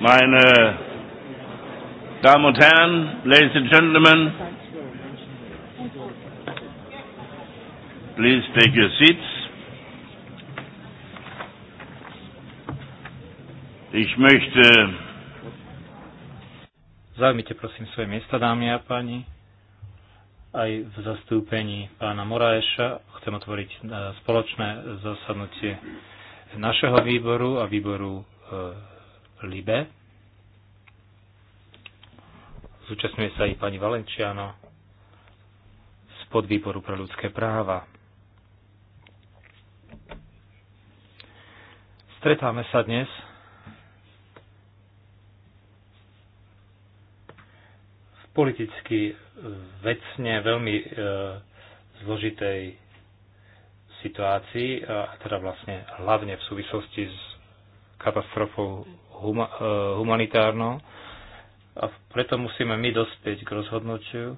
Meine Damen und Herren, Ladies and Gentlemen, please take your seats. Ich möchte Zaujmite prosím svoje miesta, dámy a páni. Aj v zastúpení pána Moraeša chcem otvoriť e, spoločné zasadnutie našeho výboru a výboru e, LIBE. Zúčastňuje sa i pani Valenciano z podvýboru pre ľudské práva. Stretáme sa dnes v politicky vecne veľmi e, zložitej situácii, a teda vlastne hlavne v súvislosti s katastrofou huma, e, humanitárnou, a preto musíme my dospieť k rozhodnutiu.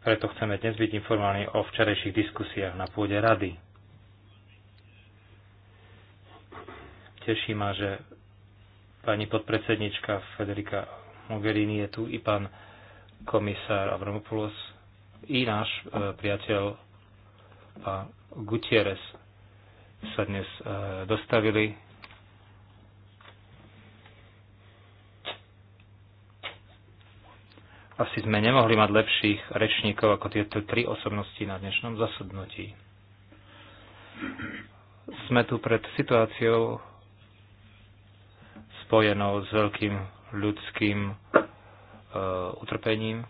Preto chceme dnes byť informovaní o včerejších diskusiách na pôde rady. Teší ma, že pani podpredsednička Federika Mogherini je tu i pán komisár Avramopoulos i náš e, priateľ pán Gutierrez sa dnes e, dostavili Asi sme nemohli mať lepších rečníkov ako tieto tri osobnosti na dnešnom zasadnutí. Sme tu pred situáciou spojenou s veľkým ľudským e, utrpením.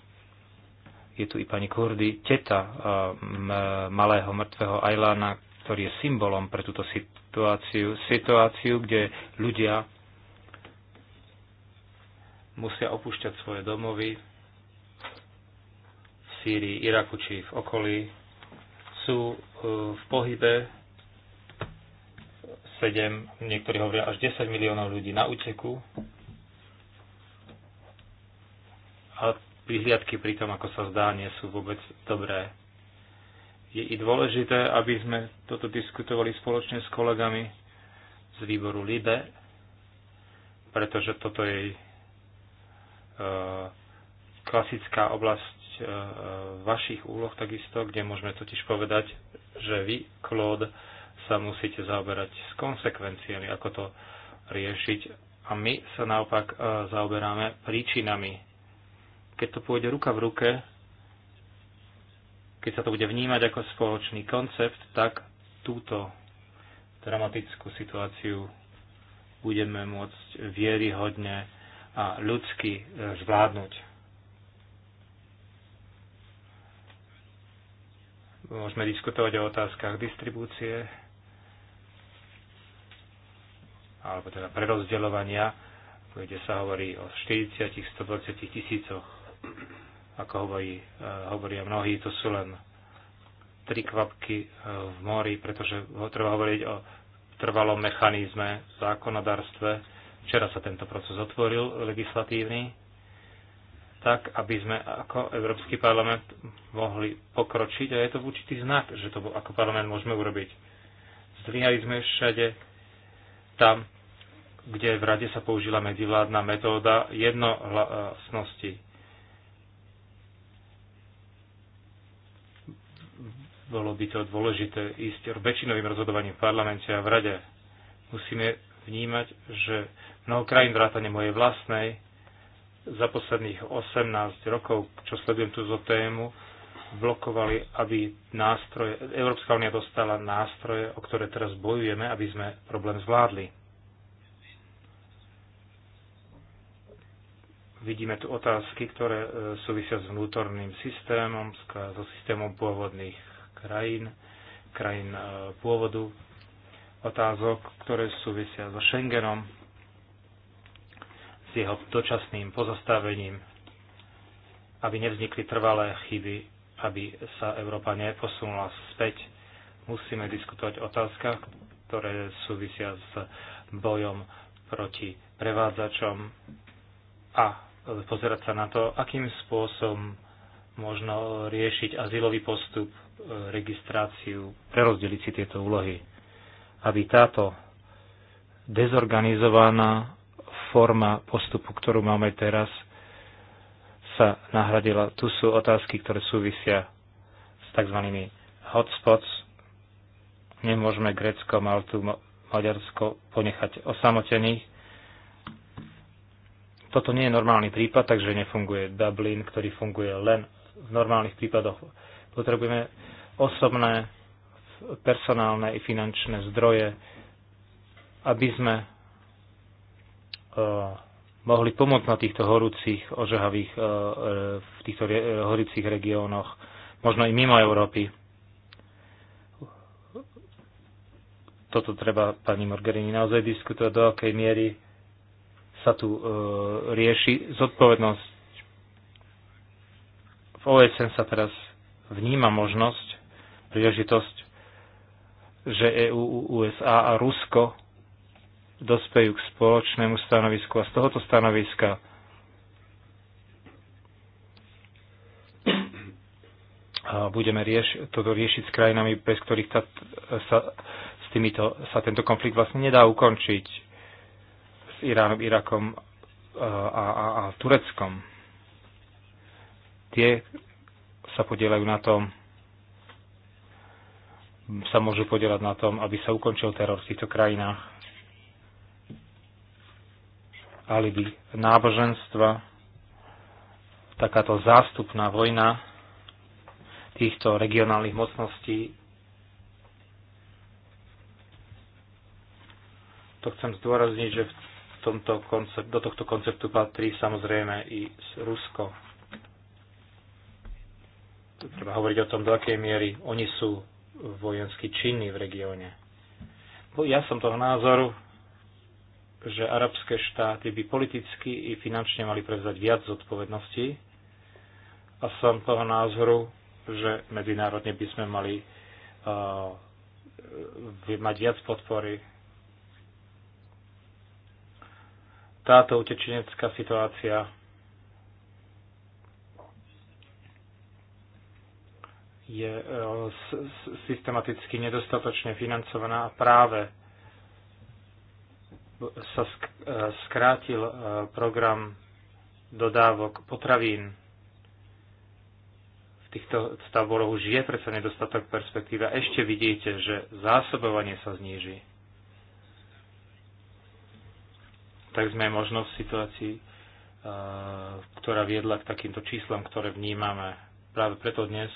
Je tu i pani Kurdy, teta e, m, malého mŕtvého Ajlána, ktorý je symbolom pre túto situáciu. Situáciu, kde ľudia musia opúšťať svoje domovy, Sýrii, Iraku či v okolí, sú e, v pohybe 7, niektorí hovoria až 10 miliónov ľudí na úteku. A vyhliadky pri tom, ako sa zdá, nie sú vôbec dobré. Je i dôležité, aby sme toto diskutovali spoločne s kolegami z výboru LIBE, pretože toto je e, klasická oblasť E, vašich úloh takisto, kde môžeme totiž povedať, že vy, Claude, sa musíte zaoberať s konsekvenciami, ako to riešiť. A my sa naopak e, zaoberáme príčinami. Keď to pôjde ruka v ruke, keď sa to bude vnímať ako spoločný koncept, tak túto dramatickú situáciu budeme môcť vieryhodne a ľudsky e, zvládnuť. Môžeme diskutovať o otázkach distribúcie alebo teda prerozdeľovania, kde sa hovorí o 40-120 tisícoch, ako hovorí, eh, hovoria mnohí, to sú len tri kvapky eh, v mori, pretože ho treba hovoriť o trvalom mechanizme, zákonodárstve. Včera sa tento proces otvoril legislatívny tak, aby sme ako Európsky parlament mohli pokročiť a je to určitý znak, že to ako parlament môžeme urobiť. Zlyhali sme všade tam, kde v rade sa použila medzivládna metóda jednohlasnosti. Bolo by to dôležité ísť väčšinovým rozhodovaním v parlamente a v rade. Musíme vnímať, že mnoho krajín vrátane mojej vlastnej za posledných 18 rokov, čo sledujem túto tému, blokovali, aby nástroje, Európska únia dostala nástroje, o ktoré teraz bojujeme, aby sme problém zvládli. Vidíme tu otázky, ktoré e, súvisia s vnútorným systémom, so systémom pôvodných krajín, krajín e, pôvodu, otázok, ktoré súvisia so Schengenom, jeho dočasným pozastavením, aby nevznikli trvalé chyby, aby sa Európa neposunula späť. Musíme diskutovať o otázkach, ktoré súvisia s bojom proti prevádzačom a pozerať sa na to, akým spôsobom možno riešiť azylový postup, e, registráciu, prerozdeliť si tieto úlohy, aby táto dezorganizovaná forma postupu, ktorú máme teraz, sa nahradila. Tu sú otázky, ktoré súvisia s tzv. hotspots. Nemôžeme Grécko, Maltu, Maďarsko ponechať osamotených. Toto nie je normálny prípad, takže nefunguje Dublin, ktorý funguje len v normálnych prípadoch. Potrebujeme osobné, personálne i finančné zdroje, aby sme Eh, mohli pomôcť na týchto horúcich, ožehavých, eh, eh, v týchto horúcich regiónoch, možno i mimo Európy. Toto treba pani Morgerini naozaj diskutovať, do akej miery sa tu rieši zodpovednosť. V OSN sa teraz vníma možnosť, príležitosť, že EU, USA a Rusko dospejú k spoločnému stanovisku a z tohoto stanoviska budeme rieš, toto riešiť s krajinami, bez ktorých sa, sa, s týmito, sa tento konflikt vlastne nedá ukončiť s Iránom, Irakom a, a, a Tureckom. Tie sa podielajú na tom, sa môžu podielať na tom, aby sa ukončil teror v týchto krajinách alibi náboženstva, takáto zástupná vojna týchto regionálnych mocností. To chcem zdôrazniť, že v tomto koncept, do tohto konceptu patrí samozrejme i Rusko. Treba hovoriť o tom, do akej miery oni sú vojensky činní v regióne. Ja som toho názoru, že arabské štáty by politicky i finančne mali prevzať viac zodpovedností a som toho názoru, že medzinárodne by sme mali uh, e, mať viac podpory. Táto utečenecká situácia je uh, systematicky nedostatočne financovaná a práve sa eh, skrátil eh, program dodávok potravín. V týchto stavboroch už je predsa nedostatok perspektíva. Ešte vidíte, že zásobovanie sa zníži. Tak sme možno v situácii, eh, ktorá viedla k takýmto číslam, ktoré vnímame. Práve preto dnes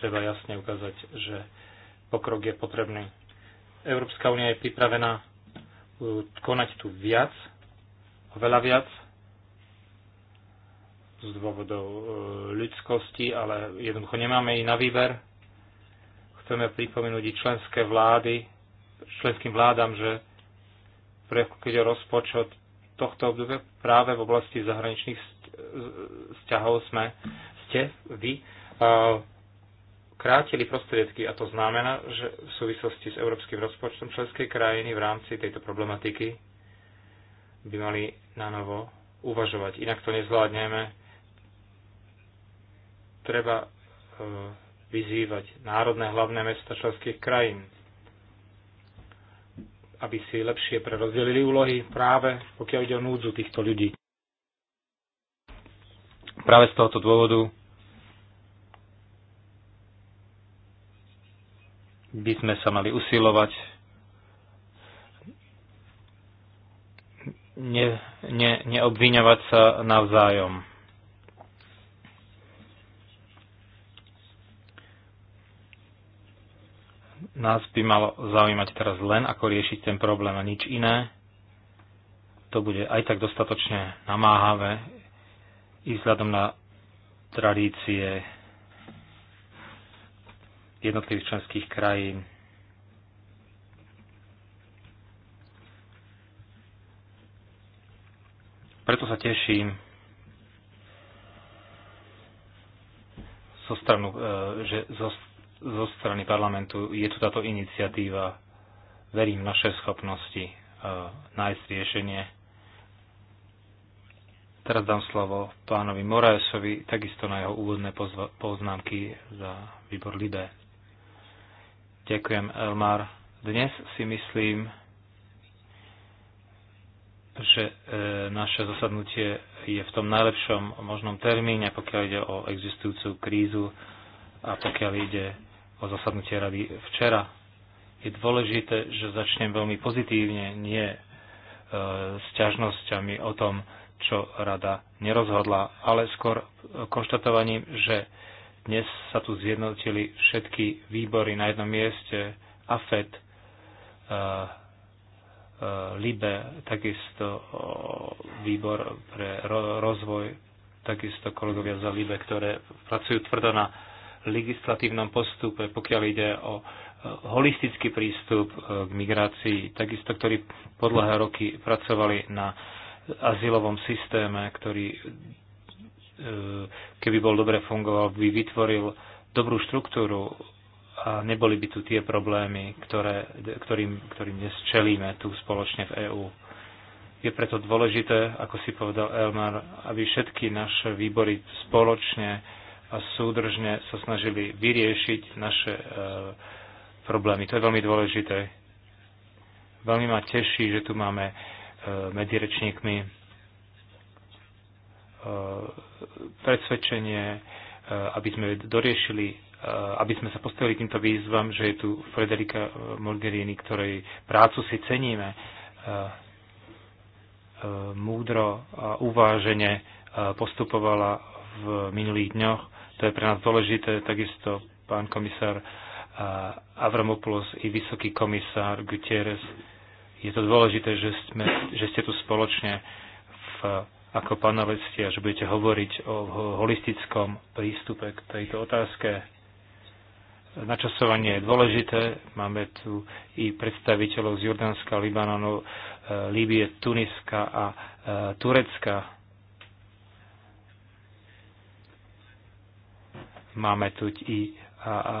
treba jasne ukázať, že pokrok je potrebný. Európska únia je pripravená E, konať tu viac, oveľa viac, z dôvodov e, ľudskosti, ale jednoducho nemáme i na výber. Chceme pripomenúť i členské vlády, členským vládam, že keď je rozpočet tohto obdobia práve v oblasti zahraničných e, vzťahov sme, ste vy krátili prostriedky a to znamená, že v súvislosti s európskym rozpočtom členské krajiny v rámci tejto problematiky by mali na novo uvažovať. Inak to nezvládneme. Treba e, vyzývať národné hlavné mesta členských krajín, aby si lepšie prerozdelili úlohy práve pokiaľ ide o núdzu týchto ľudí. Práve z tohoto dôvodu by sme sa mali usilovať ne, ne, neobviňovať sa navzájom. Nás by malo zaujímať teraz len, ako riešiť ten problém a nič iné. To bude aj tak dostatočne namáhavé i vzhľadom na tradície jednotlivých členských krajín. Preto sa teším zo, stranu, e, že zo, zo strany parlamentu je tu táto iniciatíva. Verím v naše schopnosti e, nájsť riešenie. Teraz dám slovo pánovi Moraesovi, takisto na jeho úvodné poznámky za výbor LIDE. Ďakujem, Elmar. Dnes si myslím, že e, naše zasadnutie je v tom najlepšom možnom termíne, pokiaľ ide o existujúcu krízu a pokiaľ ide o zasadnutie rady včera. Je dôležité, že začnem veľmi pozitívne, nie e, s ťažnosťami o tom, čo rada nerozhodla, ale skôr konštatovaním, že dnes sa tu zjednotili všetky výbory na jednom mieste, AFET, e, e, LIBE, takisto výbor pre rozvoj, takisto kolegovia za LIBE, ktoré pracujú tvrdo na legislatívnom postupe, pokiaľ ide o e, holistický prístup k migrácii, takisto ktorí po roky pracovali na azylovom systéme, ktorý E, keby bol dobre fungoval, by vytvoril dobrú štruktúru a neboli by tu tie problémy, ktoré, ktorým, ktorým dnes čelíme tu spoločne v EÚ. Je preto dôležité, ako si povedal Elmar, aby všetky naše výbory spoločne a súdržne sa snažili vyriešiť naše e, problémy. To je veľmi dôležité. Veľmi ma teší, že tu máme e, medzi rečníkmi E, presvedčenie, e, aby sme doriešili, e, aby sme sa postavili týmto výzvam, že je tu Frederika Mogherini, ktorej prácu si ceníme múdro a uvážene postupovala v minulých dňoch. To je pre nás dôležité. Takisto pán komisár Avramopoulos i vysoký komisár Gutierrez. Je to dôležité, že, sme, že ste tu spoločne v ako panelisti a že budete hovoriť o holistickom prístupe k tejto otázke. Načasovanie je dôležité. Máme tu i predstaviteľov z Jordánska, Libanonu, e, Líbie, Tuniska a e, Turecka. Máme tu i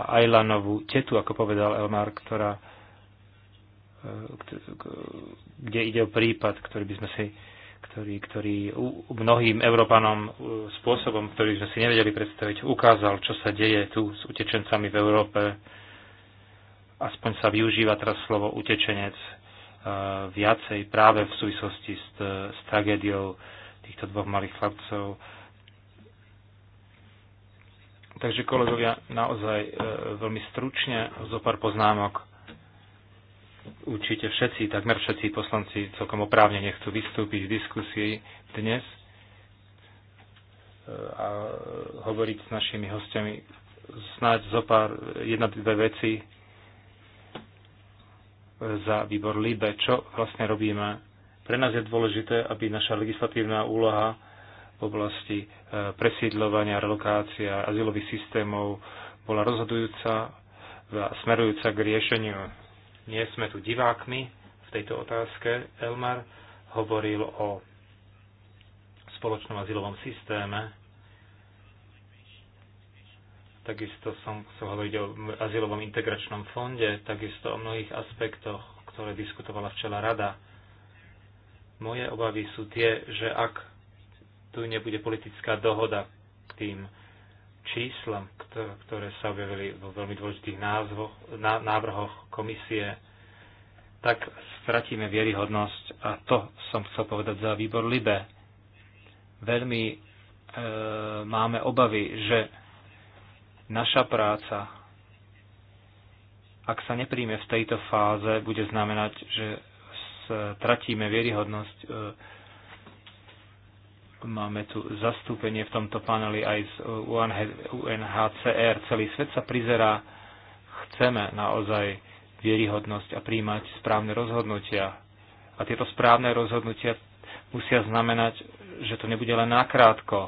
Ajlanovú tetu, ako povedal Elmar, ktorá e, kde ide o prípad, ktorý by sme si ktorý, ktorý mnohým Európanom spôsobom, ktorý sme si nevedeli predstaviť, ukázal, čo sa deje tu s utečencami v Európe. Aspoň sa využíva teraz slovo utečenec e, viacej práve v súvislosti s, e, s tragédiou týchto dvoch malých chlapcov. Takže kolegovia, naozaj e, veľmi stručne zo pár poznámok určite všetci, takmer všetci poslanci celkom oprávne nechcú vystúpiť v diskusii dnes e, a hovoriť s našimi hostiami snáď zo pár, jedna, dve veci za výbor LIBE, čo vlastne robíme. Pre nás je dôležité, aby naša legislatívna úloha v oblasti e, presídľovania, relokácia, azylových systémov bola rozhodujúca a smerujúca k riešeniu nie sme tu divákmi v tejto otázke. Elmar hovoril o spoločnom azylovom systéme. Takisto som chcel hovoriť o azylovom integračnom fonde, takisto o mnohých aspektoch, ktoré diskutovala včela rada. Moje obavy sú tie, že ak tu nebude politická dohoda k tým číslam, ktoré sa objavili vo veľmi dôležitých názvoch, návrhoch komisie, tak stratíme vieryhodnosť a to som chcel povedať za výbor Libe. Veľmi e, máme obavy, že naša práca, ak sa nepríjme v tejto fáze, bude znamenať, že stratíme vieryhodnosť e, Máme tu zastúpenie v tomto paneli aj z UNHCR. Celý svet sa prizerá. Chceme naozaj vieryhodnosť a príjmať správne rozhodnutia. A tieto správne rozhodnutia musia znamenať, že to nebude len nakrátko.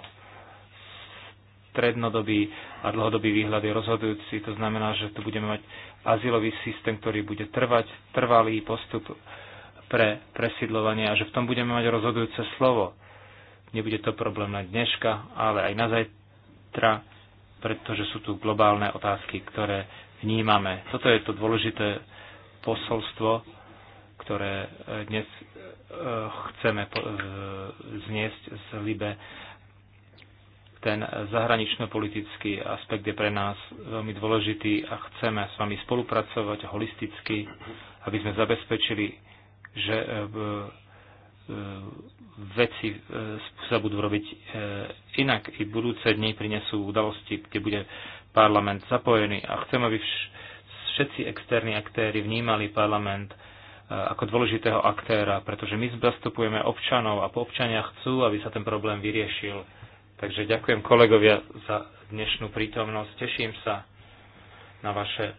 Strednodobý a dlhodobý výhľad je rozhodujúci. To znamená, že tu budeme mať azylový systém, ktorý bude trvať, trvalý postup pre presídlovanie a že v tom budeme mať rozhodujúce slovo. Nebude to problém na dneška, ale aj na zajtra, pretože sú tu globálne otázky, ktoré vnímame. Toto je to dôležité posolstvo, ktoré eh, dnes eh, chceme eh, zniesť z Libe. Ten zahranično-politický aspekt je pre nás veľmi dôležitý a chceme s vami spolupracovať holisticky, aby sme zabezpečili, že E, veci e, sa budú robiť e, inak. I budúce dni prinesú udalosti, kde bude parlament zapojený. A chcem, aby všetci externí aktéry vnímali parlament ako dôležitého aktéra, pretože my zastupujeme občanov a po občania chcú, aby sa ten problém vyriešil. Takže ďakujem kolegovia za dnešnú prítomnosť. Teším sa na vaše e,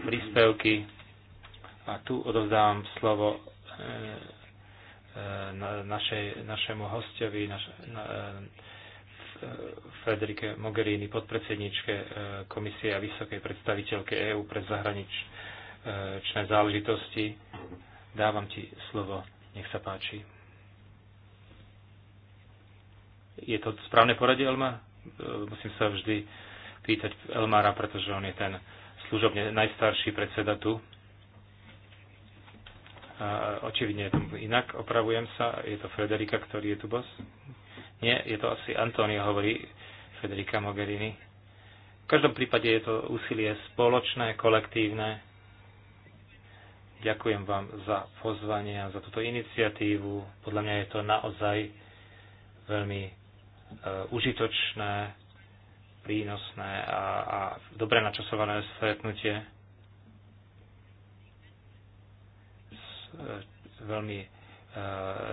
príspevky. A tu odovzdávam slovo e, E, na, našej, našemu hostovi, naš, na, e, Frederike Mogherini, podpredsedničke e, Komisie a vysokej predstaviteľke EÚ pre zahraničné záležitosti. Dávam ti slovo. Nech sa páči. Je to správne poradie, Elma? Musím sa vždy pýtať Elmára, pretože on je ten služobne najstarší predseda tu. Očividne je to inak, opravujem sa. Je to Frederika, ktorý je tu bos? Nie, je to asi Antonio, hovorí Federika Mogherini. V každom prípade je to úsilie spoločné, kolektívne. Ďakujem vám za pozvanie a za túto iniciatívu. Podľa mňa je to naozaj veľmi e, užitočné, prínosné a, a dobre načasované stretnutie E, veľmi e,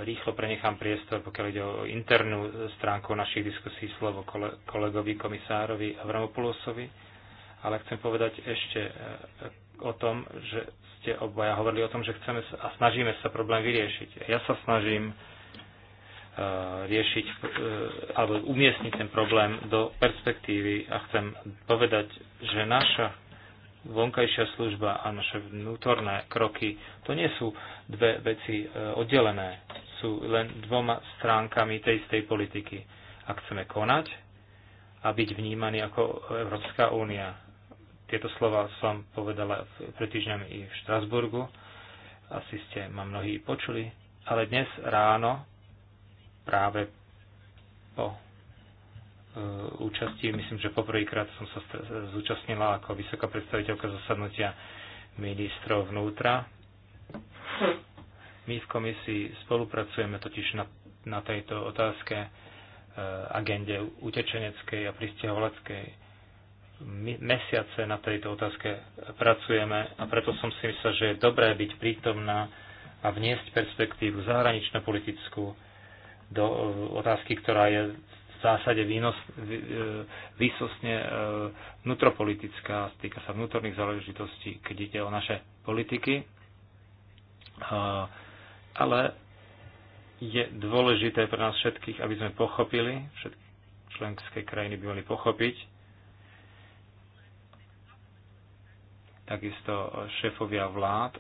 rýchlo prenechám priestor, pokiaľ ide o internú stránku našich diskusí, slovo kolegovi komisárovi Avramopulosovi, ale chcem povedať ešte e, o tom, že ste obaja hovorili o tom, že chceme a snažíme sa problém vyriešiť. Ja sa snažím riešiť alebo umiestniť ten problém do perspektívy a chcem povedať, že naša vonkajšia služba a naše vnútorné kroky, to nie sú dve veci e, oddelené, sú len dvoma stránkami tej istej politiky. Ak chceme konať a byť vnímaní ako Európska únia. Tieto slova som povedala pred týždňami i v Štrasburgu, asi ste ma mnohí počuli, ale dnes ráno práve po E, účasti. Myslím, že poprvýkrát som sa zúčastnila ako vysoká predstaviteľka zasadnutia ministrov vnútra. My v komisii spolupracujeme totiž na, na tejto otázke e, agende utečeneckej a pristahovaleckej. Mesiace na tejto otázke pracujeme a preto som si myslel, že je dobré byť prítomná a vniesť perspektívu zahranično-politickú do e, otázky, ktorá je v zásade výnos, e, výsostne e, vnútropolitická, týka sa vnútorných záležitostí, keď ide o naše politiky. Ale je dôležité pre nás všetkých, aby sme pochopili, všetky členské krajiny by mali pochopiť, takisto šéfovia vlád,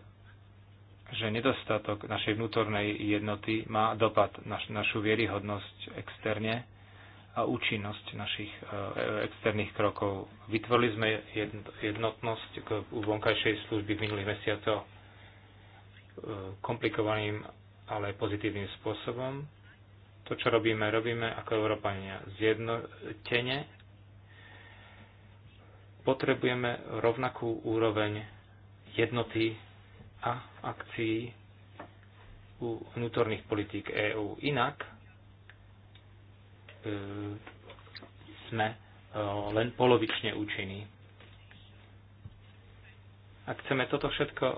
že nedostatok našej vnútornej jednoty má dopad na našu vieryhodnosť externe a účinnosť našich e, e, externých krokov. Vytvorili sme jednotnosť u vonkajšej služby v minulých mesiacoch e, komplikovaným, ale pozitívnym spôsobom. To, čo robíme, robíme ako Európania zjednotene. Potrebujeme rovnakú úroveň jednoty a akcií u vnútorných politík EÚ. Inak E, sme e, len polovične účinní. Ak chceme toto všetko e,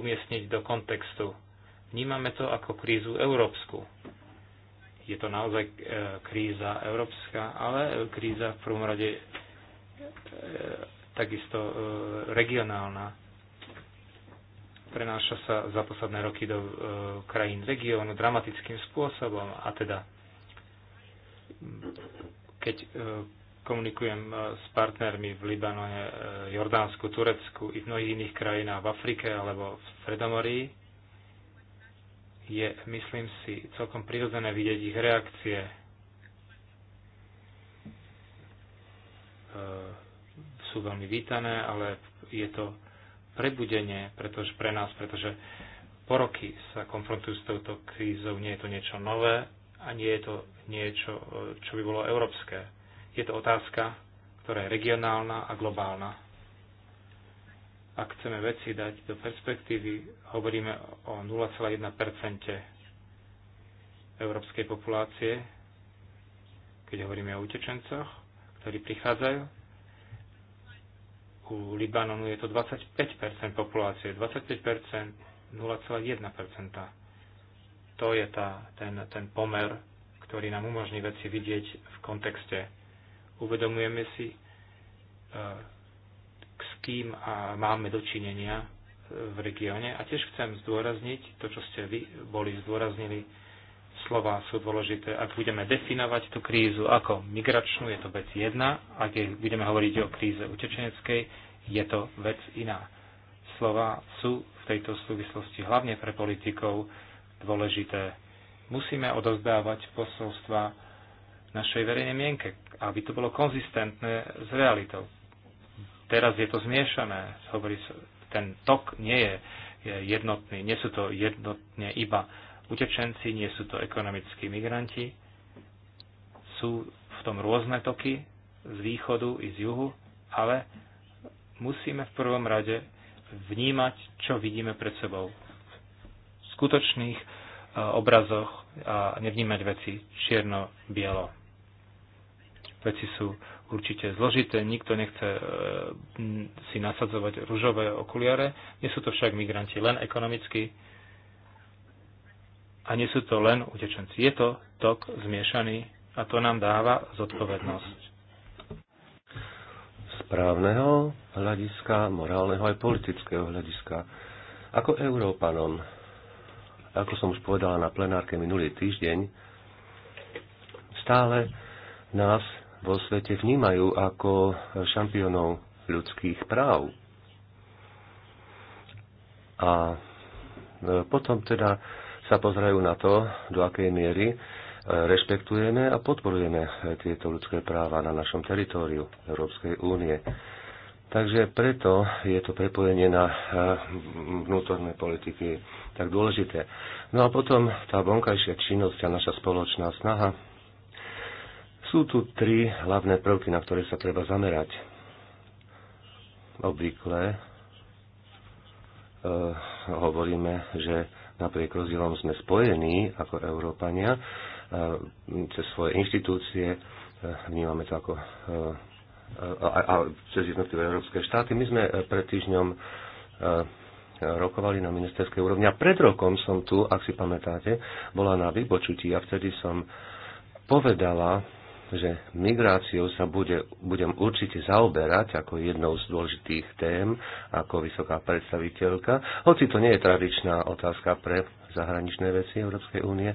umiestniť do kontextu, vnímame to ako krízu európsku. Je to naozaj kríza európska, ale kríza v prvom rade takisto regionálna. Prenáša sa za posledné roky do krajín regiónu dramatickým spôsobom a teda keď e, komunikujem e, s partnermi v Libanone, e, Jordánsku, Turecku i v mnohých iných krajinách v Afrike alebo v Stredomorí, je, myslím si, celkom prirodzené vidieť ich reakcie. Sú veľmi vítané, ale je to prebudenie pretože pre nás, pretože po roky sa konfrontujú s touto krízou, nie je to niečo nové, a nie je to niečo, čo by bolo európske. Je to otázka, ktorá je regionálna a globálna. Ak chceme veci dať do perspektívy, hovoríme o 0,1 európskej populácie, keď hovoríme o utečencoch, ktorí prichádzajú. U Libanonu je to 25 populácie, 25 0,1 to je tá, ten, ten pomer, ktorý nám umožní veci vidieť v kontexte. Uvedomujeme si, e, s kým máme dočinenia e, v regióne. A tiež chcem zdôrazniť to, čo ste vy boli zdôraznili. Slova sú dôležité. Ak budeme definovať tú krízu ako migračnú, je to vec jedna. Ak je, budeme hovoriť o kríze utečeneckej, je to vec iná. Slova sú v tejto súvislosti hlavne pre politikov dôležité. Musíme odovzdávať posolstva našej verejnej mienke, aby to bolo konzistentné s realitou. Teraz je to zmiešané, hovorí, ten tok nie je jednotný, nie sú to jednotne iba utečenci, nie sú to ekonomickí migranti, sú v tom rôzne toky z východu i z juhu, ale musíme v prvom rade vnímať, čo vidíme pred sebou skutočných e, obrazoch a nevnímať veci čierno-bielo. Veci sú určite zložité, nikto nechce e, si nasadzovať rúžové okuliare, nie sú to však migranti len ekonomicky a nie sú to len utečenci. Je to tok zmiešaný a to nám dáva zodpovednosť. Správneho hľadiska, morálneho aj politického hľadiska. Ako Európanom ako som už povedala na plenárke minulý týždeň, stále nás vo svete vnímajú ako šampiónov ľudských práv. A e, potom teda sa pozerajú na to, do akej miery e, rešpektujeme a podporujeme e, tieto ľudské práva na našom teritóriu Európskej únie. Takže preto je to prepojenie na eh, vnútorné politiky tak dôležité. No a potom tá vonkajšia činnosť a naša spoločná snaha. Sú tu tri hlavné prvky, na ktoré sa treba zamerať. Obvykle e, hovoríme, že napriek rozdielom sme spojení ako Európania e, cez svoje inštitúcie. E, vnímame to ako e, a, a cez jednotlivé európske štáty. My sme e, pred týždňom e, e, rokovali na ministerskej úrovni a pred rokom som tu, ak si pamätáte, bola na vypočutí a vtedy som povedala, že migráciou sa bude, budem určite zaoberať ako jednou z dôležitých tém ako vysoká predstaviteľka, hoci to nie je tradičná otázka pre zahraničné veci Európskej únie.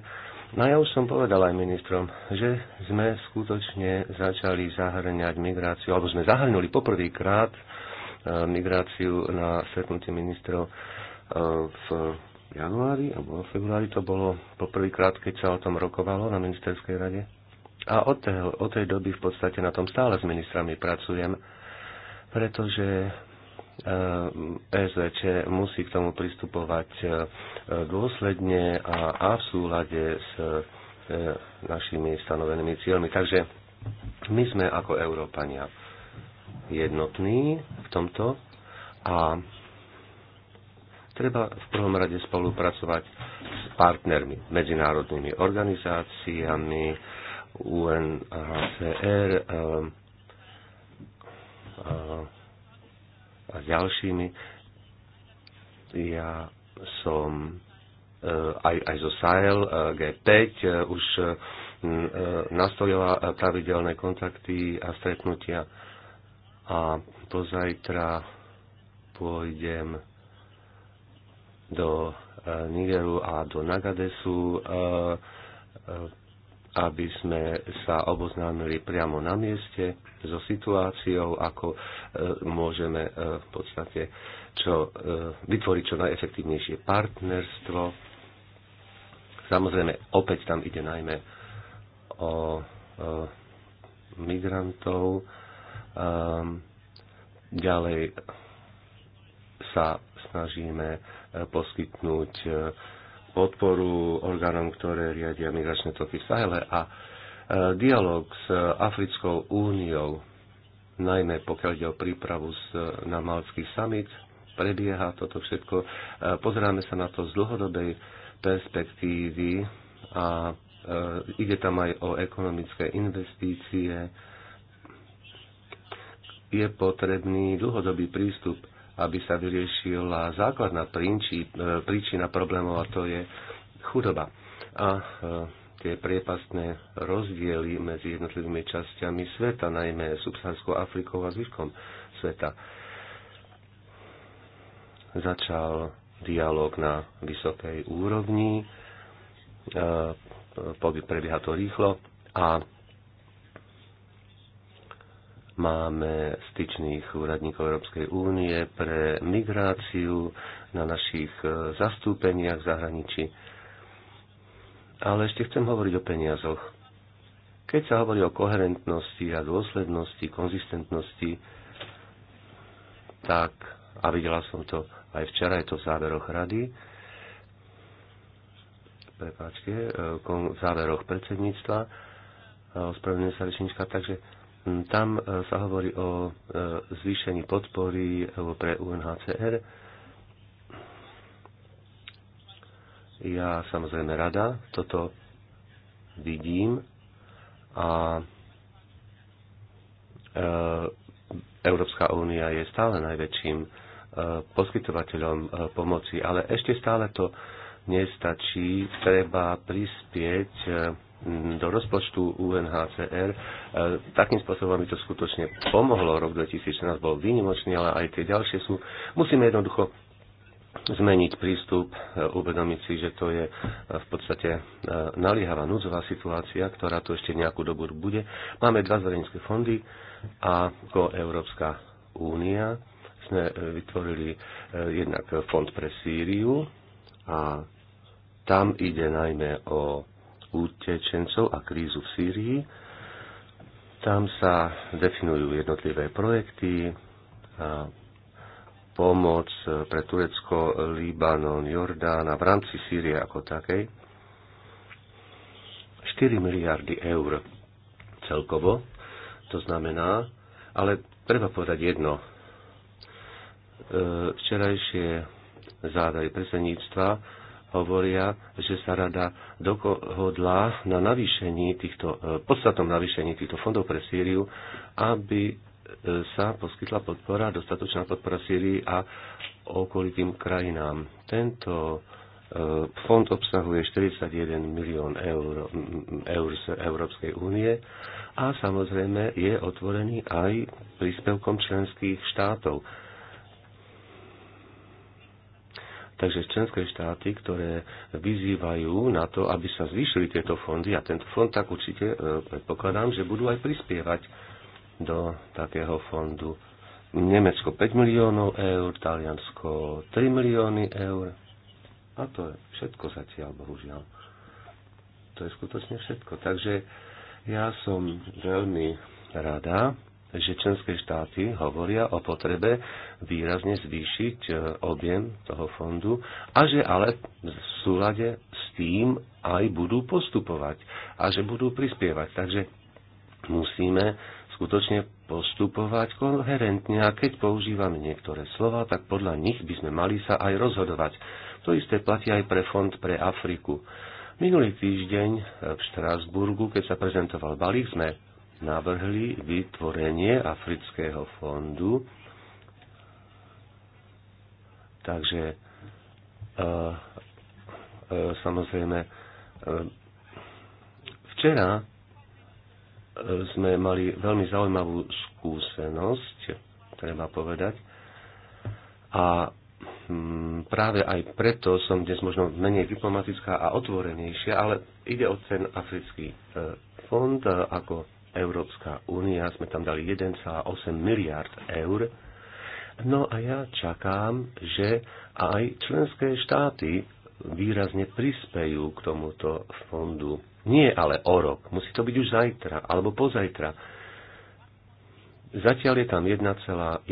No ja už som povedal aj ministrom, že sme skutočne začali zahrňať migráciu, alebo sme zahrnuli poprvýkrát e, migráciu na stretnutie ministrov e, v januári alebo v februári to bolo poprvýkrát, keď sa o tom rokovalo na ministerskej rade. A od tej, od tej doby v podstate na tom stále s ministrami pracujem, pretože Eh, SVČ musí k tomu pristupovať eh, dôsledne a v súlade s eh, našimi stanovenými cieľmi. Takže my sme ako Európania jednotní v tomto a treba v prvom rade spolupracovať s partnermi, medzinárodnými organizáciami, UNHCR, a ďalšími. Ja som eh, aj, aj zo Sahel eh, G5 eh, už nastolila pravidelné kontakty a stretnutia a pozajtra pôjdem do Nigeru a do Nagadesu aby sme sa oboznámili priamo na mieste so situáciou, ako e, môžeme e, v podstate čo, e, vytvoriť čo najefektívnejšie partnerstvo. Samozrejme, opäť tam ide najmä o migrantov. Ehm, ďalej sa snažíme poskytnúť podporu orgánom, ktoré riadia migračné toky v Sahele a e, dialog s Africkou úniou, najmä pokiaľ ide o prípravu na malcký summit, prebieha toto všetko. E, pozeráme sa na to z dlhodobej perspektívy a e, ide tam aj o ekonomické investície. Je potrebný dlhodobý prístup aby sa vyriešila základná prínči, e, príčina problémov a to je chudoba. A e, tie priepastné rozdiely medzi jednotlivými časťami sveta, najmä subsaharskou Afrikou a zvyškom sveta. Začal dialog na vysokej úrovni, e, prebieha to rýchlo a Máme styčných úradníkov Európskej únie pre migráciu na našich e, zastúpeniach v zahraničí. Ale ešte chcem hovoriť o peniazoch. Keď sa hovorí o koherentnosti a dôslednosti, konzistentnosti, tak, a videla som to aj včera, je to v záveroch rady, prepáčte, e, v záveroch predsedníctva, e, ospravedlňuje sa rečnička, takže tam e, sa hovorí o e, zvýšení podpory e, pre UNHCR. Ja samozrejme rada toto vidím a Európska únia je stále najväčším poskytovateľom pomoci, ale ešte stále to nestačí. Treba prispieť do rozpočtu UNHCR. E, takým spôsobom by to skutočne pomohlo. Rok 2016 bol výnimočný, ale aj tie ďalšie sú. Musíme jednoducho zmeniť prístup, e, uvedomiť si, že to je e, v podstate naliehavá núdzová situácia, ktorá tu ešte nejakú dobu bude. Máme dva zverejnické fondy a ako Európska únia sme vytvorili jednak fond pre Sýriu a tam ide najmä o utečencov a krízu v Sýrii. Tam sa definujú jednotlivé projekty, pomoc pre Turecko, Libanon, Jordán a v rámci Sýrie ako takej. 4 miliardy eur celkovo, to znamená, ale treba povedať jedno. E, včerajšie závery predsedníctva hovoria, že sa rada dohodla na navýšení týchto, e, podstatnom navýšení týchto fondov pre Sýriu, aby e, sa poskytla podpora, dostatočná podpora Sýrii a okolitým krajinám. Tento e, fond obsahuje 41 milión eur, eur z Európskej únie a samozrejme je otvorený aj príspevkom členských štátov Takže členské štáty, ktoré vyzývajú na to, aby sa zvýšili tieto fondy, a tento fond tak určite e, predpokladám, že budú aj prispievať do takého fondu. Nemecko 5 miliónov eur, Taliansko 3 milióny eur. A to je všetko zatiaľ, bohužiaľ. To je skutočne všetko. Takže ja som veľmi rada, Takže členské štáty hovoria o potrebe výrazne zvýšiť e, objem toho fondu a že ale v súlade s tým aj budú postupovať a že budú prispievať. Takže musíme skutočne postupovať koherentne a keď používame niektoré slova, tak podľa nich by sme mali sa aj rozhodovať. To isté platí aj pre Fond pre Afriku. Minulý týždeň v Štrásburgu, keď sa prezentoval balík, sme navrhli vytvorenie Afrického fondu. Takže e, e, samozrejme e, včera e, sme mali veľmi zaujímavú skúsenosť, treba povedať. A mm, práve aj preto som dnes možno menej diplomatická a otvorenejšia, ale ide o ten africký e, fond e, ako Európska únia, sme tam dali 1,8 miliard eur. No a ja čakám, že aj členské štáty výrazne prispejú k tomuto fondu. Nie ale o rok, musí to byť už zajtra alebo pozajtra. Zatiaľ je tam 1,8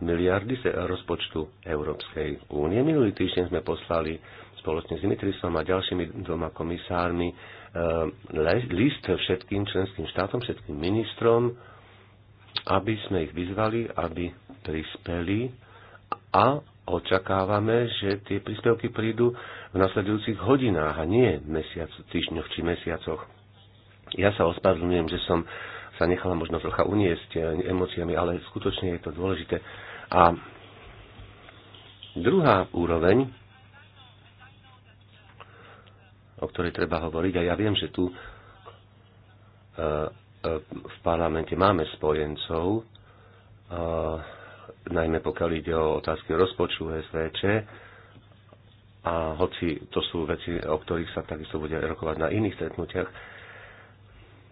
miliardy z rozpočtu Európskej únie. Minulý týždeň sme poslali spoločne s Dimitrisom a ďalšími dvoma komisármi Eh, list všetkým členským štátom, všetkým ministrom, aby sme ich vyzvali, aby prispeli a očakávame, že tie príspevky prídu v nasledujúcich hodinách a nie mesiac, týždňoch či mesiacoch. Ja sa ospravedlňujem, že som sa nechala možno trocha uniesť eh, emóciami, ale skutočne je to dôležité. A druhá úroveň o ktorej treba hovoriť. A ja viem, že tu e, e, v parlamente máme spojencov, e, najmä pokiaľ ide o otázky rozpočtu SVČ. A hoci to sú veci, o ktorých sa takisto bude rokovať na iných stretnutiach,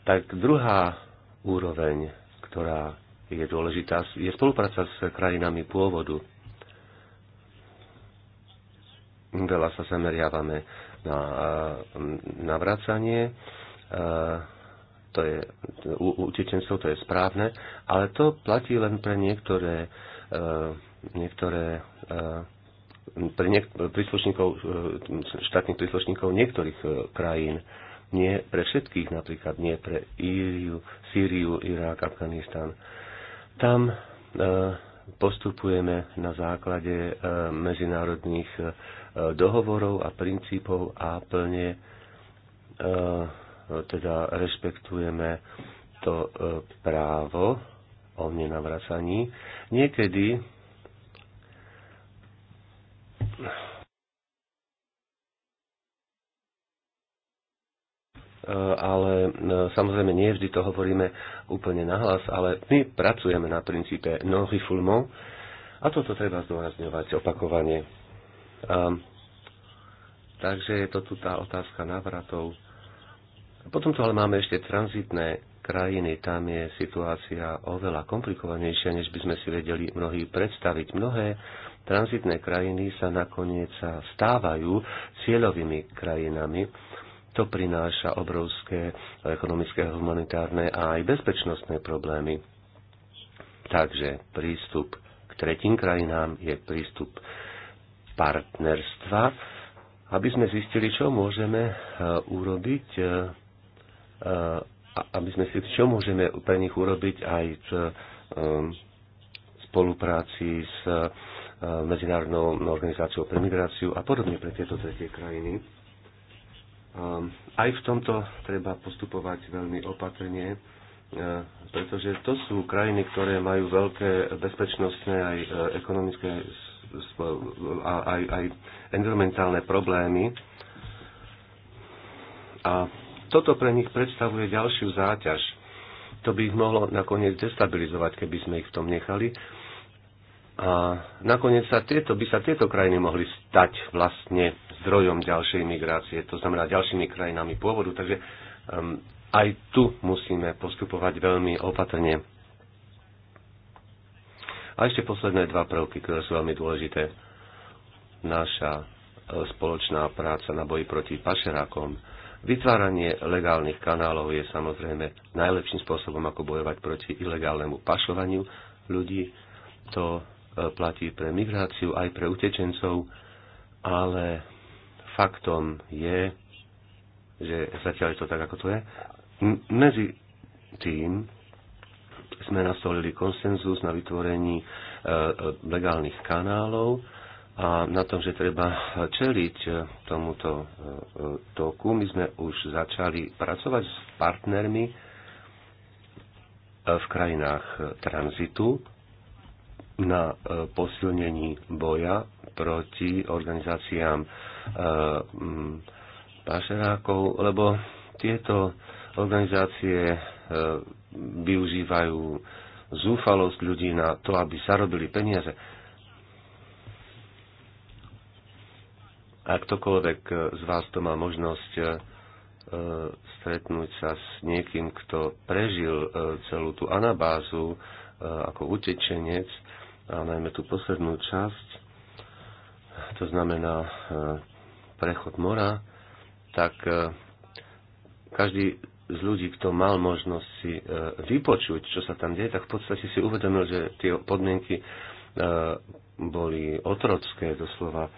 tak druhá úroveň, ktorá je dôležitá, je spolupráca s krajinami pôvodu. Veľa sa zameriavame na navracanie. To je, u utečencov to je správne, ale to platí len pre niektoré, e, niektoré e, pre niek- príslušníkov, e, štátnych príslušníkov niektorých krajín nie pre všetkých, napríklad nie pre Íriu, Sýriu, Irák, Afganistán. Tam postupujeme na základe medzinárodných dohovorov a princípov a plne e, teda rešpektujeme to e, právo o nenavracaní. Niekedy e, ale samozrejme nie vždy to hovoríme úplne nahlas, ale my pracujeme na princípe non-refoulement a toto treba zdôrazňovať opakovane. Um, takže je to tu tá otázka návratov. Potom tu ale máme ešte tranzitné krajiny. Tam je situácia oveľa komplikovanejšia, než by sme si vedeli mnohí predstaviť. Mnohé tranzitné krajiny sa nakoniec stávajú cieľovými krajinami. To prináša obrovské ekonomické, humanitárne a aj bezpečnostné problémy. Takže prístup k tretím krajinám je prístup partnerstva, aby sme zistili, čo môžeme e, urobiť, e, e, aby sme si, čo môžeme pre nich urobiť aj v spolupráci s Medzinárodnou organizáciou pre migráciu a podobne pre tieto tretie krajiny. Aj v tomto treba postupovať veľmi opatrne, pretože to sú krajiny, ktoré majú veľké bezpečnostné aj ekonomické aj, aj environmentálne problémy. A toto pre nich predstavuje ďalšiu záťaž. To by ich mohlo nakoniec destabilizovať, keby sme ich v tom nechali. A nakoniec sa tieto, by sa tieto krajiny mohli stať vlastne zdrojom ďalšej migrácie, to znamená ďalšími krajinami pôvodu. Takže um, aj tu musíme postupovať veľmi opatrne. A ešte posledné dva prvky, ktoré sú veľmi dôležité. Naša e, spoločná práca na boji proti pašerákom. Vytváranie legálnych kanálov je samozrejme najlepším spôsobom, ako bojovať proti ilegálnemu pašovaniu ľudí. To e, platí pre migráciu aj pre utečencov, ale faktom je, že zatiaľ je to tak, ako to je. Medzi tým sme nastolili konsenzus na vytvorení e, e, legálnych kanálov a na tom, že treba čeliť e, tomuto toku. My sme už začali pracovať s partnermi v krajinách tranzitu na posilnení boja proti organizáciám pašerákov, lebo tieto organizácie využívajú zúfalosť ľudí na to, aby zarobili peniaze. Ak ktokoľvek z vás to má možnosť e, stretnúť sa s niekým, kto prežil e, celú tú anabázu e, ako utečenec, a najmä tú poslednú časť, to znamená prechod mora, tak každý z ľudí, kto mal možnosť si e, vypočuť, čo sa tam deje, tak v podstate si uvedomil, že tie podmienky e, boli otrocké, doslova e,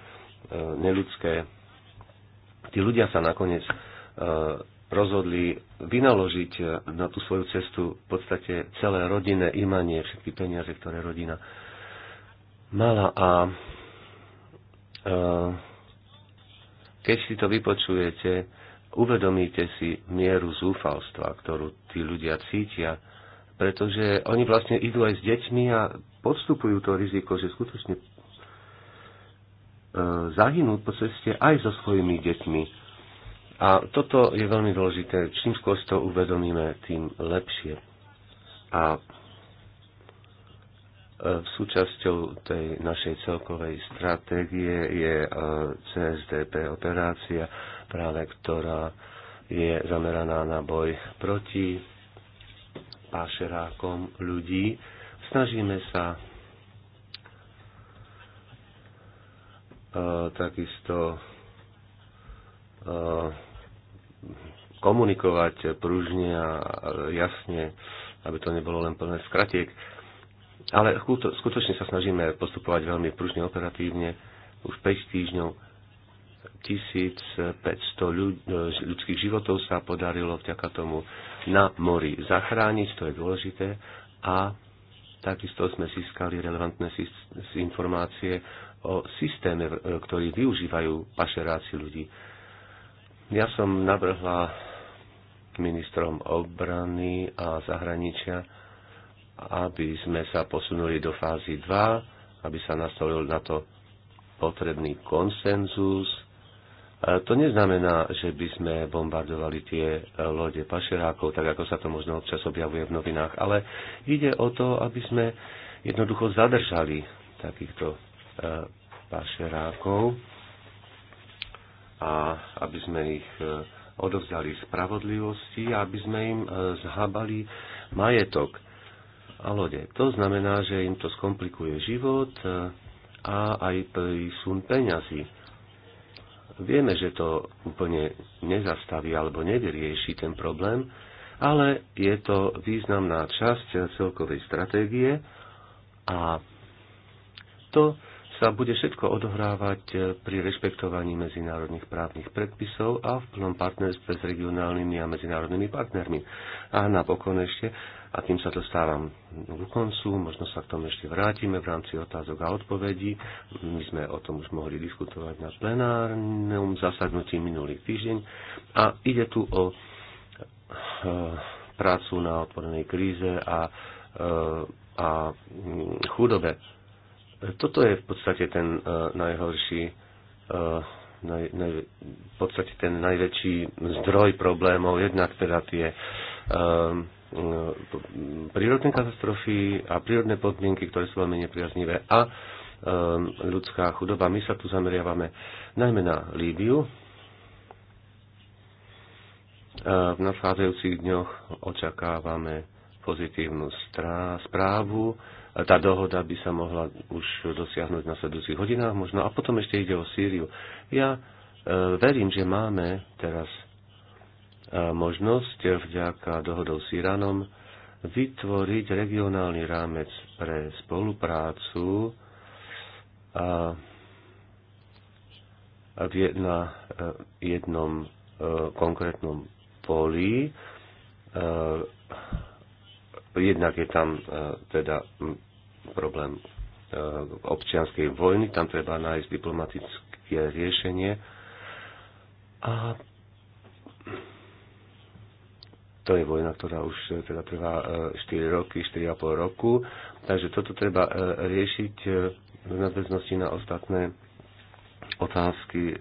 neludské. Tí ľudia sa nakoniec rozhodli vynaložiť na tú svoju cestu v podstate celé rodinné imanie, všetky peniaze, ktoré rodina mala. A keď si to vypočujete, uvedomíte si mieru zúfalstva, ktorú tí ľudia cítia, pretože oni vlastne idú aj s deťmi a podstupujú to riziko, že skutočne e, zahynú po ceste aj so svojimi deťmi. A toto je veľmi dôležité. Čím skôr to uvedomíme, tým lepšie. A v e, súčasťou tej našej celkovej stratégie je e, CSDP operácia, práve ktorá je zameraná na boj proti pášerákom ľudí. Snažíme sa eh, takisto eh, komunikovať pružne a jasne, aby to nebolo len plné skratiek. Ale skutočne sa snažíme postupovať veľmi pružne, operatívne. Už 5 týždňov 1500 ľud- e, ľudských životov sa podarilo vďaka tomu na mori zachrániť, to je dôležité, a takisto sme získali relevantné informácie o systéme, e, ktorý využívajú pašeráci ľudí. Ja som navrhla ministrom obrany a zahraničia, aby sme sa posunuli do fázy 2, aby sa nastolil na to potrebný konsenzus to neznamená, že by sme bombardovali tie e, lode pašerákov, tak ako sa to možno občas objavuje v novinách, ale ide o to, aby sme jednoducho zadržali takýchto e, pašerákov a aby sme ich e, odovzdali spravodlivosti a aby sme im zhábali majetok a lode. To znamená, že im to skomplikuje život a aj prísun peňazí Vieme, že to úplne nezastaví alebo nevyrieši ten problém, ale je to významná časť celkovej stratégie a to sa bude všetko odohrávať e, pri rešpektovaní medzinárodných právnych predpisov a v plnom partnerstve s regionálnymi a medzinárodnými partnermi. A napokon ešte, a tým sa dostávam k koncu, možno sa k tomu ešte vrátime v rámci otázok a odpovedí. My sme o tom už mohli diskutovať na plenárnom zasadnutí minulý týždeň. A ide tu o e, prácu na otvorenej kríze a, e, a chudobe toto je v podstate ten uh, najhorší, uh, naj, naj, v podstate ten najväčší zdroj problémov, jednak teda tie um, prírodné katastrofy a prírodné podmienky, ktoré sú veľmi nepriaznivé a um, ľudská chudoba. My sa tu zameriavame najmä na Líbiu. V nadchádzajúcich dňoch očakávame pozitívnu správu tá dohoda by sa mohla už dosiahnuť na sledujúcich hodinách možno. A potom ešte ide o Sýriu. Ja e, verím, že máme teraz e, možnosť e, vďaka dohodou s Iránom vytvoriť regionálny rámec pre spoluprácu a, a v jedna, e, jednom e, konkrétnom poli e, Jednak je tam e, teda problém e, občianskej vojny, tam treba nájsť diplomatické riešenie. A to je vojna, ktorá už e, teda trvá 4 roky, 4,5 roku. Takže toto treba riešiť v nadväznosti na ostatné otázky.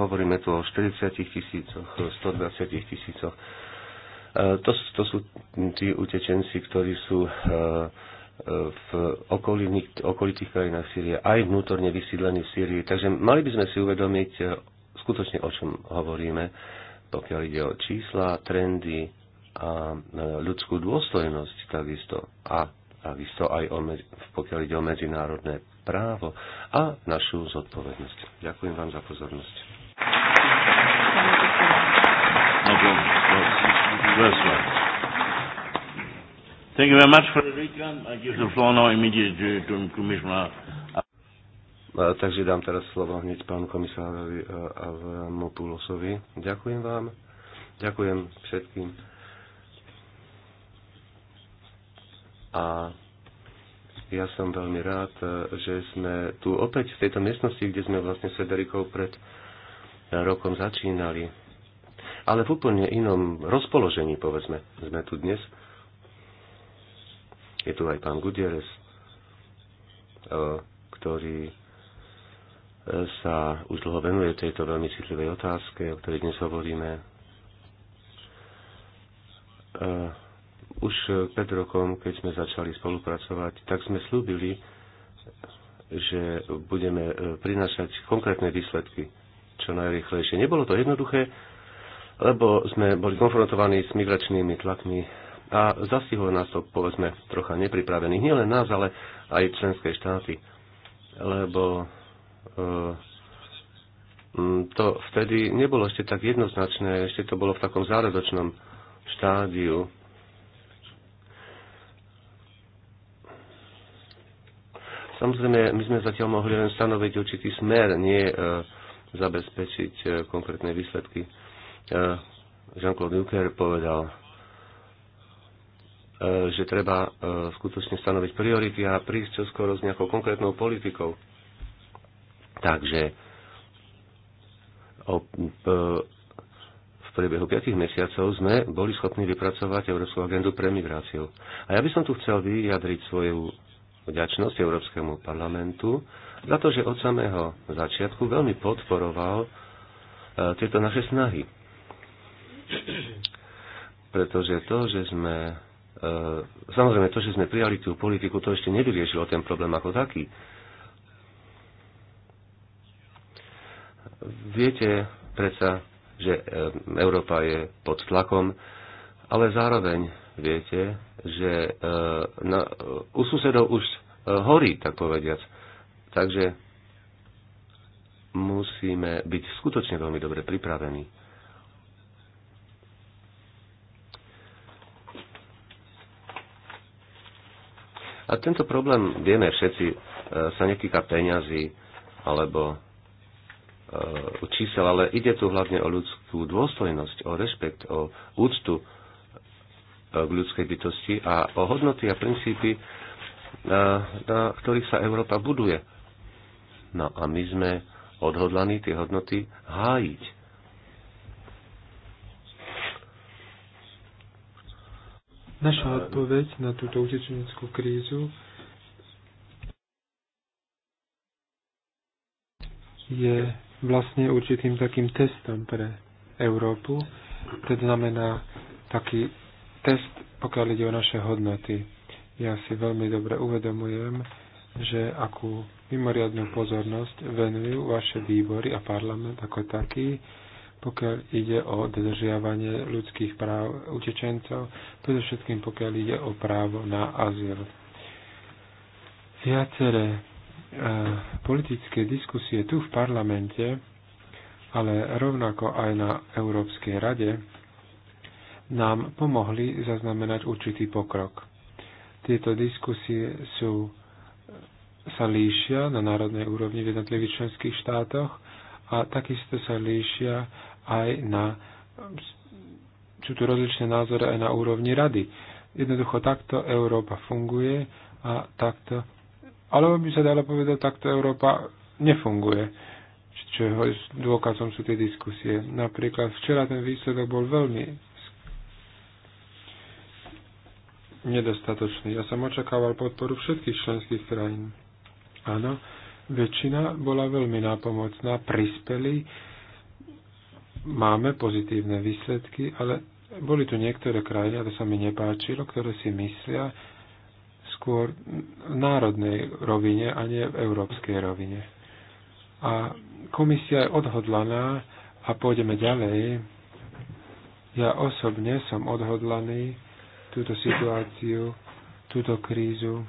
Hovoríme tu o 40 tisícoch, 120 tisícoch E, to, to sú tí utečenci, ktorí sú e, e, v okolitých, okolitých krajinách Sýrie, aj vnútorne vysídlení v Sýrii. Takže mali by sme si uvedomiť skutočne, o čom hovoríme, pokiaľ ide o čísla, trendy a ľudskú dôstojnosť takisto. A takisto aj o, pokiaľ ide o medzinárodné právo a našu zodpovednosť. Ďakujem vám za pozornosť. No That's right. Thank you very much, for Frederica. I give the floor now immediately to Commissioner. Takže dám teraz slovo hneď pánu komisárovi Avramopoulosovi. Ďakujem vám. Ďakujem všetkým. A ja som veľmi rád, e, že sme tu opäť v tejto miestnosti, kde sme vlastne s Federikou pred rokom začínali ale v úplne inom rozpoložení, povedzme. Sme tu dnes. Je tu aj pán Gudieres, e, ktorý e, sa už dlho venuje tejto veľmi citlivej otázke, o ktorej dnes hovoríme. E, už pred rokom, keď sme začali spolupracovať, tak sme slúbili, že budeme prinášať konkrétne výsledky čo najrychlejšie. Nebolo to jednoduché, lebo sme boli konfrontovaní s migračnými tlakmi a zastihlo nás to, povedzme, trocha nepripravených. Nielen nás, ale aj členské štáty. Lebo eh, to vtedy nebolo ešte tak jednoznačné, ešte to bolo v takom záradočnom štádiu. Samozrejme, my sme zatiaľ mohli len stanoviť určitý smer, nie eh, zabezpečiť eh, konkrétne výsledky. Jean-Claude Juncker povedal, e, že treba e, skutočne stanoviť priority a prísť čoskoro s nejakou konkrétnou politikou. Takže e, v priebehu 5 mesiacov sme boli schopní vypracovať Európsku agendu pre migráciu. A ja by som tu chcel vyjadriť svoju vďačnosť Európskemu parlamentu za to, že od samého začiatku veľmi podporoval tieto naše snahy pretože to, že sme e, samozrejme to, že sme prijali tú politiku, to ešte nevyriešilo ten problém ako taký. Viete predsa, že e, Európa je pod tlakom, ale zároveň viete, že e, na, u susedov už horí, tak povediac. Takže musíme byť skutočne veľmi dobre pripravení. A tento problém, vieme všetci, e, sa netýka peňazí alebo e, čísel, ale ide tu hlavne o ľudskú dôstojnosť, o rešpekt, o úctu e, k ľudskej bytosti a o hodnoty a princípy, na ktorých sa Európa buduje. No a my sme odhodlaní tie hodnoty hájiť. Naša odpoveď na túto utečeneckú krízu je vlastne určitým takým testom pre Európu. To znamená taký test, pokiaľ ide o naše hodnoty. Ja si veľmi dobre uvedomujem, že akú mimoriadnú pozornosť venujú vaše výbory a parlament ako taký pokiaľ ide o dodržiavanie ľudských práv utečencov, predovšetkým pokiaľ ide o právo na azyl. Viaceré e, politické diskusie tu v parlamente, ale rovnako aj na Európskej rade, nám pomohli zaznamenať určitý pokrok. Tieto diskusie sú, sa líšia na národnej úrovni v jednotlivých členských štátoch a takisto sa líšia aj na... Sú tu rozličné názory aj na úrovni rady. Jednoducho takto Európa funguje a takto... Alebo by sa dalo povedať, takto Európa nefunguje. Čoho dôkazom sú tie diskusie. Napríklad včera ten výsledok bol veľmi nedostatočný. Ja som očakával podporu všetkých členských krajín. Áno, väčšina bola veľmi nápomocná, prispeli máme pozitívne výsledky, ale boli tu niektoré krajiny, ale sa mi nepáčilo, ktoré si myslia skôr v národnej rovine a nie v európskej rovine. A komisia je odhodlaná a pôjdeme ďalej. Ja osobne som odhodlaný túto situáciu, túto krízu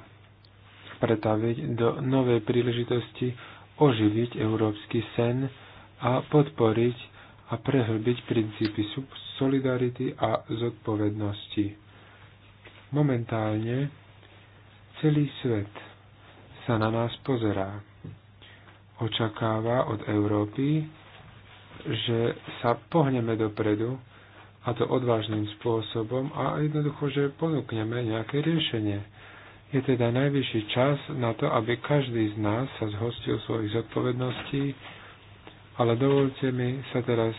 pretaviť do novej príležitosti oživiť európsky sen a podporiť a prehlbiť princípy solidarity a zodpovednosti. Momentálne celý svet sa na nás pozerá. Očakáva od Európy, že sa pohneme dopredu, a to odvážnym spôsobom a jednoducho, že ponúkneme nejaké riešenie. Je teda najvyšší čas na to, aby každý z nás sa zhostil svojich zodpovedností ale dovolte mi sa teraz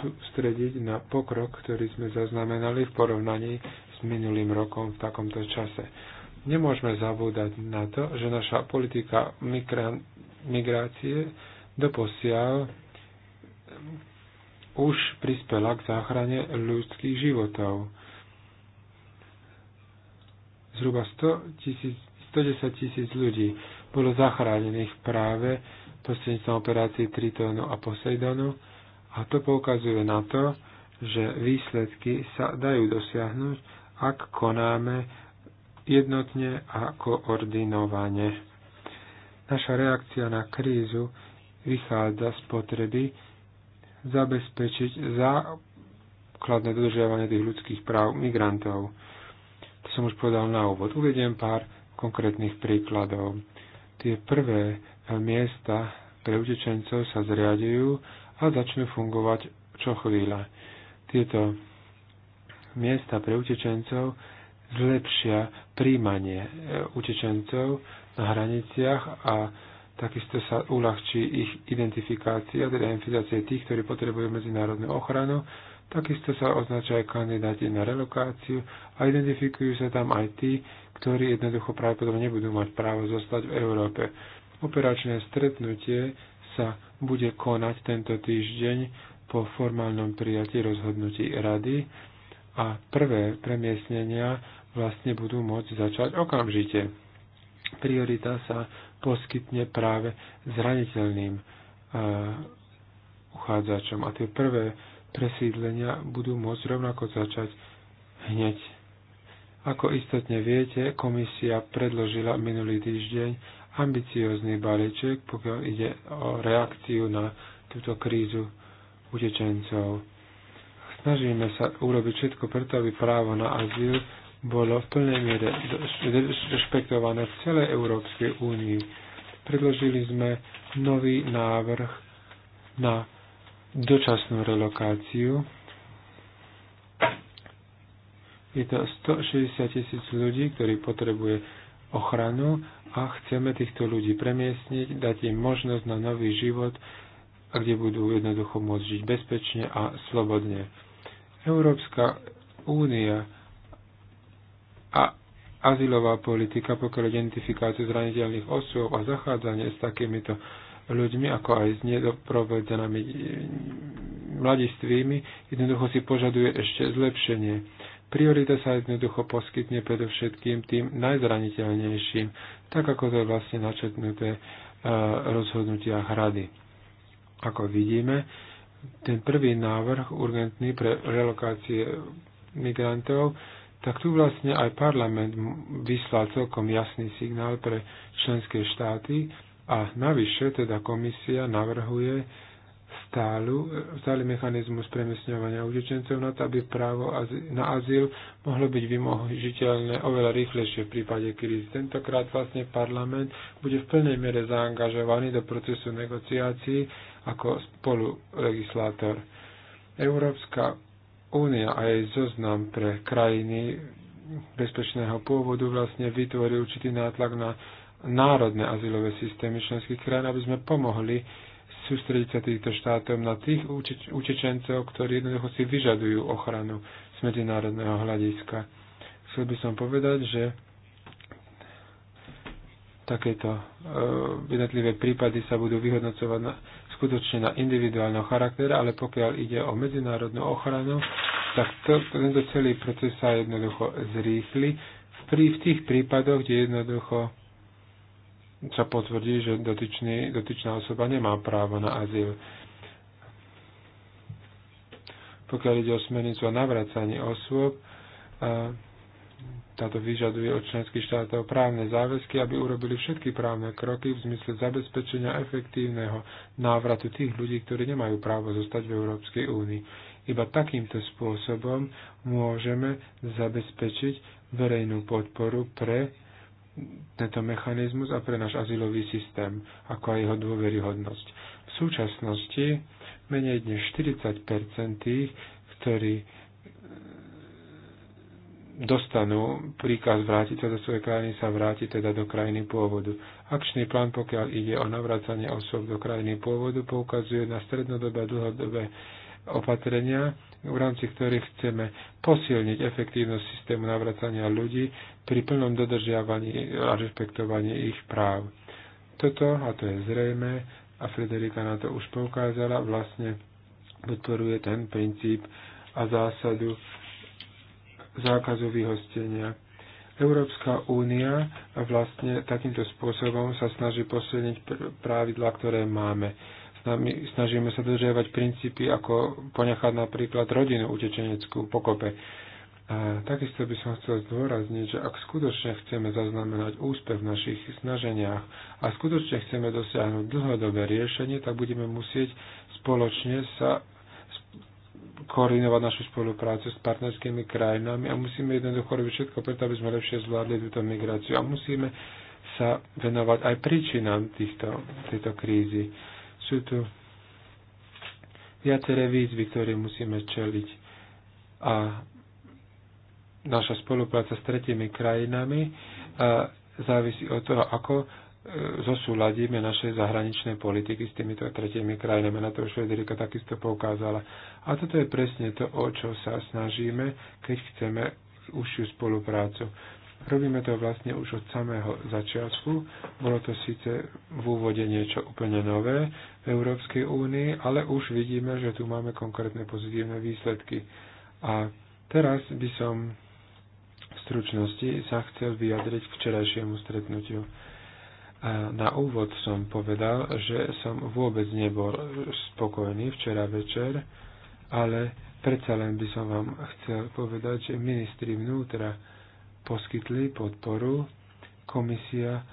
sústrediť na pokrok, ktorý sme zaznamenali v porovnaní s minulým rokom v takomto čase. Nemôžeme zabúdať na to, že naša politika migrácie doposiaľ už prispela k záchrane ľudských životov. Zhruba 100 000, 110 tisíc ľudí bolo zachránených práve prostredníctvom operácií Tritónu a Poseidonu a to poukazuje na to, že výsledky sa dajú dosiahnuť, ak konáme jednotne a koordinovane. Naša reakcia na krízu vychádza z potreby zabezpečiť základné dodržiavanie tých ľudských práv migrantov. To som už povedal na úvod. Uvediem pár konkrétnych príkladov. Tie prvé miesta pre utečencov sa zriadujú a začnú fungovať čo chvíľa. Tieto miesta pre utečencov zlepšia príjmanie e, utečencov na hraniciach a takisto sa uľahčí ich identifikácia, teda identifikácia tých, ktorí potrebujú medzinárodnú ochranu, takisto sa označia aj kandidáti na relokáciu a identifikujú sa tam aj tí, ktorí jednoducho pravdepodobne nebudú mať právo zostať v Európe. Operačné stretnutie sa bude konať tento týždeň po formálnom prijatí rozhodnutí rady a prvé premiesnenia vlastne budú môcť začať okamžite. Priorita sa poskytne práve zraniteľným e, uchádzačom a tie prvé presídlenia budú môcť rovnako začať hneď. Ako istotne viete, komisia predložila minulý týždeň ambiciózny balíček, pokiaľ ide o reakciu na túto krízu utečencov. Snažíme sa urobiť všetko preto, aby právo na azyl bolo v plnej miere rešpektované v celej Európskej únii. Predložili sme nový návrh na dočasnú relokáciu. Je to 160 tisíc ľudí, ktorí potrebuje ochranu a chceme týchto ľudí premiestniť, dať im možnosť na nový život, kde budú jednoducho môcť žiť bezpečne a slobodne. Európska únia a azylová politika, pokiaľ identifikáciu zraniteľných osôb a zachádzanie s takýmito ľuďmi, ako aj s nedoprovedzenými mladistvými, jednoducho si požaduje ešte zlepšenie. Priorita sa jednoducho poskytne predovšetkým tým najzraniteľnejším, tak ako to je vlastne načetnuté e, rozhodnutia hrady. Ako vidíme, ten prvý návrh urgentný pre relokácie migrantov, tak tu vlastne aj parlament vyslal celkom jasný signál pre členské štáty a navyše teda komisia navrhuje stálu, stály mechanizmus premiesňovania utečencov na to, aby právo na azyl mohlo byť vymožiteľné oveľa rýchlejšie v prípade krízy. Tentokrát vlastne parlament bude v plnej miere zaangažovaný do procesu negociácií ako spolulegislátor. Európska únia a jej zoznam pre krajiny bezpečného pôvodu vlastne vytvorí určitý nátlak na národné azylové systémy členských krajín, aby sme pomohli sústrediť sa týchto štátom na tých učič- utečencov, ktorí jednoducho si vyžadujú ochranu z medzinárodného hľadiska. Chcel by som povedať, že takéto uh, jednotlivé prípady sa budú vyhodnocovať na, skutočne na individuálneho charakter, ale pokiaľ ide o medzinárodnú ochranu, tak to, tento celý proces sa jednoducho zrýchli v, v tých prípadoch, kde jednoducho sa potvrdí, že dotyčný, dotyčná osoba nemá právo na azyl. Pokiaľ ide o smernicu o navracanie osôb, táto vyžaduje od členských štátov právne záväzky, aby urobili všetky právne kroky v zmysle zabezpečenia efektívneho návratu tých ľudí, ktorí nemajú právo zostať v Európskej únii. Iba takýmto spôsobom môžeme zabezpečiť verejnú podporu pre tento mechanizmus a pre náš azylový systém, ako aj jeho dôveryhodnosť. V súčasnosti menej než 40 tých, ktorí e, dostanú príkaz vrátiť sa do svojej krajiny, sa vráti teda do krajiny pôvodu. Akčný plán, pokiaľ ide o navracanie osôb do krajiny pôvodu, poukazuje na strednodobé a dlhodobé opatrenia, v rámci ktorých chceme posilniť efektívnosť systému navracania ľudí pri plnom dodržiavaní a rešpektovaní ich práv. Toto, a to je zrejme, a Frederika na to už poukázala, vlastne podporuje ten princíp a zásadu zákazu vyhostenia. Európska únia vlastne takýmto spôsobom sa snaží posilniť pravidla, ktoré máme my snažíme sa dodržiavať princípy, ako ponechať napríklad rodinu utečeneckú pokope. A takisto by som chcel zdôrazniť, že ak skutočne chceme zaznamenať úspech v našich snaženiach a skutočne chceme dosiahnuť dlhodobé riešenie, tak budeme musieť spoločne sa koordinovať našu spoluprácu s partnerskými krajinami a musíme jednoducho robiť všetko preto, aby sme lepšie zvládli túto migráciu a musíme sa venovať aj príčinám týchto, tejto krízy. Sú tu viaceré výzvy, ktoré musíme čeliť. A naša spolupráca s tretimi krajinami e, závisí od toho, ako e, zosúladíme naše zahraničné politiky s týmito tretimi krajinami. Na to Švederika takisto poukázala. A toto je presne to, o čo sa snažíme, keď chceme užšiu spoluprácu. Robíme to vlastne už od samého začiatku. Bolo to síce v úvode niečo úplne nové v Európskej únii, ale už vidíme, že tu máme konkrétne pozitívne výsledky. A teraz by som v stručnosti sa chcel vyjadriť k včerajšiemu stretnutiu. A na úvod som povedal, že som vôbec nebol spokojný včera večer, ale predsa len by som vám chcel povedať, že ministri vnútra poskytli podporu. Komisia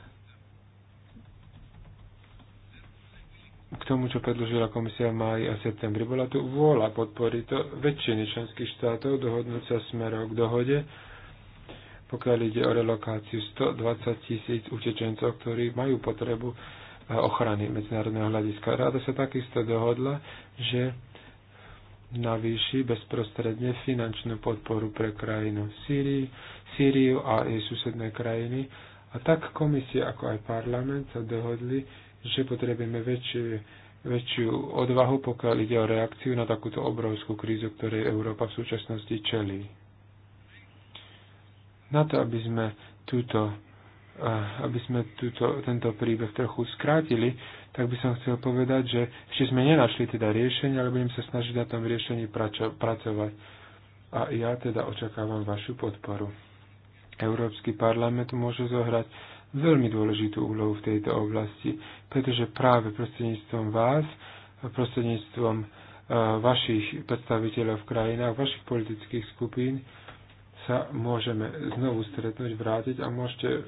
k tomu, čo predložila komisia v máji a septembri. Bola tu vôľa podporiť to väčšiny členských štátov dohodnúť sa smerom k dohode, pokiaľ ide o relokáciu 120 tisíc utečencov, ktorí majú potrebu eh, ochrany medzinárodného hľadiska. Ráda sa takisto dohodla, že navýši bezprostredne finančnú podporu pre krajinu Sýrii, Sýriu a jej susedné krajiny. A tak komisia ako aj parlament sa dohodli, že potrebujeme väčšie, väčšiu odvahu, pokiaľ ide o reakciu na takúto obrovskú krízu, ktorej Európa v súčasnosti čelí. Na to, aby sme, túto, aby sme túto, tento príbeh trochu skrátili, tak by som chcel povedať, že ešte sme nenašli teda riešenie, ale budem sa snažiť na tom riešení pracovať. A ja teda očakávam vašu podporu. Európsky parlament môže zohrať veľmi dôležitú úlohu v tejto oblasti, pretože práve prostredníctvom vás, prostredníctvom e, vašich predstaviteľov v krajinách, vašich politických skupín sa môžeme znovu stretnúť, vrátiť a môžete,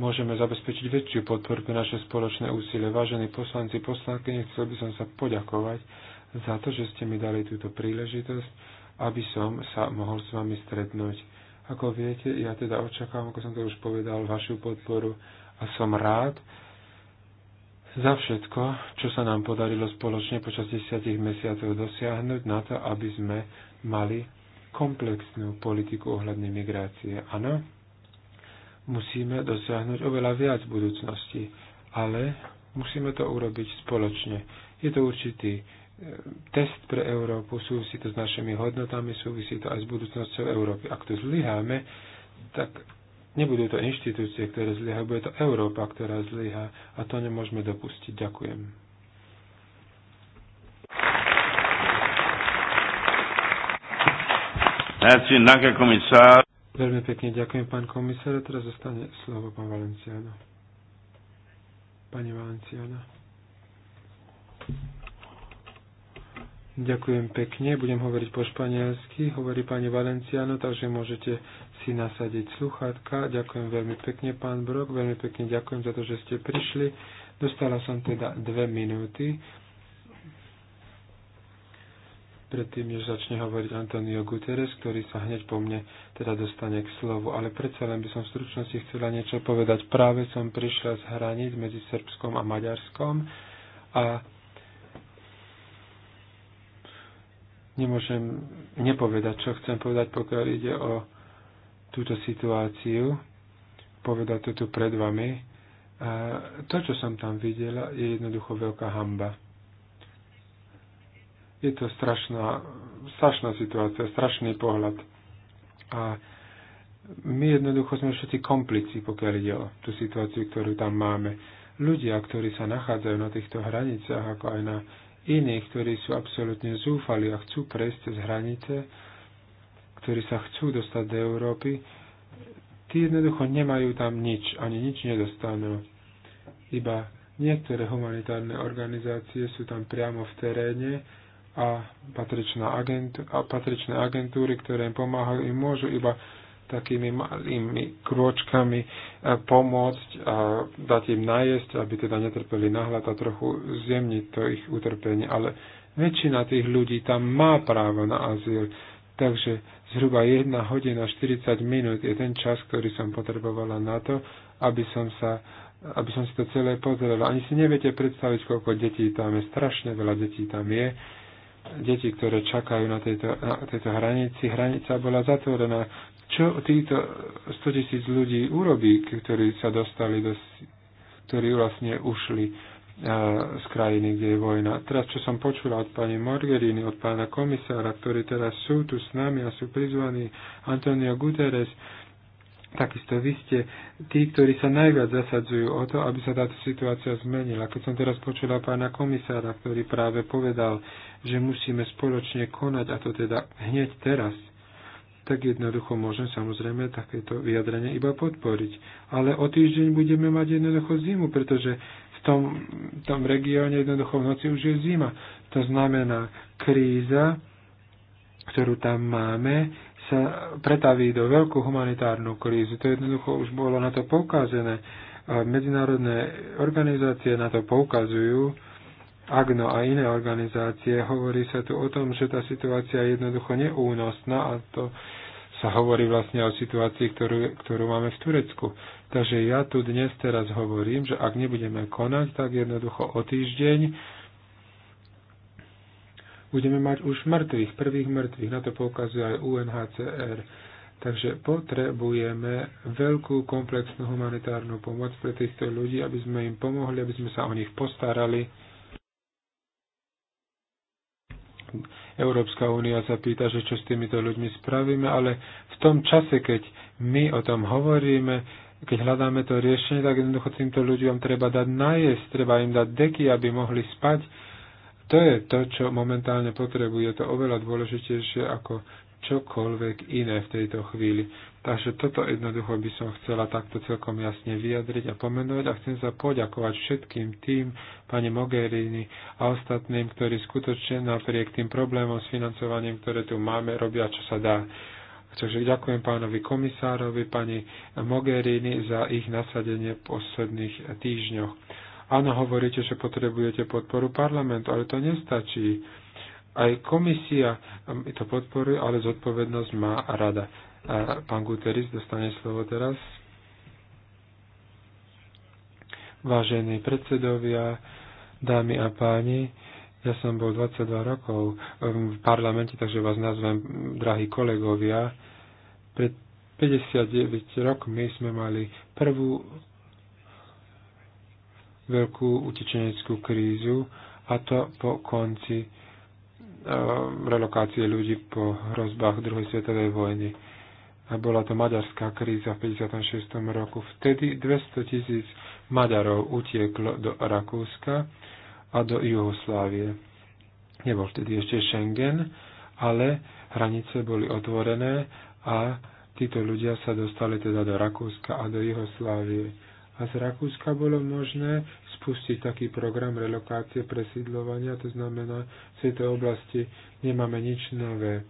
môžeme zabezpečiť väčšiu podporu pre naše spoločné úsilie. Vážení poslanci, poslanky, chcel by som sa poďakovať za to, že ste mi dali túto príležitosť, aby som sa mohol s vami stretnúť. Ako viete, ja teda očakávam, ako som to už povedal, vašu podporu a som rád za všetko, čo sa nám podarilo spoločne počas desiatich mesiacov dosiahnuť na to, aby sme mali komplexnú politiku ohľadne migrácie. Áno, musíme dosiahnuť oveľa viac v budúcnosti, ale musíme to urobiť spoločne. Je to určitý test pre Európu, súvisí to s našimi hodnotami, súvisí to aj s budúcnosťou Európy. Ak to zlyháme, tak nebudú to inštitúcie, ktoré zlyhajú, bude to Európa, ktorá zlyhá a to nemôžeme dopustiť. Ďakujem. Veľmi pekne ďakujem, pán komisár. teraz zostane slovo pán Valenciano. Pani Valenciano. Ďakujem pekne, budem hovoriť po španielsky, hovorí pani Valenciano, takže môžete si nasadiť sluchátka. Ďakujem veľmi pekne, pán Brok, veľmi pekne ďakujem za to, že ste prišli. Dostala som teda dve minúty. Predtým, než začne hovoriť Antonio Guterres, ktorý sa hneď po mne teda dostane k slovu. Ale predsa len by som v stručnosti chcela niečo povedať. Práve som prišla z hraníc medzi Srbskom a Maďarskom a nemôžem nepovedať, čo chcem povedať, pokiaľ ide o túto situáciu, povedať to tu pred vami. A to, čo som tam videla, je jednoducho veľká hamba. Je to strašná, strašná situácia, strašný pohľad. A my jednoducho sme všetci komplici, pokiaľ ide o tú situáciu, ktorú tam máme. Ľudia, ktorí sa nachádzajú na týchto hraniciach, ako aj na iní, ktorí sú absolútne zúfali a chcú prejsť cez hranice, ktorí sa chcú dostať do Európy, tí jednoducho nemajú tam nič, ani nič nedostanú. Iba niektoré humanitárne organizácie sú tam priamo v teréne a a patričné agentúry, ktoré im pomáhajú, im môžu iba takými malými krôčkami e, pomôcť a dať im najesť, aby teda netrpeli nahľad a trochu zjemniť to ich utrpenie. Ale väčšina tých ľudí tam má právo na azyl, takže zhruba 1 hodina 40 minút je ten čas, ktorý som potrebovala na to, aby som sa aby som si to celé pozrela. Ani si neviete predstaviť, koľko detí tam je. Strašne veľa detí tam je deti, ktoré čakajú na tejto, na tejto hranici. Hranica bola zatvorená čo týchto 100 tisíc ľudí urobí, ktorí sa dostali do, ktorí vlastne ušli e, z krajiny, kde je vojna. Teraz, čo som počula od pani Morgerini, od pána komisára, ktorí teraz sú tu s nami a sú prizvaní, Antonio Guterres, Takisto vy ste tí, ktorí sa najviac zasadzujú o to, aby sa táto situácia zmenila. Keď som teraz počula pána komisára, ktorý práve povedal, že musíme spoločne konať, a to teda hneď teraz, tak jednoducho môžem samozrejme takéto vyjadrenie iba podporiť. Ale o týždeň budeme mať jednoducho zimu, pretože v tom, tom regióne jednoducho v noci už je zima. To znamená, kríza, ktorú tam máme, sa pretaví do veľkú humanitárnu krízu. To jednoducho už bolo na to poukázené. Medzinárodné organizácie na to poukazujú, AGNO a iné organizácie. Hovorí sa tu o tom, že tá situácia je jednoducho neúnosná a to sa hovorí vlastne o situácii, ktorú, ktorú máme v Turecku. Takže ja tu dnes teraz hovorím, že ak nebudeme konať, tak jednoducho o týždeň budeme mať už mŕtvych, prvých mŕtvych. Na to poukazuje aj UNHCR. Takže potrebujeme veľkú komplexnú humanitárnu pomoc pre týchto ľudí, aby sme im pomohli, aby sme sa o nich postarali Európska únia sa pýta, že čo s týmito ľuďmi spravíme, ale v tom čase, keď my o tom hovoríme, keď hľadáme to riešenie, tak jednoducho týmto ľuďom treba dať najesť, treba im dať deky, aby mohli spať. To je to, čo momentálne potrebuje. Je to oveľa dôležitejšie ako čokoľvek iné v tejto chvíli. Takže toto jednoducho by som chcela takto celkom jasne vyjadriť a pomenovať a chcem sa poďakovať všetkým tým, pani Mogherini a ostatným, ktorí skutočne napriek tým problémom s financovaním, ktoré tu máme, robia čo sa dá. Takže ďakujem pánovi komisárovi, pani Mogherini za ich nasadenie v posledných týždňoch. Áno, hovoríte, že potrebujete podporu parlamentu, ale to nestačí. Aj komisia to podporuje, ale zodpovednosť má rada. Pán Guteris dostane slovo teraz. Vážení predsedovia, dámy a páni, ja som bol 22 rokov um, v parlamente, takže vás nazvem drahí kolegovia. Pred 59 rokmi sme mali prvú veľkú utečeneckú krízu a to po konci um, relokácie ľudí po hrozbách druhej svetovej vojny bola to maďarská kríza v 56. roku. Vtedy 200 tisíc Maďarov utieklo do Rakúska a do Juhoslávie. Nebol vtedy ešte Schengen, ale hranice boli otvorené a títo ľudia sa dostali teda do Rakúska a do Jugoslávie. A z Rakúska bolo možné spustiť taký program relokácie presídlovania, to znamená, v tejto oblasti nemáme nič nové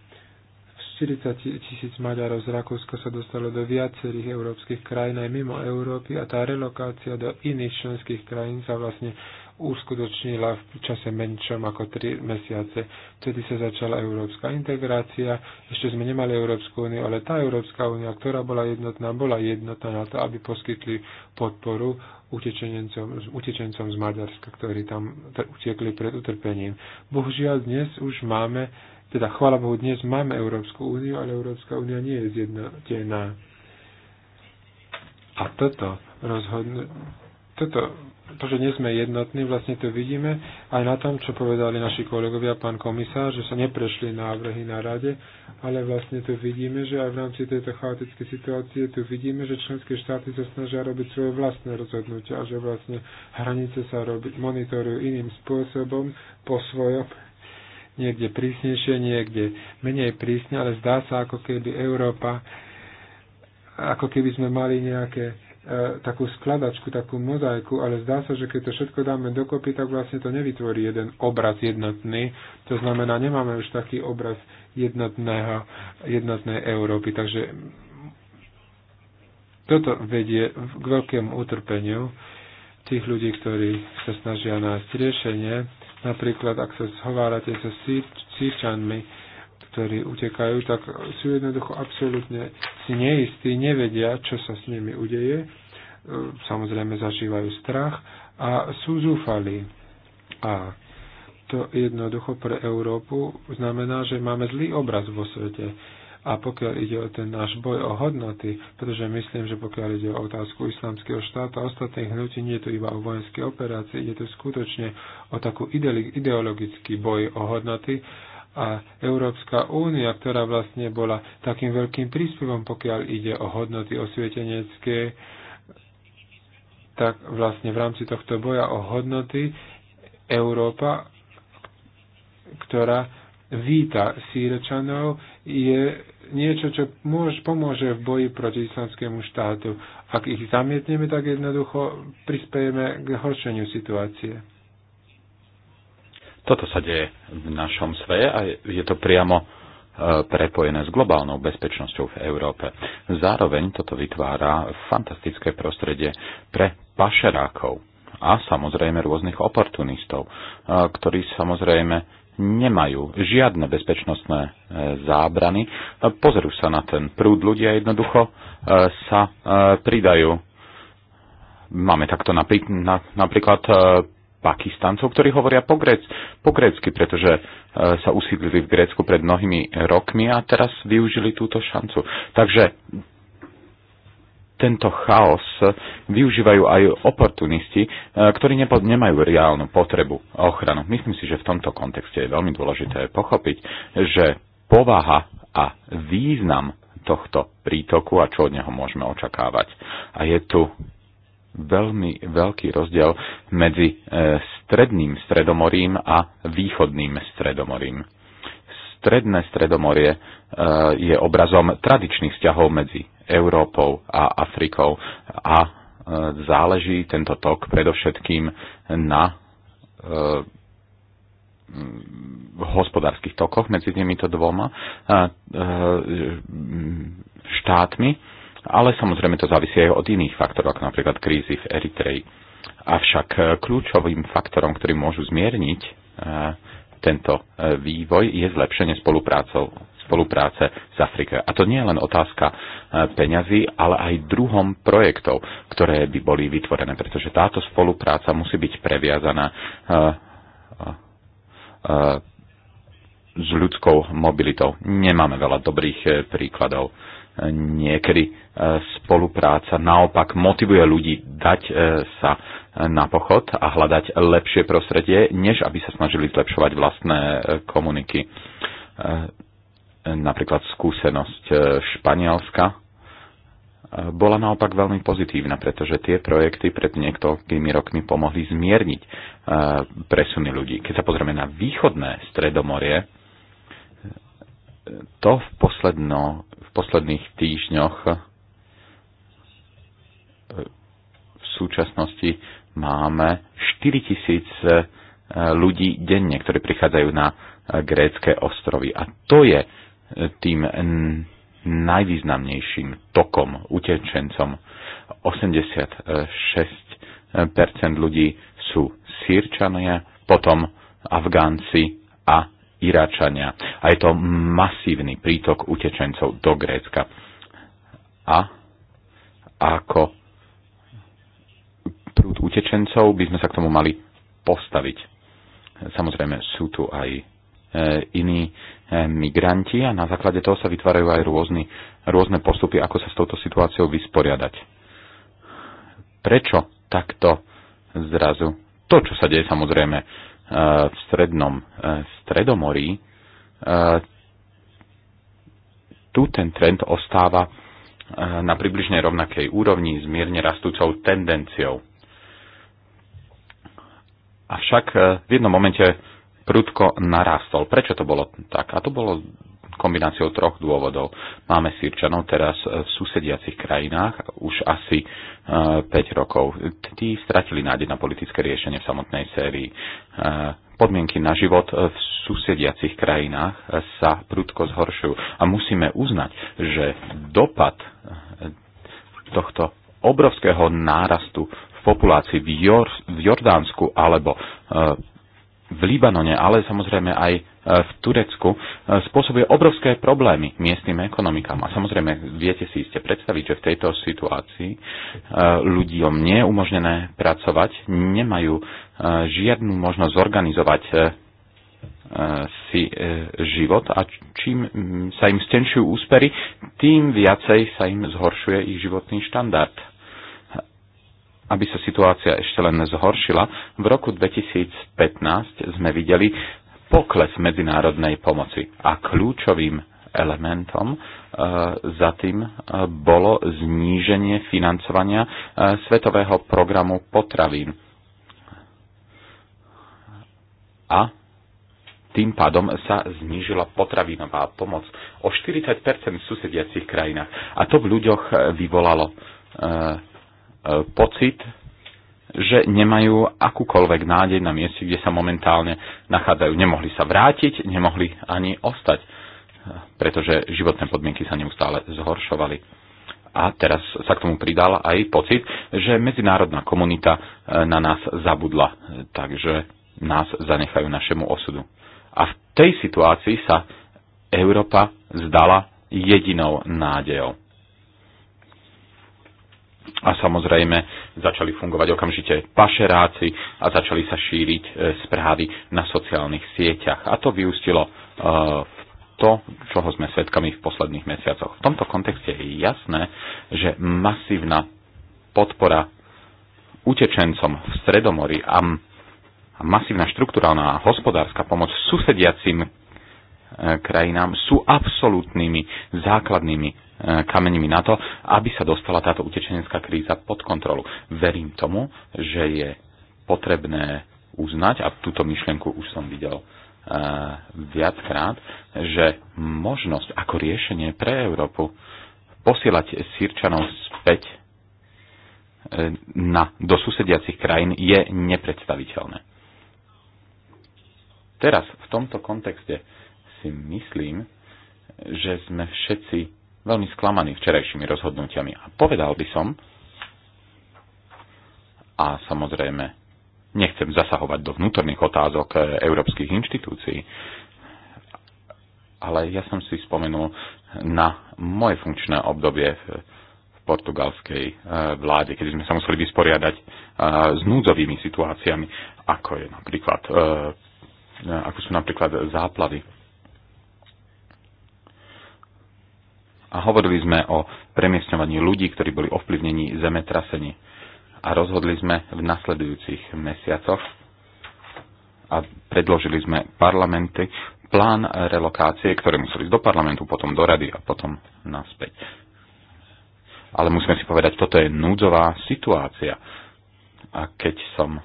40 tisíc Maďarov z Rakúska sa dostalo do viacerých európskych krajín aj mimo Európy a tá relokácia do iných členských krajín sa vlastne uskutočnila v čase menšom ako 3 mesiace. Vtedy sa začala európska integrácia. Ešte sme nemali Európsku úniu, ale tá Európska únia, ktorá bola jednotná, bola jednotná na to, aby poskytli podporu utečencom, utečencom z Maďarska, ktorí tam utekli pred utrpením. Bohužiaľ dnes už máme teda chvála Bohu, dnes máme Európsku úniu, ale Európska únia nie je zjednotená. A toto rozhodne, toto, to, že nie sme jednotní, vlastne to vidíme aj na tom, čo povedali naši kolegovia, pán komisár, že sa neprešli návrhy na rade, ale vlastne tu vidíme, že aj v rámci tejto chaotickej situácie tu vidíme, že členské štáty sa snažia robiť svoje vlastné rozhodnutia a že vlastne hranice sa robiť, monitorujú iným spôsobom po svojom niekde prísnejšie, niekde menej prísne, ale zdá sa, ako keby Európa, ako keby sme mali nejaké e, takú skladačku, takú mozaiku, ale zdá sa, že keď to všetko dáme dokopy, tak vlastne to nevytvorí jeden obraz jednotný. To znamená, nemáme už taký obraz jednotného, jednotnej Európy. Takže toto vedie k veľkému utrpeniu tých ľudí, ktorí sa snažia nájsť riešenie. Napríklad, ak sa zhovárate so sírčanmi, ktorí utekajú, tak sú jednoducho absolútne si neistí, nevedia, čo sa s nimi udeje. E, samozrejme zažívajú strach a sú zúfali. A to jednoducho pre Európu znamená, že máme zlý obraz vo svete a pokiaľ ide o ten náš boj o hodnoty, pretože myslím, že pokiaľ ide o otázku islamského štátu a ostatných hnutí, nie je to iba o vojenské operácie, ide to skutočne o takú ideologický boj o hodnoty a Európska únia, ktorá vlastne bola takým veľkým príspevom, pokiaľ ide o hodnoty osvietenecké, tak vlastne v rámci tohto boja o hodnoty Európa, ktorá víta sírečanov, je niečo, čo môž, pomôže v boji proti islamskému štátu. Ak ich zamietneme, tak jednoducho prispejeme k horšeniu situácie. Toto sa deje v našom svete a je to priamo e, prepojené s globálnou bezpečnosťou v Európe. Zároveň toto vytvára fantastické prostredie pre pašerákov a samozrejme rôznych oportunistov, e, ktorí samozrejme nemajú žiadne bezpečnostné e, zábrany. No, pozrú sa na ten prúd ľudia jednoducho e, sa e, pridajú. Máme takto napríklad Pakistancov, ktorí hovoria po, grec, po grecky, pretože sa usídlili v Grécku pred mnohými rokmi a teraz využili túto šancu. Takže tento chaos využívajú aj oportunisti, e, ktorí nemajú reálnu potrebu a ochranu. Myslím si, že v tomto kontexte je veľmi dôležité pochopiť, že povaha a význam tohto prítoku a čo od neho môžeme očakávať. A je tu veľmi veľký rozdiel medzi e, stredným stredomorím a východným stredomorím stredné stredomorie e, je obrazom tradičných vzťahov medzi Európou a Afrikou a e, záleží tento tok predovšetkým na e, hospodárskych tokoch medzi týmito dvoma e, štátmi, ale samozrejme to závisí aj od iných faktorov, ako napríklad krízy v Eritreji. Avšak kľúčovým faktorom, ktorý môžu zmierniť tento vývoj, je zlepšenie spoluprácou, spolupráce s Afrikou. A to nie je len otázka e, peňazí, ale aj druhom projektov, ktoré by boli vytvorené, pretože táto spolupráca musí byť previazaná e, e, s ľudskou mobilitou. Nemáme veľa dobrých príkladov. Niekedy spolupráca naopak motivuje ľudí dať sa na pochod a hľadať lepšie prostredie, než aby sa snažili zlepšovať vlastné komuniky napríklad skúsenosť e, Španielska e, bola naopak veľmi pozitívna, pretože tie projekty pred niektorými rokmi pomohli zmierniť e, presuny ľudí. Keď sa pozrieme na východné stredomorie, to v, posledno, v posledných týždňoch v súčasnosti máme 4000 ľudí denne, ktorí prichádzajú na grécké ostrovy. A to je tým najvýznamnejším tokom, utečencom. 86% ľudí sú Sýrčania, potom Afgánci a Iračania. A je to masívny prítok utečencov do Grécka. A ako prúd utečencov by sme sa k tomu mali postaviť. Samozrejme sú tu aj E, iní e, migranti a na základe toho sa vytvárajú aj rôzny, rôzne postupy, ako sa s touto situáciou vysporiadať. Prečo takto zrazu? To, čo sa deje samozrejme e, v strednom stredomorí, tu ten trend ostáva na približne rovnakej úrovni s mierne rastúcou tendenciou. Avšak v jednom momente prudko narastol. Prečo to bolo tak? A to bolo kombináciou troch dôvodov. Máme Sirčanov teraz v susediacich krajinách už asi 5 e, rokov. Tí stratili nádej na politické riešenie v samotnej sérii. E, podmienky na život v susediacich krajinách sa prudko zhoršujú a musíme uznať, že dopad e, tohto obrovského nárastu v populácii v, Jor- v Jordánsku alebo v Libanone, ale samozrejme aj e, v Turecku, e, spôsobuje obrovské problémy miestnym ekonomikám. A samozrejme, viete si iste predstaviť, že v tejto situácii e, ľuďom nie je umožnené pracovať, nemajú žiadnu možnosť zorganizovať si život a čím sa im stenšujú úspery, tým viacej sa im zhoršuje ich životný štandard aby sa situácia ešte len zhoršila, v roku 2015 sme videli pokles medzinárodnej pomoci a kľúčovým elementom eh, za tým eh, bolo zníženie financovania eh, Svetového programu potravín. A tým pádom sa znížila potravinová pomoc o 40 v susediacich krajinách. A to v ľuďoch vyvolalo E, pocit, že nemajú akúkoľvek nádej na mieste, kde sa momentálne nachádzajú. Nemohli sa vrátiť, nemohli ani ostať, e, pretože životné podmienky sa neustále zhoršovali. A teraz sa k tomu pridal aj pocit, že medzinárodná komunita e, na nás zabudla, takže nás zanechajú našemu osudu. A v tej situácii sa Európa zdala jedinou nádejou a samozrejme začali fungovať okamžite pašeráci a začali sa šíriť e, správy na sociálnych sieťach. A to vyústilo e, v to, čoho sme svedkami v posledných mesiacoch. V tomto kontexte je jasné, že masívna podpora utečencom v Stredomori a masívna štruktúrálna a hospodárska pomoc susediacim e, krajinám sú absolútnymi základnými kameňmi na to, aby sa dostala táto utečenecká kríza pod kontrolu. Verím tomu, že je potrebné uznať, a túto myšlienku už som videl e, viackrát, že možnosť ako riešenie pre Európu posielať Sýrčanov späť e, na, do susediacich krajín je nepredstaviteľné. Teraz v tomto kontexte si myslím, že sme všetci veľmi sklamaný včerajšími rozhodnutiami. A povedal by som, a samozrejme nechcem zasahovať do vnútorných otázok e, európskych inštitúcií, ale ja som si spomenul na moje funkčné obdobie v portugalskej e, vláde, keď sme sa museli vysporiadať e, s núdzovými situáciami, ako je napríklad ako sú napríklad záplavy a hovorili sme o premiestňovaní ľudí, ktorí boli ovplyvnení zemetrasení. A rozhodli sme v nasledujúcich mesiacoch a predložili sme parlamenty plán relokácie, ktoré museli ísť do parlamentu, potom do rady a potom naspäť. Ale musíme si povedať, toto je núdzová situácia. A keď som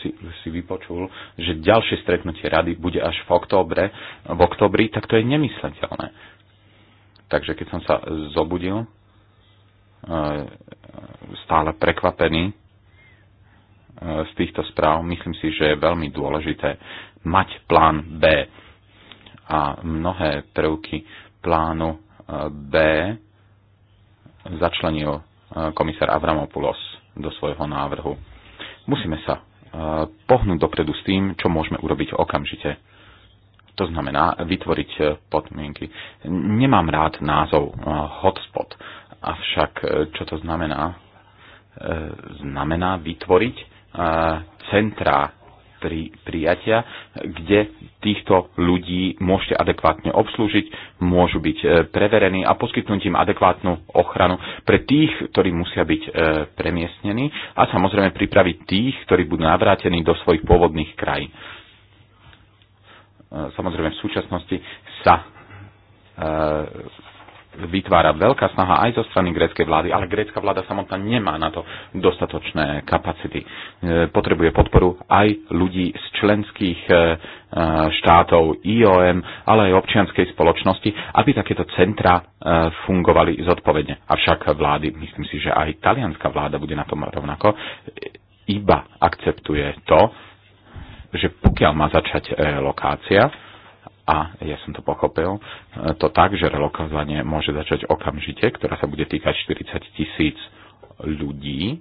si, si vypočul, že ďalšie stretnutie rady bude až v oktobre, v oktobri, tak to je nemysliteľné Takže keď som sa zobudil, e, stále prekvapený e, z týchto správ, myslím si, že je veľmi dôležité mať plán B. A mnohé prvky plánu e, B začlenil komisár Avramopoulos do svojho návrhu. Musíme sa pohnúť dopredu s tým, čo môžeme urobiť okamžite to znamená vytvoriť eh, podmienky. Nemám rád názov eh, hotspot, avšak eh, čo to znamená? Znamená vytvoriť centrá pri, prijatia, kde týchto ľudí môžete adekvátne obslúžiť, môžu byť preverení a poskytnúť im adekvátnu ochranu pre tých, ktorí musia byť premiestnení a samozrejme pripraviť tých, ktorí budú navrátení do svojich pôvodných krajín. Samozrejme, v súčasnosti sa e, vytvára veľká snaha aj zo strany gréckej vlády, ale grécka vláda samotná nemá na to dostatočné kapacity. E, potrebuje podporu aj ľudí z členských e, štátov IOM, ale aj občianskej spoločnosti, aby takéto centra fungovali zodpovedne. Avšak vlády, myslím si, že aj talianská vláda bude na tom rovnako, iba akceptuje to, že pokiaľ má začať e, relokácia, a ja som to pochopil, e, to tak, že relokovanie môže začať okamžite, ktorá sa bude týkať 40 tisíc ľudí.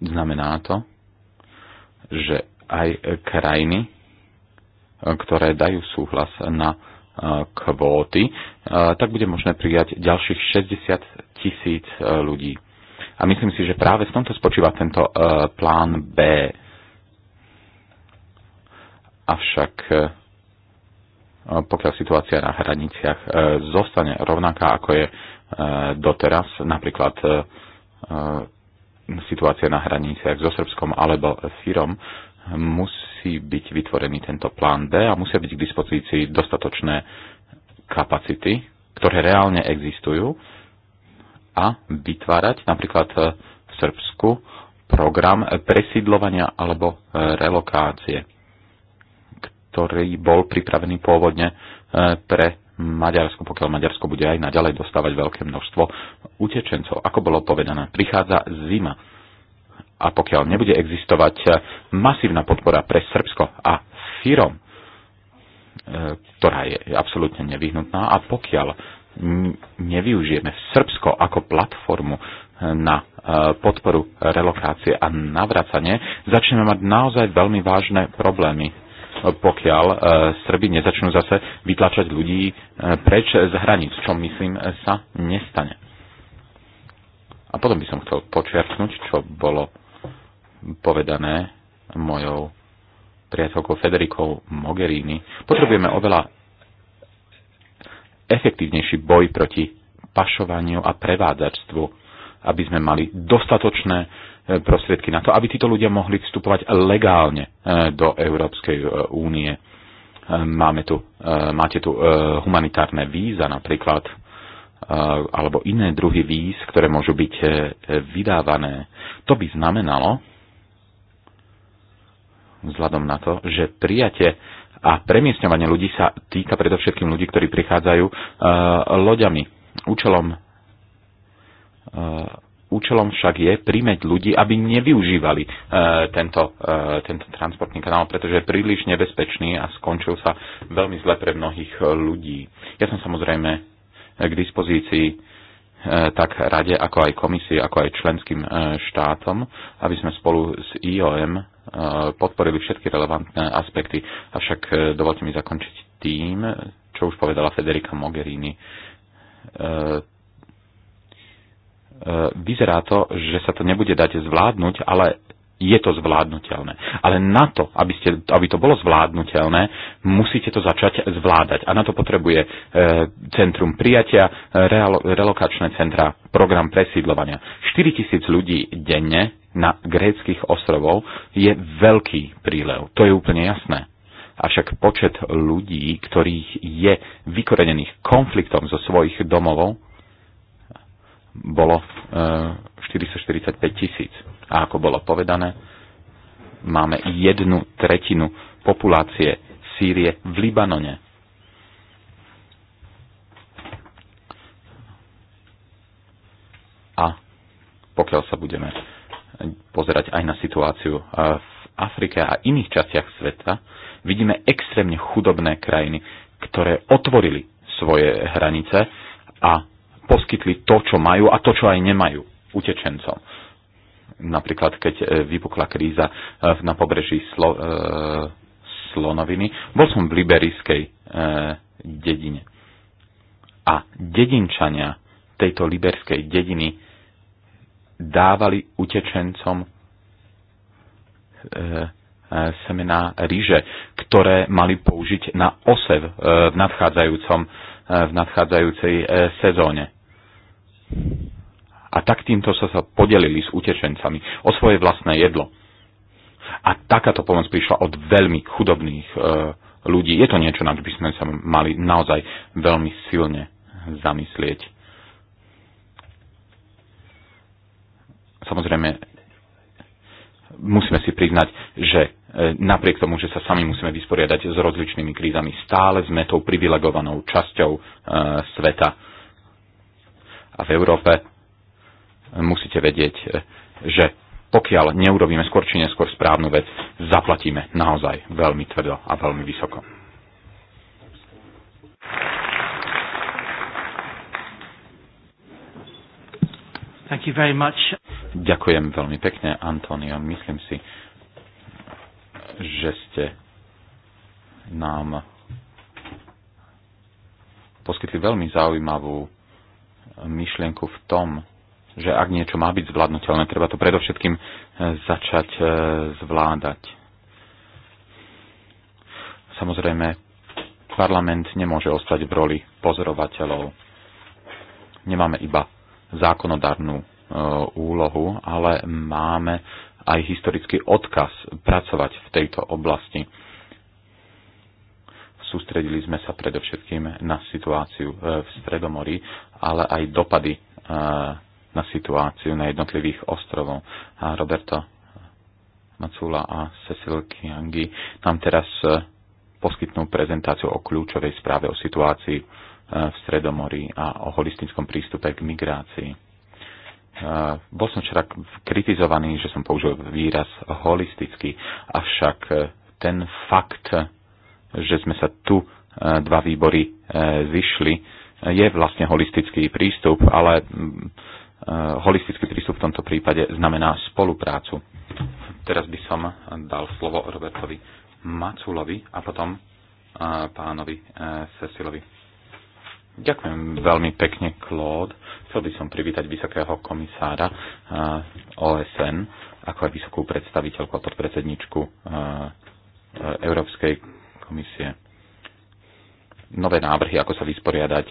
Znamená to, že aj krajiny, e, ktoré dajú súhlas na kvóty, tak bude možné prijať ďalších 60 tisíc ľudí. A myslím si, že práve v tomto spočíva tento e, plán B. Avšak e, e, pokiaľ situácia na hraniciach zostane rovnaká, ako je doteraz, napríklad situácia na hraniciach so Srbskom alebo Sýrom, musí byť vytvorený tento plán B a musia byť k dispozícii dostatočné kapacity, ktoré reálne existujú a vytvárať napríklad e, v Srbsku program presídlovania alebo e, relokácie, ktorý bol pripravený pôvodne e, pre Maďarsko, pokiaľ Maďarsko bude aj naďalej dostávať veľké množstvo utečencov. Ako bolo povedané, prichádza zima a pokiaľ nebude existovať masívna podpora pre Srbsko a firom, ktorá je absolútne nevyhnutná a pokiaľ nevyužijeme Srbsko ako platformu eh, na eh, podporu relokácie a navracanie, začneme mať naozaj veľmi vážne problémy eh, pokiaľ Srby nezačnú zase vytlačať ľudí preč z hraníc, čo myslím sa nestane. A potom by som chcel počiarknúť, čo bolo povedané mojou priateľkou Federikou Mogherini. Potrebujeme oveľa efektívnejší boj proti pašovaniu a prevádzačstvu, aby sme mali dostatočné e, prostriedky na to, aby títo ľudia mohli vstupovať legálne e, do Európskej e, únie. Máme tu, máte tu humanitárne víza napríklad, alebo iné druhy víz, ktoré môžu byť vydávané. To by znamenalo, vzhľadom na to, že prijatie a premiestňovanie ľudí sa týka predovšetkým ľudí, ktorí prichádzajú uh, loďami. Účelom, uh, účelom však je prímeť ľudí, aby nevyužívali uh, tento, uh, tento transportný kanál, pretože je príliš nebezpečný a skončil sa veľmi zle pre mnohých ľudí. Ja som samozrejme k dispozícii tak rade, ako aj komisii, ako aj členským štátom, aby sme spolu s IOM podporili všetky relevantné aspekty. Avšak e, dovolte mi zakončiť tým, čo už povedala Federica Mogherini. E, e, vyzerá to, že sa to nebude dať zvládnuť, ale je to zvládnutelné. Ale na to, aby, ste, aby to bolo zvládnutelné, musíte to začať zvládať. A na to potrebuje e, centrum prijatia, e, relokačné centra, program presídlovania. 4000 ľudí denne na gréckých ostrovov je veľký prílev. To je úplne jasné. Avšak počet ľudí, ktorých je vykorenených konfliktom zo svojich domovov, bolo 445 e, tisíc. A ako bolo povedané, máme jednu tretinu populácie Sýrie v Libanone. A pokiaľ sa budeme pozerať aj na situáciu eh, v Afrike a iných častiach sveta, vidíme extrémne chudobné krajiny, ktoré otvorili svoje hranice a poskytli to, čo majú a to, čo aj nemajú utečencom. Napríklad, keď eh, vypukla kríza eh, na pobreží Slo- Slonoviny, bol som v liberijskej dedine. A dedinčania tejto liberskej dediny dávali utečencom e, e, semená ríže, ktoré mali použiť na osev e, v, nadchádzajúcom, v nadchádzajúcej sezóne. A tak týmto sa sa podelili s utečencami o svoje vlastné jedlo. A takáto pomoc prišla od veľmi chudobných ľudí. Je to niečo, na čo by sme sa mali naozaj veľmi silne zamyslieť Samozrejme, musíme si priznať, že e, napriek tomu, že sa sami musíme vysporiadať s rozličnými krízami, stále sme tou privilegovanou časťou e, sveta. A v Európe e, musíte vedieť, že pokiaľ neurobíme skôr či neskôr správnu vec, zaplatíme naozaj veľmi tvrdo a veľmi vysoko. Thank you very much. Ďakujem veľmi pekne, Antonio. Myslím si, že ste nám poskytli veľmi zaujímavú myšlienku v tom, že ak niečo má byť zvládnutelné, treba to predovšetkým e, začať e, zvládať. Samozrejme, parlament nemôže ostať v roli pozorovateľov. Nemáme iba zákonodárnu Eh, úlohu, ale máme aj historický odkaz pracovať v tejto oblasti. Sústredili sme sa predovšetkým na situáciu eh, v Stredomorí, ale aj dopady eh, na situáciu na jednotlivých ostrovov. A Roberto Macula a Cecil Kiangi nám teraz poskytnú prezentáciu o kľúčovej správe o situácii v Stredomorí a o holistickom prístupe k migrácii. Eh, bol som včera kritizovaný, že som použil výraz holistický, avšak eh, ten fakt, že sme sa tu eh, dva výbory zišli, je vlastne holistický prístup, ale mm, holistický prístup v tomto prípade znamená spoluprácu. Teraz by som dal slovo Robertovi Maculovi a potom pánovi Cecilovi. Ďakujem veľmi pekne, Claude. Chcel by som privítať vysokého komisára eh, OSN, ako aj vysokú predstaviteľku a podpredsedničku eh, Európskej komisie. Nové návrhy, ako sa vysporiadať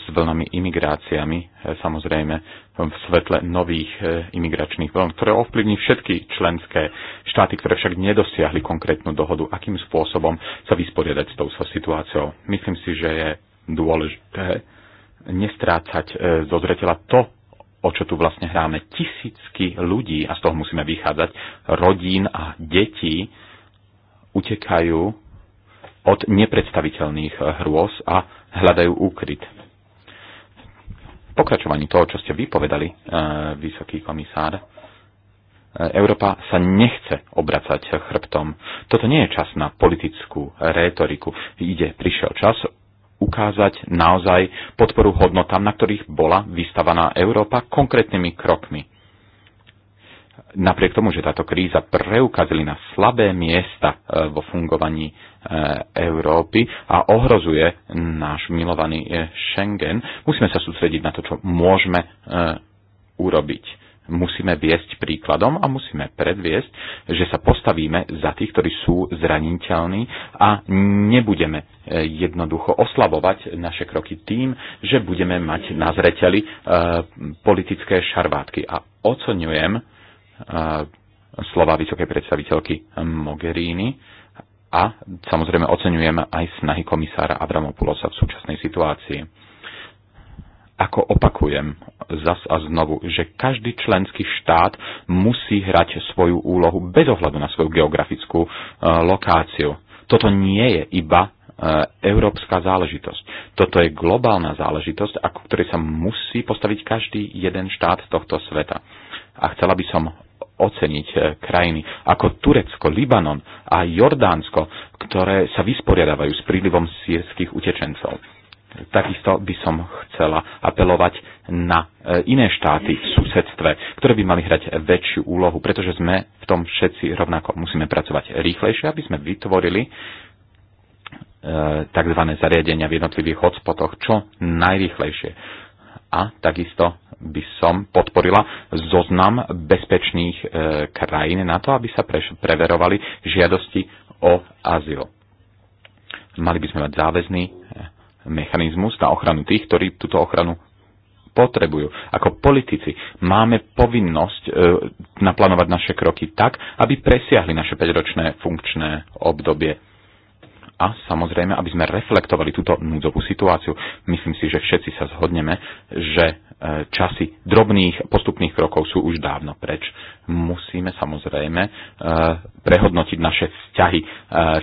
s vlnami imigráciami, e, samozrejme v svetle nových e, imigračných vln, ktoré ovplyvní všetky členské štáty, ktoré však nedosiahli konkrétnu dohodu, akým spôsobom sa vysporiadať s touto situáciou. Myslím si, že je dôležité nestrácať e, zo zretela to, o čo tu vlastne hráme. Tisícky ľudí, a z toho musíme vychádzať, rodín a detí utekajú od nepredstaviteľných hrôz a hľadajú úkryt. V pokračovaní toho, čo ste vypovedali, e, vysoký komisár, e, Európa sa nechce obracať chrbtom. Toto nie je čas na politickú rétoriku. Ide, prišiel čas ukázať naozaj podporu hodnotám, na ktorých bola vystavaná Európa konkrétnymi krokmi napriek tomu, že táto kríza preukazili na slabé miesta e, vo fungovaní e, Európy a ohrozuje náš milovaný e, Schengen, musíme sa sústrediť na to, čo môžeme urobiť. Musíme viesť príkladom a musíme predviesť, že sa postavíme za tých, ktorí sú zraniteľní a nebudeme jednoducho oslabovať naše kroky tým, že budeme mať na zreteli politické šarvátky. A oceňujem, slova vysokej predstaviteľky Mogherini a samozrejme oceňujem aj snahy komisára Abramopulosa v súčasnej situácii. Ako opakujem zas a znovu, že každý členský štát musí hrať svoju úlohu bez ohľadu na svoju geografickú e, lokáciu. Toto nie je iba e, európska záležitosť. Toto je globálna záležitosť, ako ktorej sa musí postaviť každý jeden štát tohto sveta. A chcela by som oceniť e, krajiny ako Turecko, Libanon a Jordánsko, ktoré sa vysporiadávajú s prílivom sírskych utečencov. Takisto by som chcela apelovať na e, iné štáty v susedstve, ktoré by mali hrať väčšiu úlohu, pretože sme v tom všetci rovnako musíme pracovať rýchlejšie, aby sme vytvorili e, tzv. zariadenia v jednotlivých hotspotoch čo najrychlejšie a takisto by som podporila zoznam bezpečných e, krajín na to, aby sa preš- preverovali žiadosti o azyl. Mali by sme mať záväzný e, mechanizmus na ochranu tých, ktorí túto ochranu potrebujú. Ako politici máme povinnosť e, naplánovať naše kroky tak, aby presiahli naše 5-ročné funkčné obdobie a samozrejme, aby sme reflektovali túto núdzovú situáciu. Myslím si, že všetci sa zhodneme, že e, časy drobných postupných krokov sú už dávno preč. Musíme samozrejme e, prehodnotiť naše vzťahy e,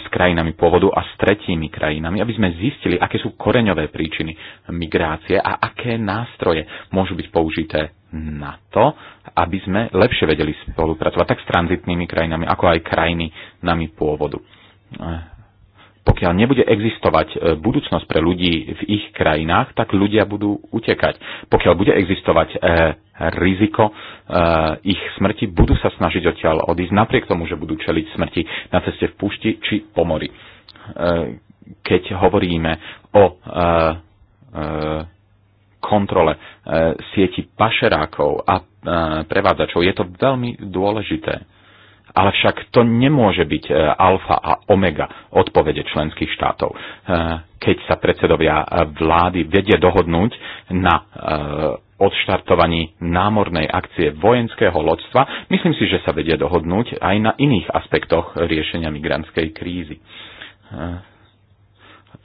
s krajinami pôvodu a s tretími krajinami, aby sme zistili, aké sú koreňové príčiny migrácie a aké nástroje môžu byť použité na to, aby sme lepšie vedeli spolupracovať tak s tranzitnými krajinami, ako aj krajinami pôvodu pokiaľ nebude existovať e, budúcnosť pre ľudí v ich krajinách, tak ľudia budú utekať. Pokiaľ bude existovať e, riziko e, ich smrti, budú sa snažiť odtiaľ odísť, napriek tomu, že budú čeliť smrti na ceste v púšti či po mori. Keď hovoríme o kontrole sieti pašerákov a prevádzačov, je to veľmi dôležité ale však to nemôže byť e, alfa a omega odpovede členských štátov. E, keď sa predsedovia e, vlády vedie dohodnúť na odštartovaní námornej akcie vojenského lodstva, myslím si, že sa vedie dohodnúť aj na iných aspektoch riešenia migrantskej krízy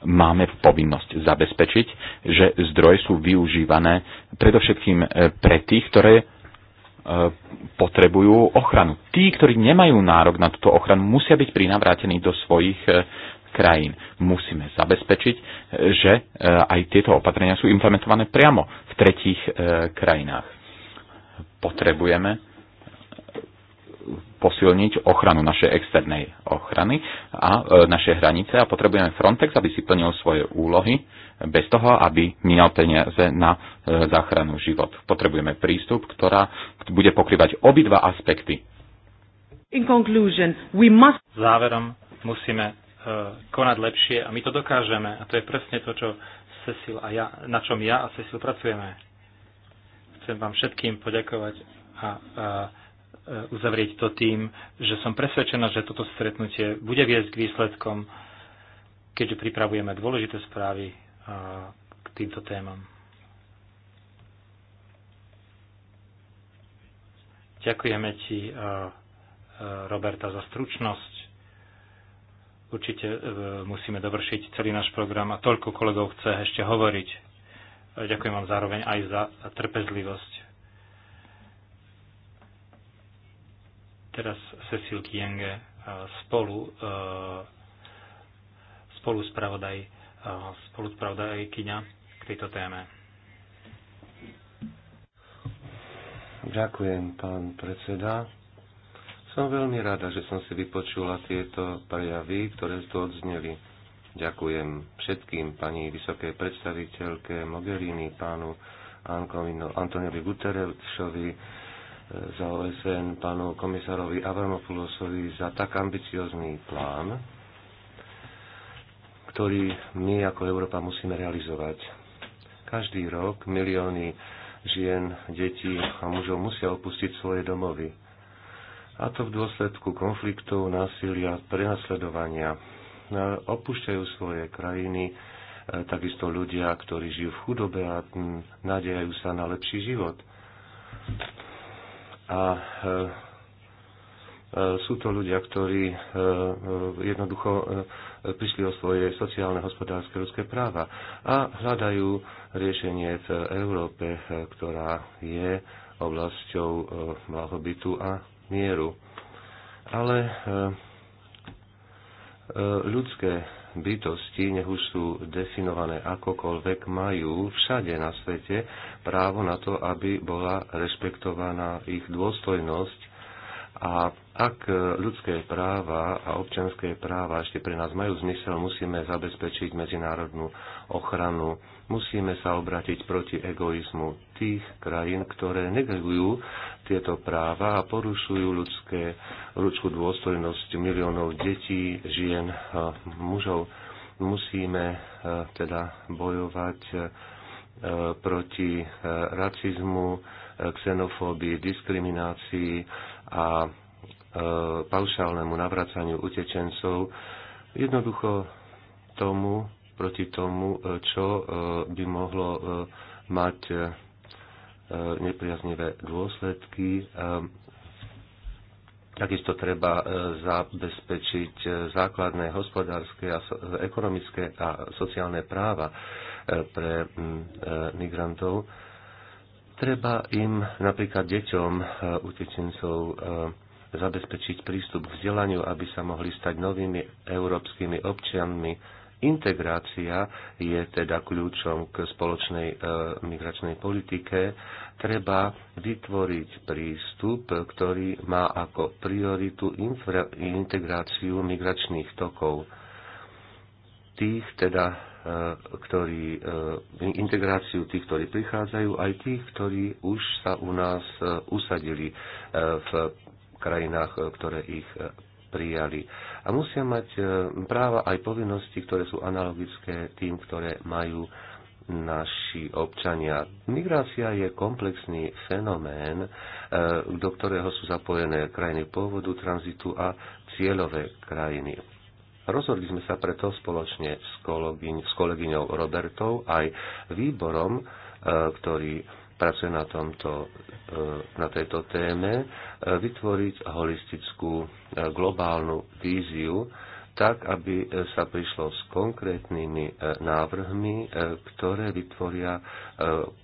máme povinnosť zabezpečiť, že zdroje sú využívané predovšetkým pre tých, ktoré E, potrebujú ochranu. Tí, ktorí nemajú nárok na túto ochranu, musia byť prinavrátení do svojich e, krajín. Musíme zabezpečiť, e, že aj tieto opatrenia sú implementované priamo v tretích krajinách. Potrebujeme posilniť ochranu našej externej ochrany a naše hranice a potrebujeme Frontex, aby si plnil svoje úlohy bez toho, aby minal peniaze na e, záchranu život. Potrebujeme prístup, ktorá bude pokrývať obidva aspekty. In conclusion, we must... Záverom musíme e, konať lepšie a my to dokážeme. A to je presne to, čo Cecil a ja, na čom ja a Cecil pracujeme. Chcem vám všetkým poďakovať a, a e, uzavrieť to tým, že som presvedčená, že toto stretnutie bude viesť k výsledkom, keďže pripravujeme dôležité správy k týmto témam. Ďakujeme ti, Roberta, za stručnosť. Určite e, musíme dovršiť celý náš program a toľko kolegov chce ešte hovoriť. Ďakujem vám zároveň aj za trpezlivosť. Teraz Cecil Kienge spolu, spolu spravodaj spoluspravodajkyňa k tejto téme. Ďakujem, pán predseda. Som veľmi rada, že som si vypočula tieto prejavy, ktoré tu odzneli. Ďakujem všetkým pani vysokej predstaviteľke Mogherini, pánu Antoniovi Guterešovi e, za OSN, pánu komisárovi Avramopulosovi za tak ambiciozný plán, ktorý my ako Európa musíme realizovať. Každý rok milióny žien, detí a mužov musia opustiť svoje domovy. A to v dôsledku konfliktov, násilia, prenasledovania. Opúšťajú svoje krajiny e, takisto ľudia, ktorí žijú v chudobe a nadejajú sa na lepší život. A e, e, sú to ľudia, ktorí jednoducho prišli o svoje sociálne, hospodárske, ľudské práva a hľadajú riešenie v Európe, eh, ktorá je oblasťou eh, blahobytu a mieru. Ale eh, ľudské bytosti, nech už sú definované akokoľvek, majú všade na svete právo na to, aby bola rešpektovaná ich dôstojnosť a ak e, ľudské práva a občanské práva ešte pre nás majú zmysel, musíme zabezpečiť medzinárodnú ochranu. Musíme sa obratiť proti egoizmu tých krajín, ktoré negujú tieto práva a porušujú ľudské, ľudskú dôstojnosť miliónov detí, žien, mužov. Musíme e, teda bojovať e, proti racizmu, xenofóbii, diskriminácii a e, paušálnemu navracaniu utečencov, jednoducho tomu, proti tomu, e, čo e, by mohlo mať nepriaznivé dôsledky. Takisto treba zabezpečiť základné hospodárske a ekonomické a sociálne práva pre migrantov Treba im, napríklad deťom e, utečencov, e, zabezpečiť prístup k vzdelaniu, aby sa mohli stať novými európskymi občianmi. Integrácia je teda kľúčom k spoločnej e, migračnej politike. Treba vytvoriť prístup, ktorý má ako prioritu integráciu migračných tokov. Tých teda E, ktorí e, integráciu tých, ktorí prichádzajú, aj tých, ktorí už sa u nás e, usadili v krajinách, ktoré ich prijali. A musia mať práva aj povinnosti, ktoré sú analogické tým, ktoré majú naši občania. Migrácia je komplexný fenomén, do ktorého sú zapojené krajiny pôvodu, tranzitu a cieľové krajiny Rozhodli sme sa preto spoločne s, kolegyň, s kolegyňou Robertou aj výborom, e, ktorý pracuje na, tomto, e, na tejto téme, e, vytvoriť holistickú globálnu víziu, tak, aby sa prišlo s konkrétnymi návrhmi, ktoré vytvoria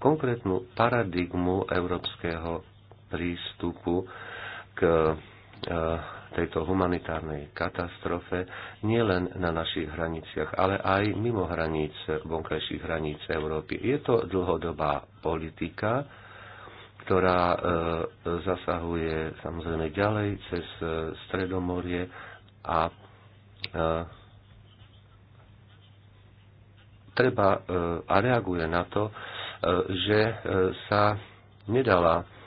konkrétnu paradigmu európskeho prístupu k tejto humanitárnej katastrofe nielen na našich hraniciach, ale aj mimo hraníc, vonkajších hraníc Európy. Je to dlhodobá politika, ktorá e, zasahuje samozrejme ďalej cez e, Stredomorie a e, treba e, a reaguje na to, e, že e, sa nedala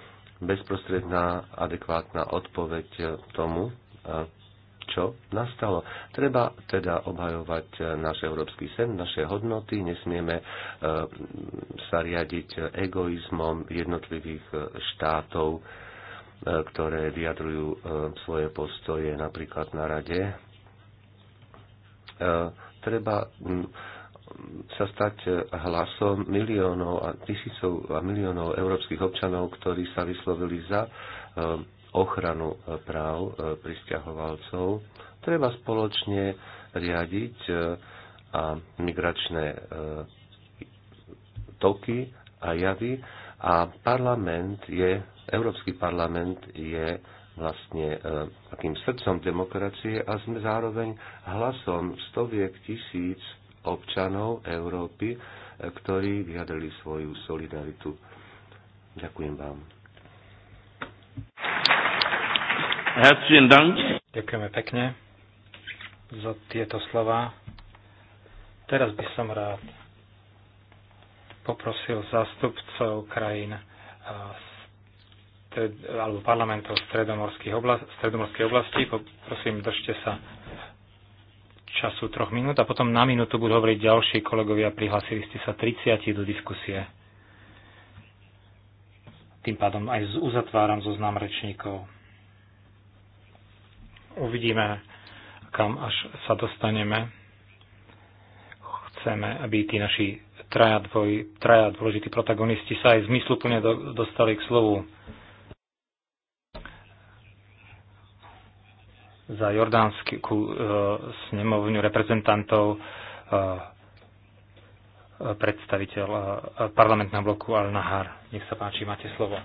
bezprostredná, adekvátna odpoveď tomu, čo nastalo. Treba teda obhajovať náš európsky sen, naše hodnoty, nesmieme e, sa riadiť egoizmom jednotlivých e, štátov, e, ktoré vyjadrujú svoje postoje napríklad na rade. Treba sa stať e, hlasom miliónov a tisícov a miliónov európskych občanov, ktorí sa vyslovili za e, ochranu e, práv pristahovalcov. Treba spoločne riadiť a migračné toky a javy a parlament je, Európsky parlament je vlastne takým srdcom demokracie a sme zároveň hlasom stoviek tisíc občanov Európy, e, ktorí vyjadrili svoju solidaritu. Ďakujem vám. Ďakujeme pekne za tieto slova. Teraz by som rád poprosil zástupcov krajín alebo parlamentov stredomorskej oblasti. Poprosím, držte sa času troch minút a potom na minútu budú hovoriť ďalší kolegovia. Prihlasili ste sa 30 do diskusie. Tým pádom aj uzatváram zoznam rečníkov. Uvidíme, kam až sa dostaneme. Chceme, aby tí naši traja, dvoj, traja dôležití protagonisti sa aj zmysluplne do, dostali k slovu za Jordánsku e, snemovňu reprezentantov e, e, predstaviteľ parlamentného bloku Al-Nahar. Nech sa páči, máte slovo.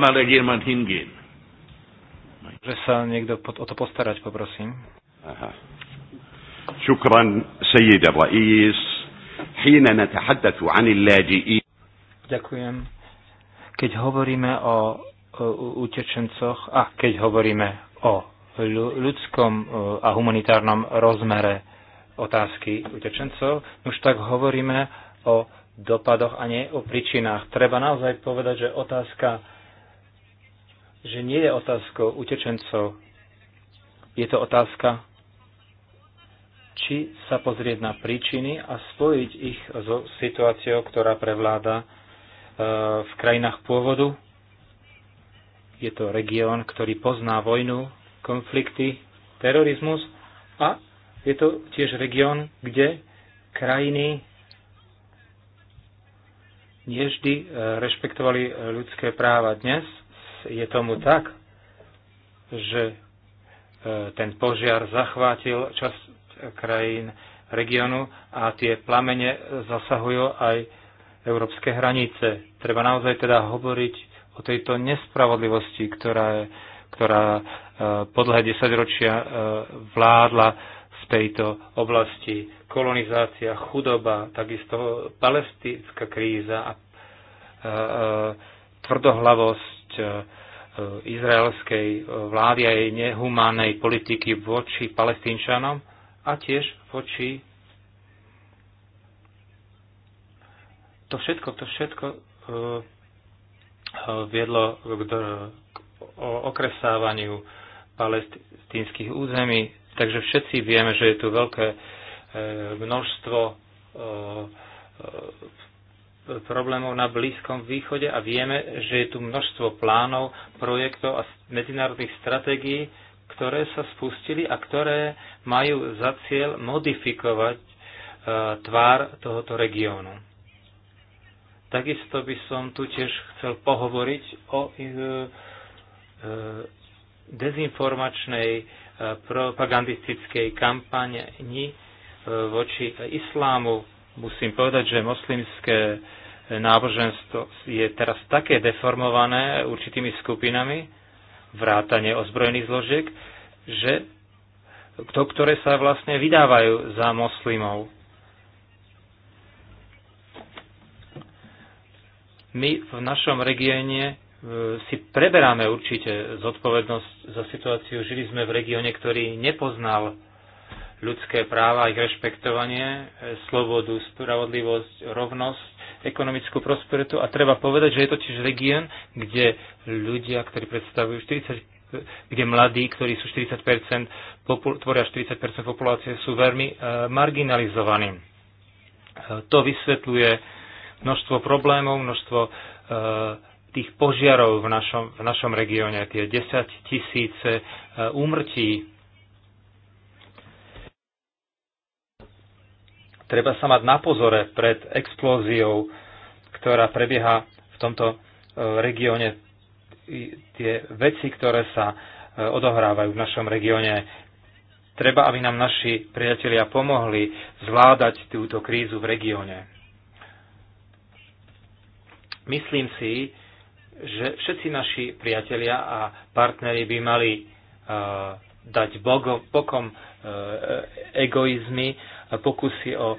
mal da jemand hingehen. Že sa niekto pod, o to postarať, poprosím. Aha. شكرا سيد الرئيس حين نتحدث عن اللاجئين Ďakujem. Keď hovoríme o, o utečencoch a keď hovoríme o ľudskom e, a humanitárnom rozmere otázky utečencov, už tak hovoríme o dopadoch a nie o príčinách. Treba naozaj povedať, že otázka že nie je otázkou utečencov. Je to otázka, či sa pozrieť na príčiny a spojiť ich so situáciou, ktorá prevláda e, v krajinách pôvodu. Je to región, ktorý pozná vojnu, konflikty, terorizmus a je to tiež región, kde krajiny vždy e, rešpektovali ľudské práva. Dnes je tomu tak, že e, ten požiar zachvátil časť krajín regiónu a tie plamene zasahujú aj európske hranice. Treba naozaj teda hovoriť o tejto nespravodlivosti, ktorá, je, ktorá e, po dlhé desaťročia e, vládla v tejto oblasti. Kolonizácia, chudoba, takisto palestínska kríza a tvrdohlavosť E, izraelskej vlády a jej nehumánej politiky voči palestínčanom a tiež voči to všetko, to všetko e, e, viedlo k, okresávaniu palestínskych území. Takže všetci vieme, že je tu veľké množstvo problémov na Blízkom východe a vieme, že je tu množstvo plánov, projektov a medzinárodných stratégií, ktoré sa spustili a ktoré majú za cieľ modifikovať e, tvár tohoto regiónu. Takisto by som tu tiež chcel pohovoriť o e, e, dezinformačnej e, propagandistickej kampani e, voči islámu Musím povedať, že moslimské náboženstvo je teraz také deformované určitými skupinami, vrátane ozbrojených zložiek, že to, ktoré sa vlastne vydávajú za moslimov. My v našom regióne e, si preberáme určite zodpovednosť za situáciu. Žili sme v regióne, ktorý nepoznal ľudské práva, ich rešpektovanie, e, slobodu, spravodlivosť, rovnosť, ekonomickú prosperitu. A treba povedať, že je to tiež región, kde ľudia, ktorí predstavujú 40 kde mladí, ktorí sú 40%, tvoria 40% populácie, sú veľmi e, marginalizovaní. E, to vysvetľuje množstvo problémov, množstvo tých požiarov v našom, v našom regióne, tie 10 tisíce úmrtí Treba sa mať na pozore pred explóziou, ktorá prebieha v tomto e, regióne. Tie veci, ktoré sa e, odohrávajú v našom regióne, treba, aby nám naši priatelia pomohli zvládať túto krízu v regióne. Myslím si, že všetci naši priatelia a partneri by mali uh, dať bogo, bokom uh, egoizmy pokusy o e,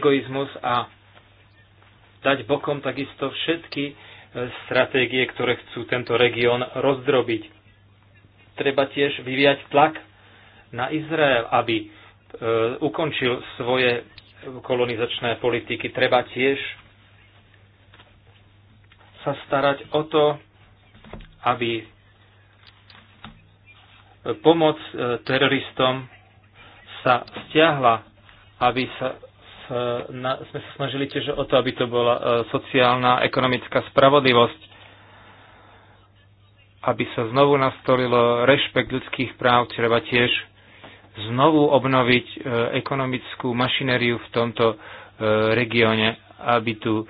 egoizmus a dať bokom takisto všetky e, stratégie, ktoré chcú tento región rozdrobiť. Treba tiež vyviať tlak na Izrael, aby e, ukončil svoje kolonizačné politiky. Treba tiež sa starať o to, aby pomoc teroristom sa stiahla aby sa, sa na, sme sa snažili tiež o to, aby to bola e, sociálna, ekonomická spravodlivosť, aby sa znovu nastolilo rešpekt ľudských práv, treba tiež znovu obnoviť e, ekonomickú mašinériu v tomto e, regióne, aby tu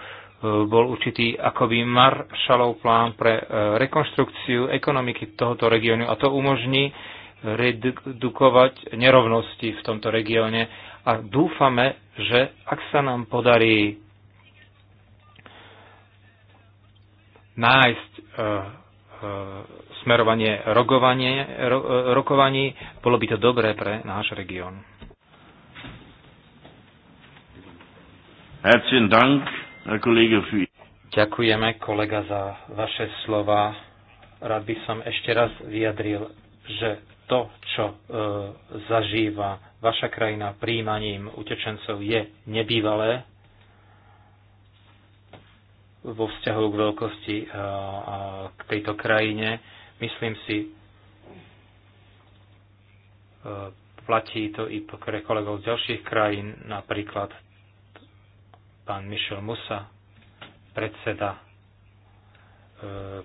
bol určitý akoby maršalov plán pre rekonštrukciu ekonomiky tohoto regiónu a to umožní redukovať nerovnosti v tomto regióne a dúfame, že ak sa nám podarí nájsť e, e, smerovanie rokovanie, ro, e, rokovaní, bolo by to dobré pre náš región. Ďakujeme, kolega, za vaše slova. Rád by som ešte raz vyjadril, že to, čo e, zažíva vaša krajina príjmaním utečencov, je nebývalé vo vzťahu k veľkosti a, e, a k tejto krajine. Myslím si, e, platí to i pre kolegov z ďalších krajín, napríklad pán Michel Musa, predseda e,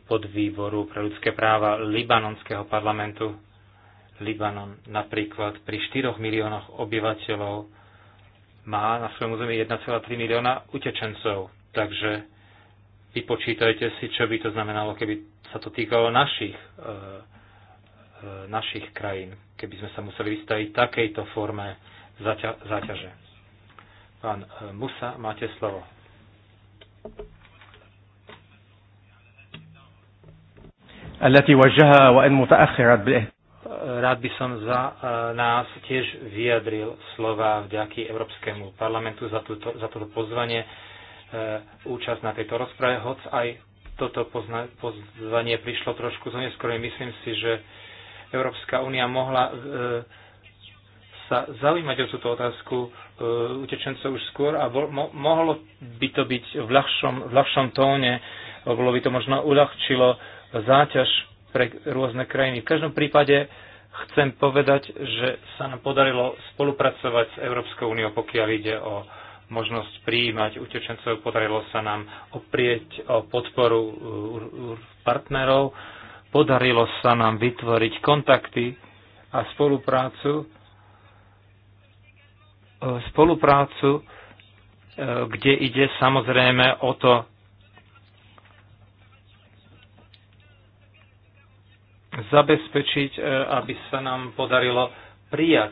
podvýboru pre ľudské práva libanonského parlamentu Libanon napríklad pri 4 miliónoch obyvateľov má na svojom území 1,3 milióna utečencov. Takže vypočítajte si, čo by to znamenalo, keby sa to týkalo našich, e, e, našich krajín, keby sme sa museli vystaviť takejto forme zaťa- záťaže. Pán e, Musa, máte slovo. التي وجهها وإن متأخرت Rád by som za e, nás tiež vyjadril slova vďaky Európskemu parlamentu za, túto, za toto pozvanie, e, účasť na tejto rozprave, hoc aj toto pozna, pozvanie prišlo trošku z neskôr. Myslím si, že Európska únia mohla e, sa zaujímať o túto otázku e, utečencov už skôr a bol, mo, mohlo by to byť v ľahšom, v ľahšom tóne, bolo by to možno uľahčilo záťaž pre rôzne krajiny. V každom prípade chcem povedať, že sa nám podarilo spolupracovať s Európskou úniou, pokiaľ ide o možnosť prijímať utečencov. Podarilo sa nám oprieť o podporu uh, partnerov, podarilo sa nám vytvoriť kontakty a spoluprácu, uh, spoluprácu uh, kde ide samozrejme o to zabezpečiť, e, aby sa nám podarilo prijať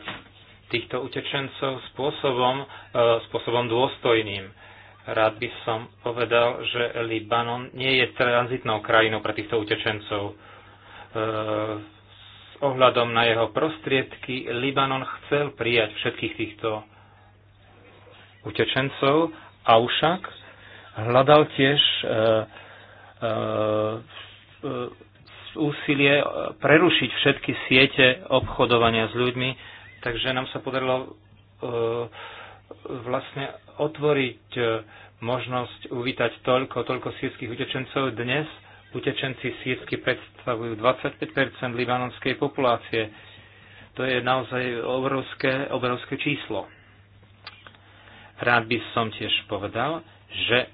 týchto utečencov spôsobom, e, spôsobom dôstojným. Rád by som povedal, že Libanon nie je tranzitnou krajinou pre týchto utečencov. E, s ohľadom na jeho prostriedky Libanon chcel prijať všetkých týchto utečencov, avšak hľadal tiež úsilie prerušiť všetky siete obchodovania s ľuďmi, takže nám sa podarilo e, vlastne otvoriť e, možnosť uvítať toľko, toľko sírskych utečencov dnes. Utečenci sírsky predstavujú 25 libanonskej populácie. To je naozaj obrovské, obrovské číslo. Rád by som tiež povedal, že e,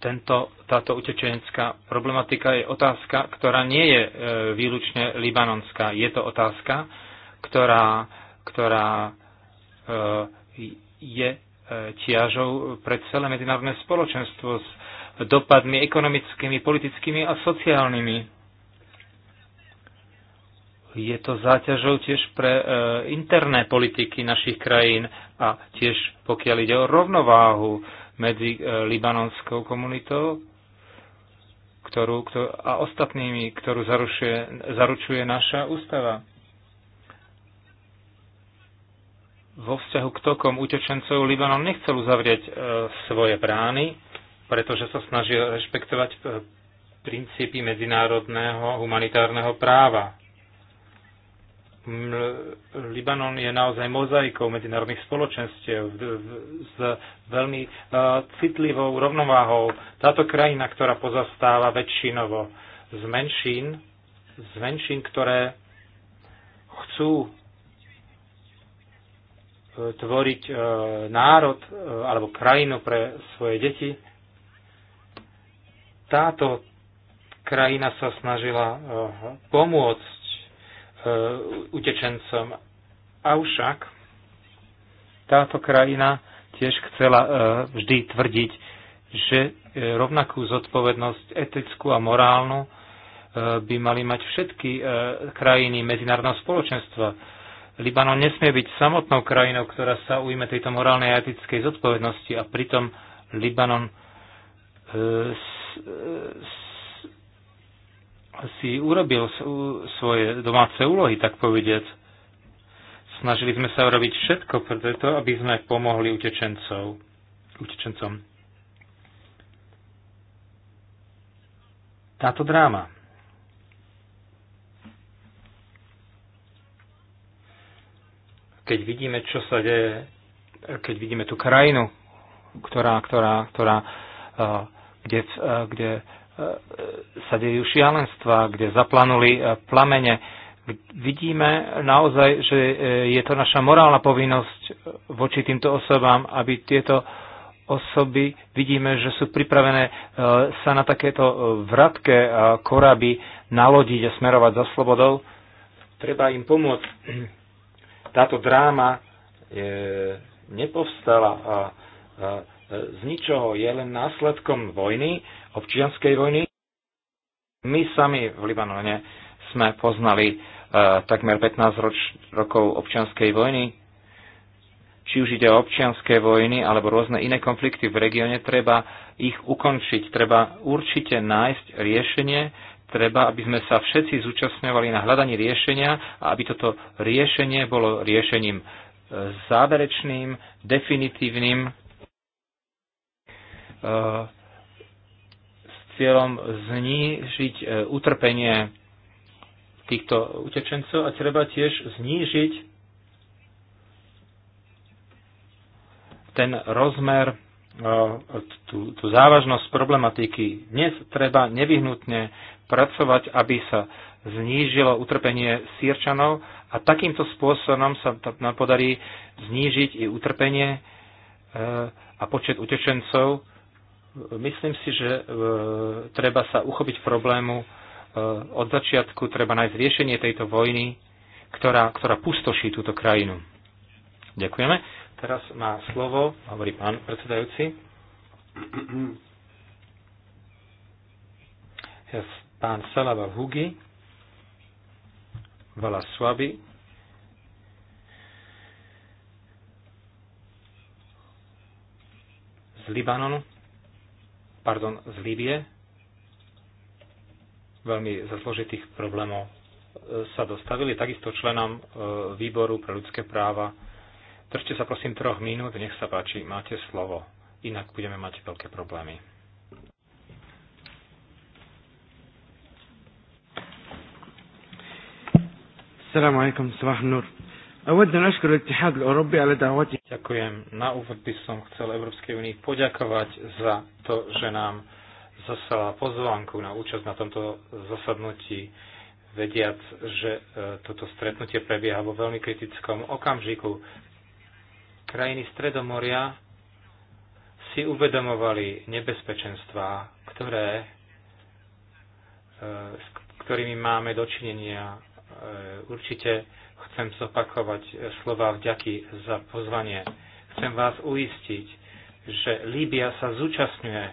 tento, táto utečenská problematika je otázka, ktorá nie je e, výlučne libanonská. Je to otázka, ktorá, ktorá e, je e, tiažou pre celé medzinárodné spoločenstvo s dopadmi ekonomickými, politickými a sociálnymi. Je to záťažou tiež pre e, interné politiky našich krajín a tiež pokiaľ ide o rovnováhu medzi e, libanonskou komunitou ktorú, ktorú, a ostatnými, ktorú zarušuje, zaručuje naša ústava. Vo vzťahu k tokom utečencov Libanon nechcel uzavrieť e, svoje brány, pretože sa snažil rešpektovať e, princípy medzinárodného humanitárneho práva. Libanon je naozaj mozaikou medzinárodných spoločenstiev s veľmi e, citlivou rovnováhou. Táto krajina, ktorá pozastáva väčšinovo z menšín, z menšín, ktoré chcú e, tvoriť e, národ alebo krajinu pre svoje deti, táto krajina sa snažila pomôcť E, utečencom. Avšak táto krajina tiež chcela e, vždy tvrdiť, že e, rovnakú zodpovednosť etickú a morálnu by mali mať všetky krajiny medzinárodného spoločenstva. Libanon nesmie byť samotnou krajinou, ktorá sa ujme tejto morálnej a etickej zodpovednosti a pritom Libanon si urobil svoje domáce úlohy, tak povediac. Snažili sme sa urobiť všetko preto, aby sme pomohli utečencov, utečencom. Táto dráma. Keď vidíme, čo sa deje, keď vidíme tú krajinu, ktorá, ktorá, ktorá, eh, kde, eh, kde sa dejú šialenstva, kde zaplanuli e, plamene. Vidíme naozaj, že e, je to naša morálna povinnosť e, voči týmto osobám, aby tieto osoby vidíme, že sú pripravené sa na takéto vratké koraby nalodiť a smerovať za slobodou. Treba im pomôcť. Táto dráma nepovstala a, a z ničoho, je len následkom vojny, občianskej vojny. My sami v Libanone sme poznali e, takmer 15 roč, rokov občianskej vojny. Či už ide o občianské vojny alebo rôzne iné konflikty v regióne, treba ich ukončiť. Treba určite nájsť riešenie, treba, aby sme sa všetci zúčastňovali na hľadaní riešenia a aby toto riešenie bolo riešením e, záverečným, definitívnym, s cieľom znížiť e, utrpenie týchto utečencov a treba tiež znížiť ten rozmer, e, tú, tú závažnosť problematiky. Dnes treba nevyhnutne pracovať, aby sa znížilo utrpenie sírčanov a takýmto spôsobom sa nám podarí znížiť i utrpenie e, a počet utečencov, Myslím si, že e, treba sa uchopiť problému e, od začiatku, treba nájsť riešenie tejto vojny, ktorá, ktorá pustoší túto krajinu. Ďakujeme. Teraz má slovo, hovorí pán predsedajúci. Pán Salava Hugi, Vala Suabi. z Libanonu pardon, z Líbie, veľmi za zložitých problémov e, sa dostavili, takisto členom e, výboru pre ľudské práva. Držte sa prosím troch minút, nech sa páči, máte slovo, inak budeme mať veľké problémy. السلام alaikum, Svah Nur. Ďakujem. Na úvod by som chcel Európskej únii poďakovať za to, že nám zaslala pozvánku na účasť na tomto zasadnutí, vediac, že e, toto stretnutie prebieha vo veľmi kritickom okamžiku. Krajiny Stredomoria si uvedomovali nebezpečenstvá, ktoré, e, s ktorými máme dočinenia E, určite chcem zopakovať slova vďaky za pozvanie. Chcem vás uistiť, že Líbia sa zúčastňuje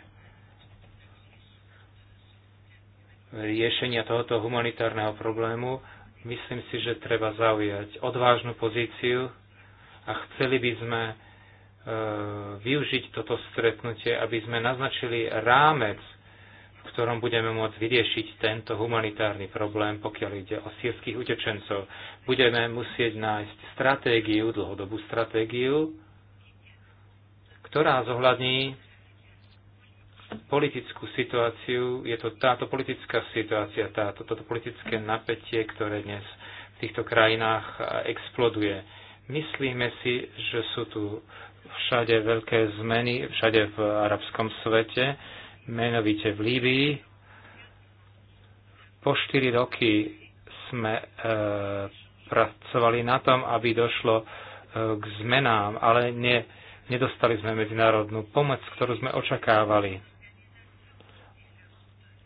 riešenia tohoto humanitárneho problému, myslím si, že treba zaujať odvážnu pozíciu a chceli by sme e, využiť toto stretnutie, aby sme naznačili rámec v ktorom budeme môcť vyriešiť tento humanitárny problém, pokiaľ ide o sírskych utečencov. Budeme musieť nájsť stratégiu, dlhodobú stratégiu, ktorá zohľadní politickú situáciu, je to táto politická situácia, táto, toto politické napätie, ktoré dnes v týchto krajinách exploduje. Myslíme si, že sú tu všade veľké zmeny, všade v arabskom svete, menovite v Líbii. Po 4 roky sme e, pracovali na tom, aby došlo e, k zmenám, ale ne, nedostali sme medzinárodnú pomoc, ktorú sme očakávali.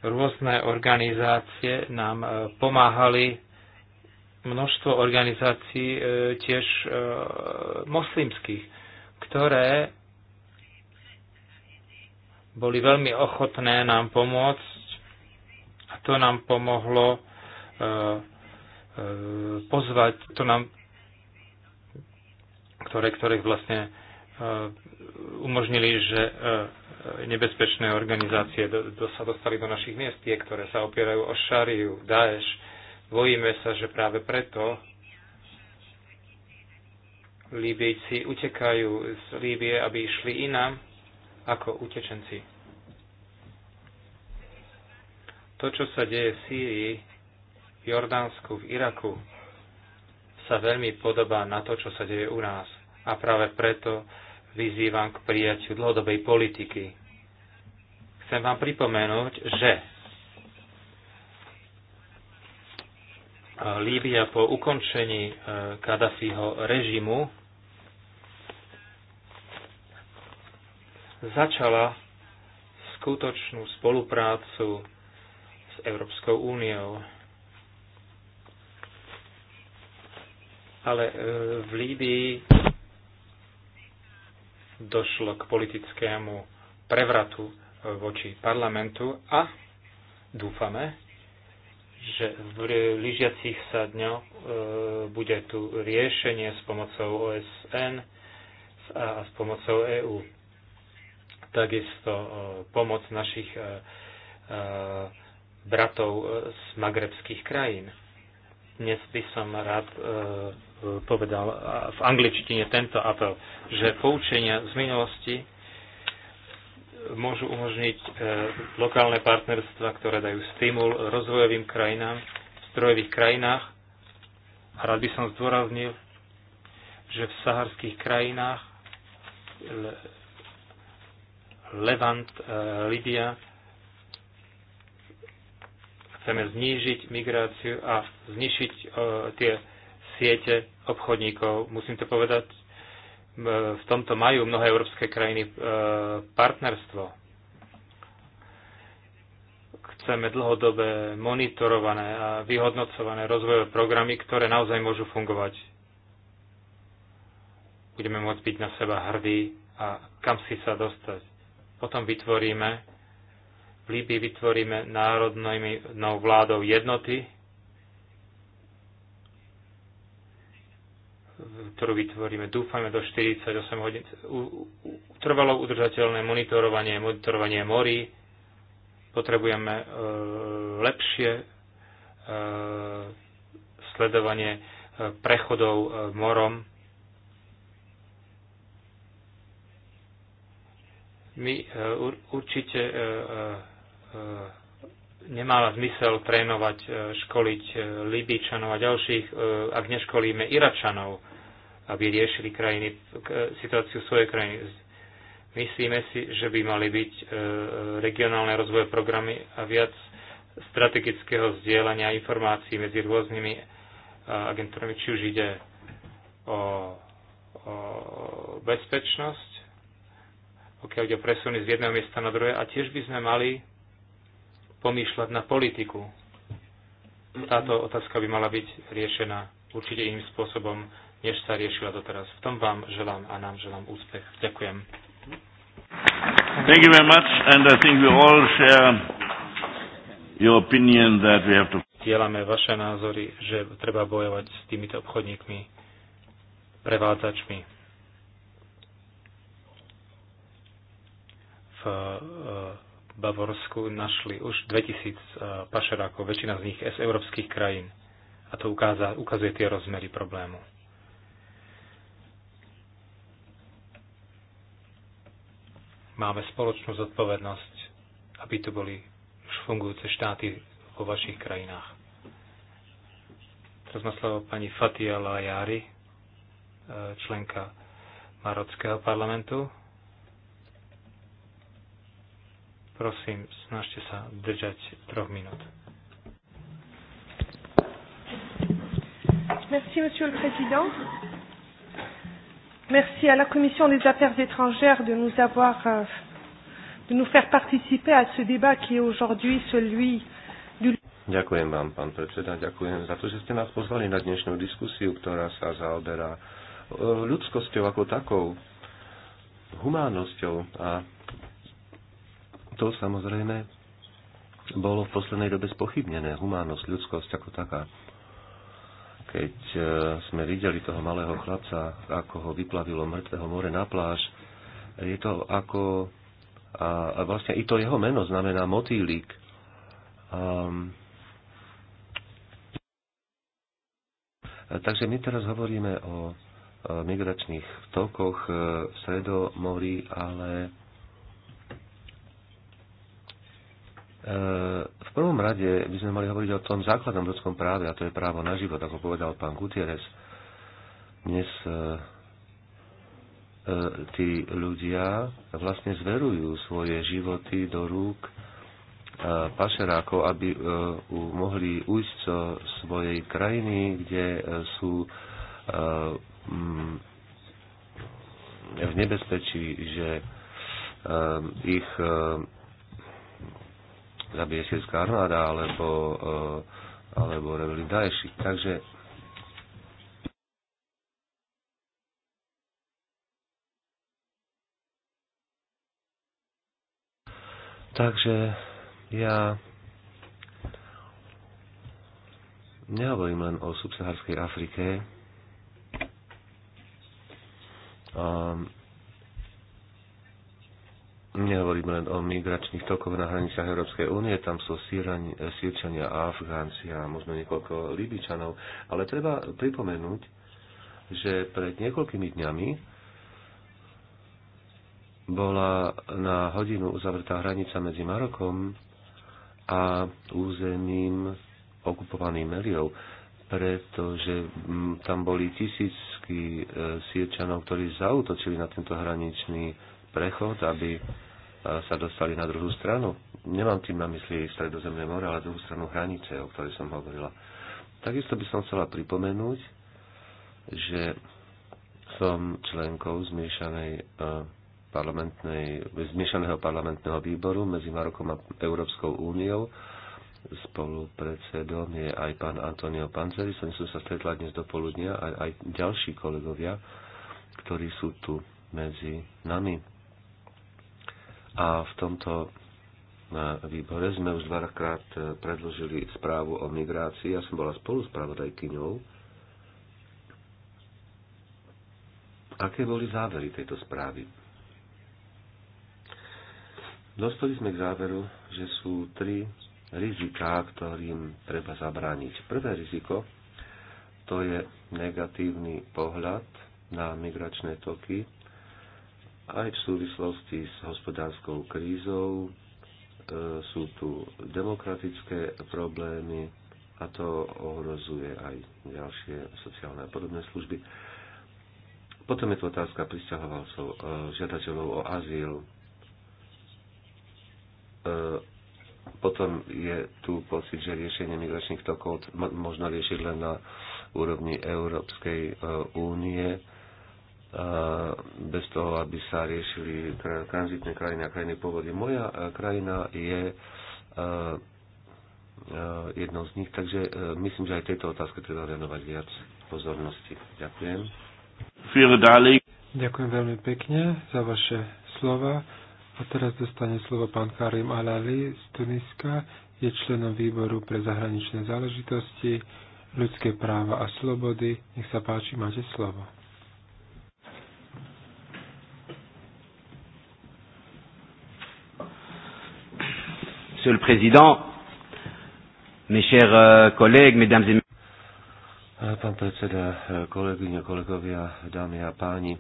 Rôzne organizácie nám e, pomáhali, množstvo organizácií e, tiež e, moslimských, ktoré boli veľmi ochotné nám pomôcť a to nám pomohlo e, e, pozvať, to nám, ktoré, ktorých vlastne e, umožnili, že nebezpečné organizácie do, do, sa dostali do našich miest, tie, ktoré sa opierajú o šariu, Daesh. Bojíme sa, že práve preto Líbejci utekajú z Líbie, aby išli inám, ako utečenci. To, čo sa deje v Sýrii, v Jordánsku, v Iraku, sa veľmi podobá na to, čo sa deje u nás. A práve preto vyzývam k prijaťu dlhodobej politiky. Chcem vám pripomenúť, že eh, Líbia po ukončení eh, Kadafiho režimu začala skutočnú spoluprácu s Európskou úniou. Ale e, v Líbii došlo k politickému prevratu e, voči parlamentu a dúfame, že v lyžiacich sa dňoch e, bude tu riešenie s pomocou OSN a s pomocou EÚ takisto e, pomoc našich e, e, bratov z magrebských krajín. Dnes by som rád povedal v angličtine tento apel, že poučenia z minulosti môžu umožniť lokálne partnerstva, ktoré dajú stimul rozvojovým krajinám, v strojových krajinách. A rád by som zdôraznil, že v saharských krajinách Levant, e, Libia. Chceme znížiť migráciu a znišiť e, tie siete obchodníkov. Musím to povedať, e, v tomto majú mnohé európske krajiny partnerstvo. Chceme dlhodobé monitorované a vyhodnocované rozvojové programy, ktoré naozaj môžu fungovať. Budeme môcť byť na seba hrdí a kam si sa dostať potom vytvoríme, v Líbii vytvoríme národnou vládou jednoty, ktorú vytvoríme, dúfajme, do 48 hodín. Trvalo udržateľné monitorovanie, monitorovanie morí. Potrebujeme e, lepšie e, sledovanie e, prechodov e, morom My e, určite e, e, nemáva zmysel trénovať, školiť Libyčanov a ďalších, ak neškolíme Iračanov, aby riešili krajiny, situáciu svojej krajiny. Myslíme si, že by mali byť regionálne rozvoje programy a viac strategického vzdielania informácií medzi rôznymi agentúrami, či už ide o, o bezpečnosť, pokiaľ ide o presuny z jedného miesta na druhé. A tiež by sme mali pomýšľať na politiku. Táto otázka by mala byť riešená určite iným spôsobom, než sa riešila doteraz. V tom vám želám a nám želám úspech. Ďakujem. Thank you very much, and I think we all share your opinion that we have to... Dielame vaše názory, že treba bojovať s týmito obchodníkmi, prevádzačmi. v eh, Bavorsku našli už 2000 eh, pašerákov, väčšina z nich z európskych krajín. A to ukáza, ukazuje tie rozmery problému. Máme spoločnú zodpovednosť, aby tu boli už fungujúce štáty vo vašich krajinách. Teraz má slovo pani Fatia Lajari, eh, členka Marockého parlamentu. Prosím, snažte sa držať troch minút. Merci, Monsieur le Président. Merci à la Commission des Affaires étrangères de nous avoir, euh, de nous faire participer à ce débat qui est aujourd'hui celui du. Ďakujem vám, pán predseda, ďakujem za to, že ste nás pozvali na dnešnú diskusiu, ktorá sa zaoberá e, ľudskosťou ako takou, humánnosťou a to samozrejme bolo v poslednej dobe spochybnené, humánnosť, ľudskosť ako taká. Keď e, sme videli toho malého chlapca, ako ho vyplavilo mŕtvého more na pláž, je to ako... A, a vlastne i to jeho meno znamená motýlik. Um, takže my teraz hovoríme o e, migračných tokoch e, v Stredomorí, ale V prvom rade by sme mali hovoriť o tom základnom ľudskom práve, a to je právo na život, ako povedal pán Gutierrez. Dnes e, e, tí ľudia vlastne zverujú svoje životy do rúk e, pašerákov, aby mohli ujsť zo svojej krajiny, kde sú v nebezpečí, že ich zabije teda sírská armáda alebo, eh, alebo rebeli Daeši. Takže Takže ja nehovorím len o subsaharskej Afrike, um, Nehovoríme len o migračných tokoch na hraniciach Európskej únie, tam sú Sýrani, e, Sýrčania, Afgánci a možno niekoľko Libičanov, ale treba pripomenúť, že pred niekoľkými dňami bola na hodinu uzavretá hranica medzi Marokom a územím okupovaným Meliou, pretože tam boli tisícky e, Sýrčanov, ktorí zautočili na tento hraničný prechod, aby sa dostali na druhú stranu. Nemám tým na mysli Stredozemné more, ale druhú stranu hranice, o ktorej som hovorila. Takisto by som chcela pripomenúť, že som členkou zmiešanej e, parlamentnej, zmiešaného parlamentného výboru medzi Marokom a Európskou úniou. Spolupredsedom je aj pán Antonio Panzeri, som som sa stretla dnes do poludnia, aj, aj ďalší kolegovia, ktorí sú tu medzi nami. A v tomto e, výbore sme už dvakrát e, predložili správu o migrácii. Ja som bola spolu s pravodajkyňou. Aké boli závery tejto správy? Dostali sme k záveru, že sú tri riziká, ktorým treba zabrániť. Prvé riziko to je negatívny pohľad na migračné toky aj v súvislosti s hospodárskou krízou e, sú tu demokratické problémy a to ohrozuje aj ďalšie sociálne a podobné služby. Potom je tu otázka pristahovalcov, e, žiadateľov o azyl. E, potom je tu pocit, že riešenie migračných tokov možno riešiť len na úrovni Európskej únie bez toho, aby sa riešili tranzitné krajiny a krajiny pôvody. Moja e, krajina je e, e, jednou z nich, takže myslím, že aj tejto otázke treba venovať viac pozornosti. Ďakujem. Ďakujem veľmi pekne za vaše slova. A teraz dostane slovo pán Karim Alali z Tuniska, je členom výboru pre zahraničné záležitosti, ľudské práva a slobody. Nech sa páči, máte slovo. Monsieur le Président, mes chers euh, collègues, mesdames et messieurs. Eh, pán predseda, eh, kolegyne, kolegovia, dámy a páni,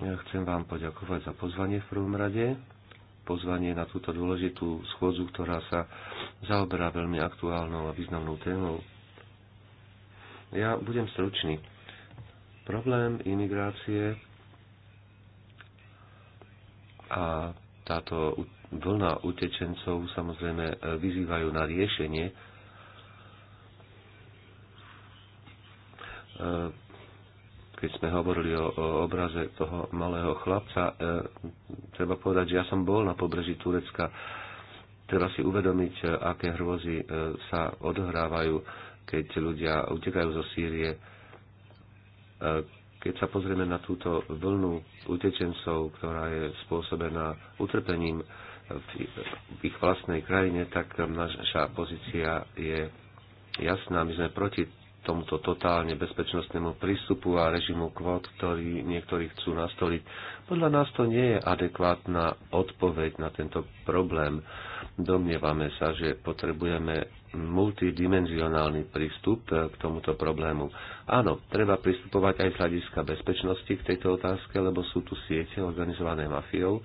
ja chcem vám poďakovať za pozvanie v prvom rade, pozvanie na túto dôležitú schôdzu, ktorá sa zaoberá veľmi aktuálnou a významnou témou. Ja budem stručný. Problém imigrácie a táto vlna utečencov samozrejme e, vyzývajú na riešenie. E, keď sme hovorili o, obraze toho malého chlapca, e, treba povedať, že ja som bol na pobreží Turecka. Treba si uvedomiť, aké hrôzy sa odohrávajú, keď ľudia utekajú zo Sýrie. keď sa pozrieme na túto vlnu utečencov, ktorá je spôsobená utrpením, v ich vlastnej krajine, tak naša pozícia je jasná. My sme proti tomuto totálne bezpečnostnému prístupu a režimu kvót, ktorý niektorí chcú nastoliť. Podľa nás to nie je adekvátna odpoveď na tento problém. Domnievame sa, že potrebujeme multidimenzionálny prístup k tomuto problému. Áno, treba pristupovať aj z hľadiska bezpečnosti k tejto otázke, lebo sú tu siete organizované mafiou,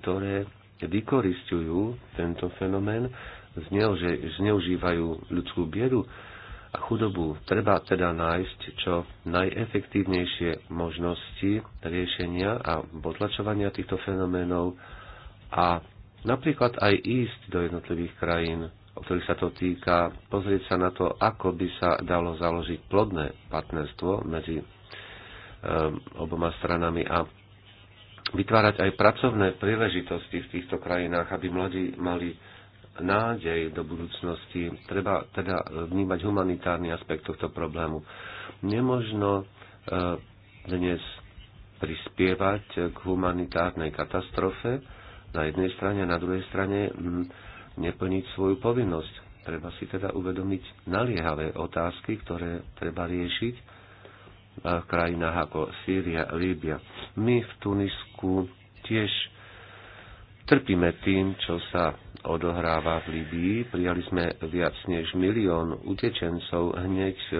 ktoré vykoristujú tento fenomén, zneužívajú ľudskú biedu a chudobu. Treba teda nájsť čo najefektívnejšie možnosti riešenia a potlačovania týchto fenoménov a napríklad aj ísť do jednotlivých krajín, o ktorých sa to týka, pozrieť sa na to, ako by sa dalo založiť plodné partnerstvo medzi eh, oboma stranami a vytvárať aj pracovné príležitosti v týchto krajinách, aby mladí mali nádej do budúcnosti. Treba teda vnímať humanitárny aspekt tohto problému. Nemožno e, dnes prispievať k humanitárnej katastrofe na jednej strane a na druhej strane neplniť svoju povinnosť. Treba si teda uvedomiť naliehavé otázky, ktoré treba riešiť krajinách ako Sýria, Líbia. My v Tunisku tiež trpíme tým, čo sa odohráva v Líbii. Prijali sme viac než milión utečencov hneď e,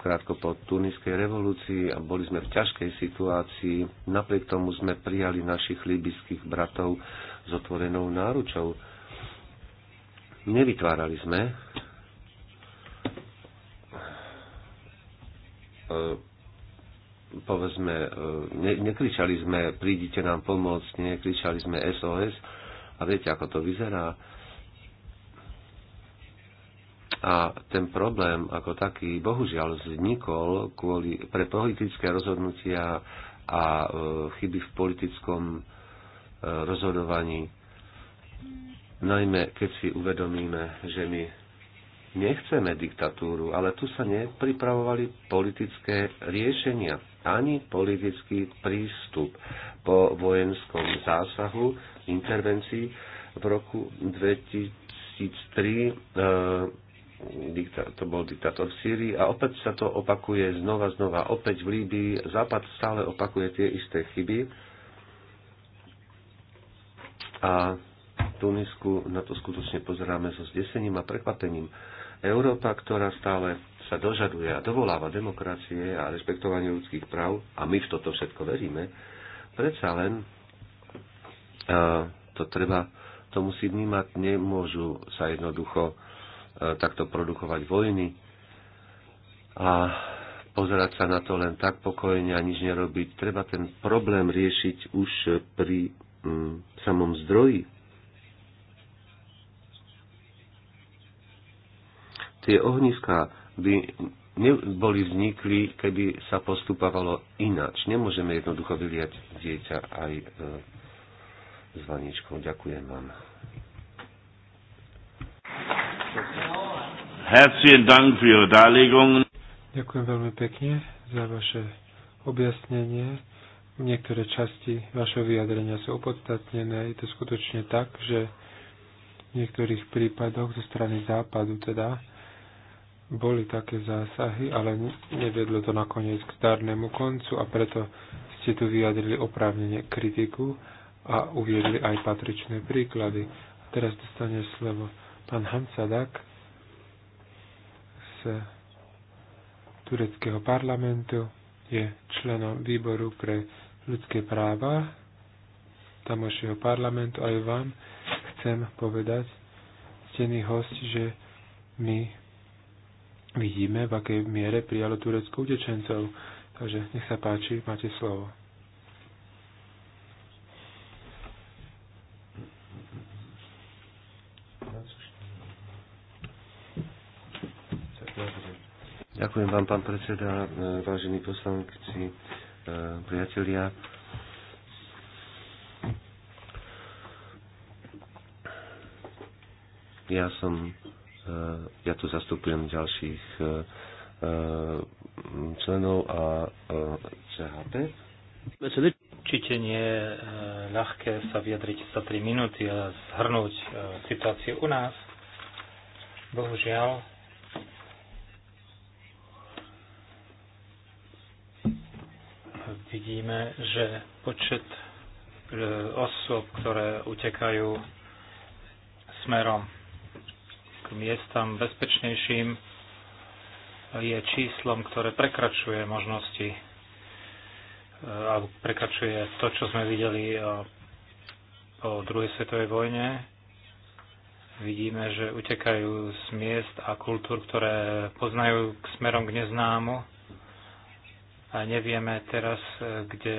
krátko po tuniskej revolúcii a boli sme v ťažkej situácii. Napriek tomu sme prijali našich líbyských bratov s otvorenou náručou. Nevytvárali sme E, povedzme, e, ne, nekričali sme prídite nám pomôcť, nekričali sme SOS a viete, ako to vyzerá. A ten problém ako taký bohužiaľ vznikol kvôli, pre politické rozhodnutia a e, chyby v politickom e, rozhodovaní. Najmä keď si uvedomíme, že my Nechceme diktatúru, ale tu sa nepripravovali politické riešenia, ani politický prístup po vojenskom zásahu, intervencii v roku 2003 e, eh, to bol diktátor v Sýrii a opäť sa to opakuje znova, znova, opäť v Líbii. Západ stále opakuje tie isté chyby. A Tunisku na to skutočne pozeráme so zdesením a prekvapením. Európa, ktorá stále sa dožaduje a dovoláva demokracie a rešpektovanie ľudských práv, a my v toto všetko veríme, predsa len a, to treba, to musí vnímať, nemôžu sa jednoducho a, e, takto produkovať vojny a pozerať sa na to len tak pokojne a nič nerobiť. Treba ten problém riešiť už pri mm, samom zdroji tie ohniska by neboli vznikli, keby sa postupovalo ináč. Nemôžeme jednoducho vyliať dieťa aj e, s vaničkou. Ďakujem vám. Herzlichen Dank für Ihre Ďakujem veľmi pekne za vaše objasnenie. Niektoré časti vašeho vyjadrenia sú opodstatnené. Je to skutočne tak, že v niektorých prípadoch zo strany západu teda boli také zásahy, ale nevedlo to nakoniec k zdarnému koncu a preto ste tu vyjadrili oprávnene kritiku a uviedli aj patričné príklady. A teraz dostane slovo pán Hansadak z tureckého parlamentu, je členom výboru pre ľudské práva tamošieho parlamentu aj vám chcem povedať, stený host, že my vidíme, v akej miere prijalo Turecko utečencov. Takže nech sa páči, máte slovo. Ďakujem vám, pán predseda, vážení poslanci, eh, priatelia. Ja som E, ja tu zastupujem ďalších e, e, členov a CHP. Určite nie je ľahké sa vyjadriť za 3 minúty a zhrnúť situáciu u nás. Bohužiaľ, vidíme, že počet osôb, ktoré utekajú smerom miestam bezpečnejším je číslom, ktoré prekračuje možnosti e, alebo prekračuje to, čo sme videli e, po druhej svetovej vojne. Vidíme, že utekajú z miest a kultúr, ktoré poznajú k smerom k neznámu a nevieme teraz, e, kde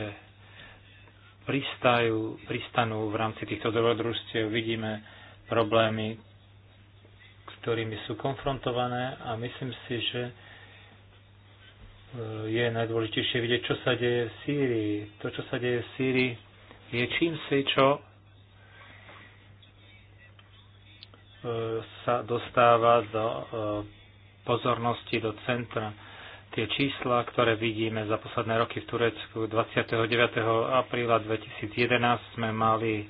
pristajú, pristanú v rámci týchto dobrodružstiev. Vidíme problémy ktorými sú konfrontované a myslím si, že e, je najdôležitejšie vidieť, čo sa deje v Sýrii. To, čo sa deje v Sýrii, je čím si, čo e, sa dostáva do e, pozornosti, do centra. Tie čísla, ktoré vidíme za posledné roky v Turecku, 29. apríla 2011 sme mali,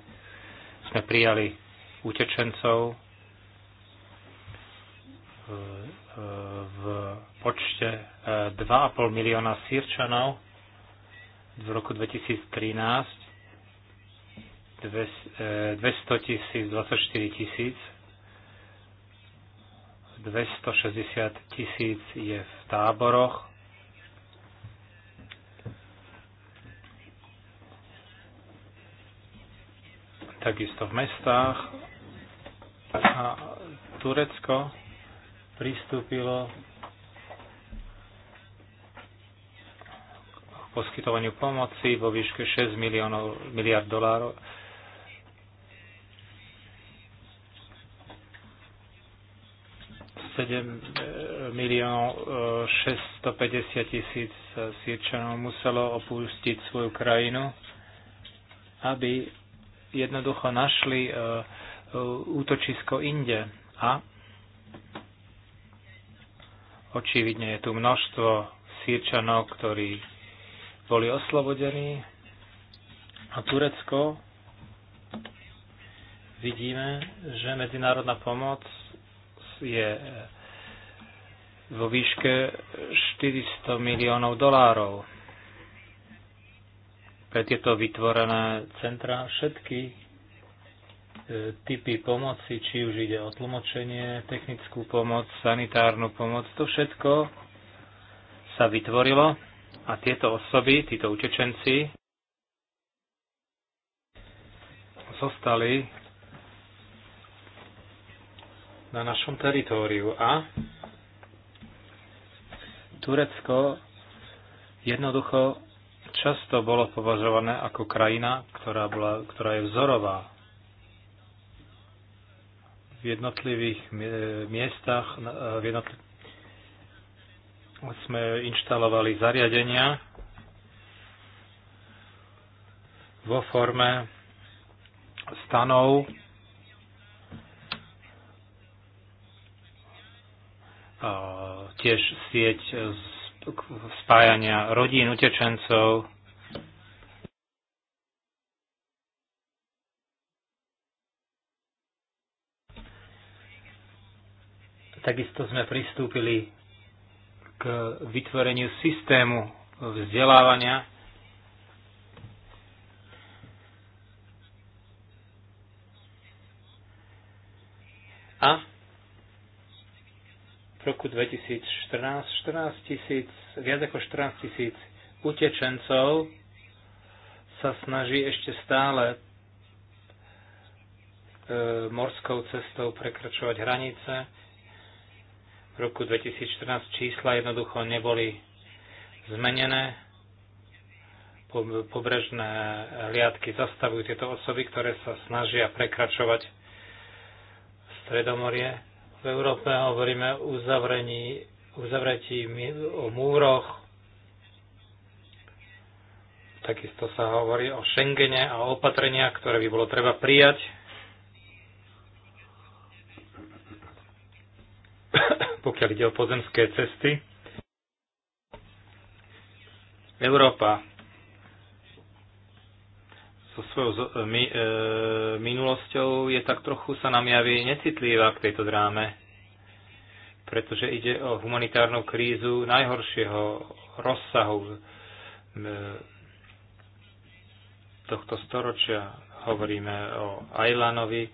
sme prijali utečencov v počte 2,5 e, milióna sírčanov v roku 2013 200 e, tisíc, 24 tisíc 260 tisíc je v táboroch takisto v mestách a Turecko pristúpilo k poskytovaniu pomoci vo výške 6 miliónov, miliard dolárov. Eh, miliónov 650 eh, tisíc Sýrčanov muselo opustiť svoju krajinu, aby jednoducho našli eh, útočisko inde. A Očividne je tu množstvo sírčanov, ktorí boli oslobodení. A Turecko vidíme, že medzinárodná pomoc je vo výške 400 miliónov dolárov. Pre tieto vytvorené centra všetky typy pomoci, či už ide o tlmočenie, technickú pomoc, sanitárnu pomoc, to všetko sa vytvorilo a tieto osoby, títo utečenci zostali na našom teritóriu a Turecko jednoducho často bolo považované ako krajina, ktorá, bola, ktorá je vzorová v jednotlivých miestach v jednotl... sme inštalovali zariadenia vo forme stanov tiež sieť spájania rodín utečencov Takisto sme pristúpili k vytvoreniu systému vzdelávania a v roku 2014 14 tisíc, viac ako 14 tisíc utečencov sa snaží ešte stále e, morskou cestou prekračovať hranice v roku 2014 čísla jednoducho neboli zmenené. Pobrežné hliadky zastavujú tieto osoby, ktoré sa snažia prekračovať Stredomorie. V Európe hovoríme o uzavrení, uzavretí o múroch, takisto sa hovorí o Schengene a o opatreniach, ktoré by bolo treba prijať pokiaľ ide o pozemské cesty. Európa so svojou e, mi, e, minulosťou je tak trochu sa nám javí necitlivá k tejto dráme, pretože ide o humanitárnu krízu najhoršieho rozsahu e, tohto storočia. Hovoríme o Ajlanovi,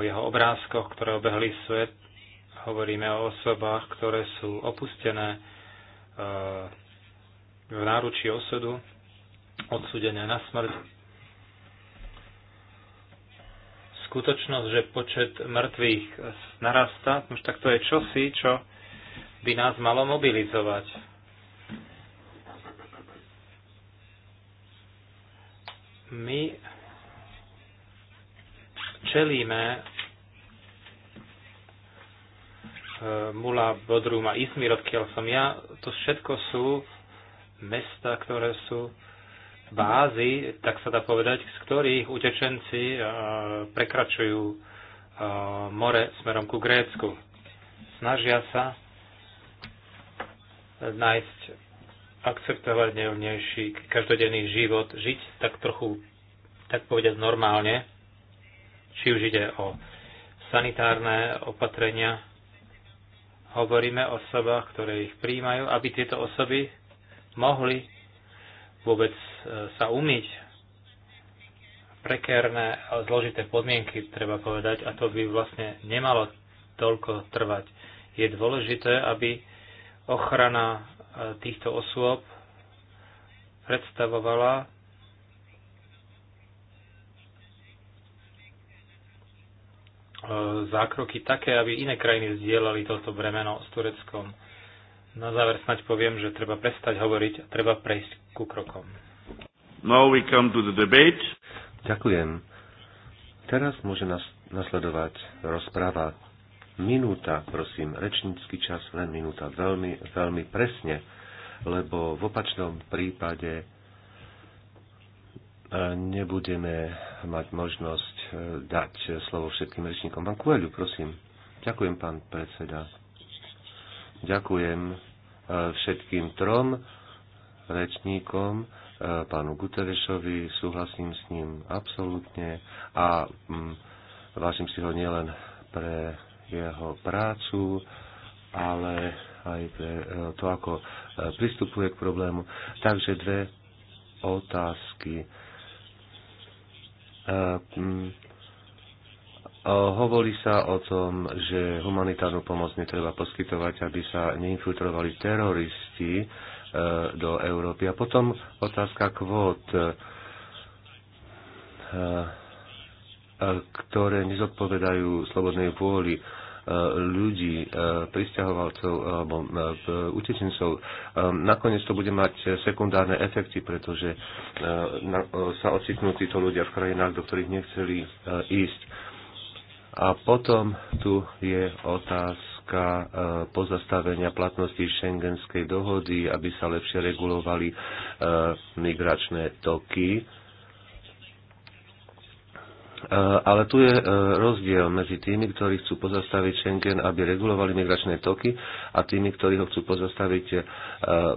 o jeho obrázkoch, ktoré obehli svet, Hovoríme o osobách, ktoré sú opustené e, v náručí osudu, odsudené na smrť. Skutočnosť, že počet mŕtvych narastá, už tak to je čosi, čo by nás malo mobilizovať. My čelíme Mula, Bodrum a Izmir, odkiaľ som ja, to všetko sú mesta, ktoré sú bázy, tak sa dá povedať, z ktorých utečenci prekračujú more smerom ku Grécku. Snažia sa nájsť akceptovať každodenný život, žiť tak trochu, tak povedať, normálne, či už ide o sanitárne opatrenia, Hovoríme o osobách, ktoré ich príjmajú, aby tieto osoby mohli vôbec e, sa umyť. Prekérne a zložité podmienky, treba povedať, a to by vlastne nemalo toľko trvať. Je dôležité, aby ochrana e, týchto osôb predstavovala zákroky také, aby iné krajiny zdieľali toto bremeno s Tureckom. Na záver snaď poviem, že treba prestať hovoriť a treba prejsť ku krokom. Now we come to the debate. Ďakujem. Teraz môže nas, nasledovať rozpráva. Minúta, prosím, rečnícky čas, len minúta, veľmi, veľmi presne, lebo v opačnom prípade E, nebudeme mať možnosť e, dať e, slovo všetkým rečníkom. Pán Kueľu, prosím. Ďakujem, pán predseda. Ďakujem všetkým trom rečníkom, pánu Guterešovi, súhlasím s ním absolútne a mm, vážim si ho nielen pre jeho prácu, ale aj pre to, ako pristupuje k problému. Takže dve otázky Mm, hovorí sa o tom, že humanitárnu pomoc netreba poskytovať, aby sa neinfiltrovali teroristi e, do Európy. A potom otázka kvót, e, e, ktoré nezodpovedajú slobodnej vôli ľudí, e, pristahovalcov alebo e, utečencov. E, nakoniec to bude mať sekundárne efekty, pretože sa ocitnú títo ľudia v krajinách, do ktorých nechceli ísť. A potom tu je otázka pozastavenia platnosti šengenskej dohody, aby sa lepšie regulovali migračné toky Eh, ale tu je eh, rozdiel medzi tými, ktorí chcú pozastaviť Schengen, aby regulovali migračné toky a tými, ktorí ho chcú pozastaviť eh,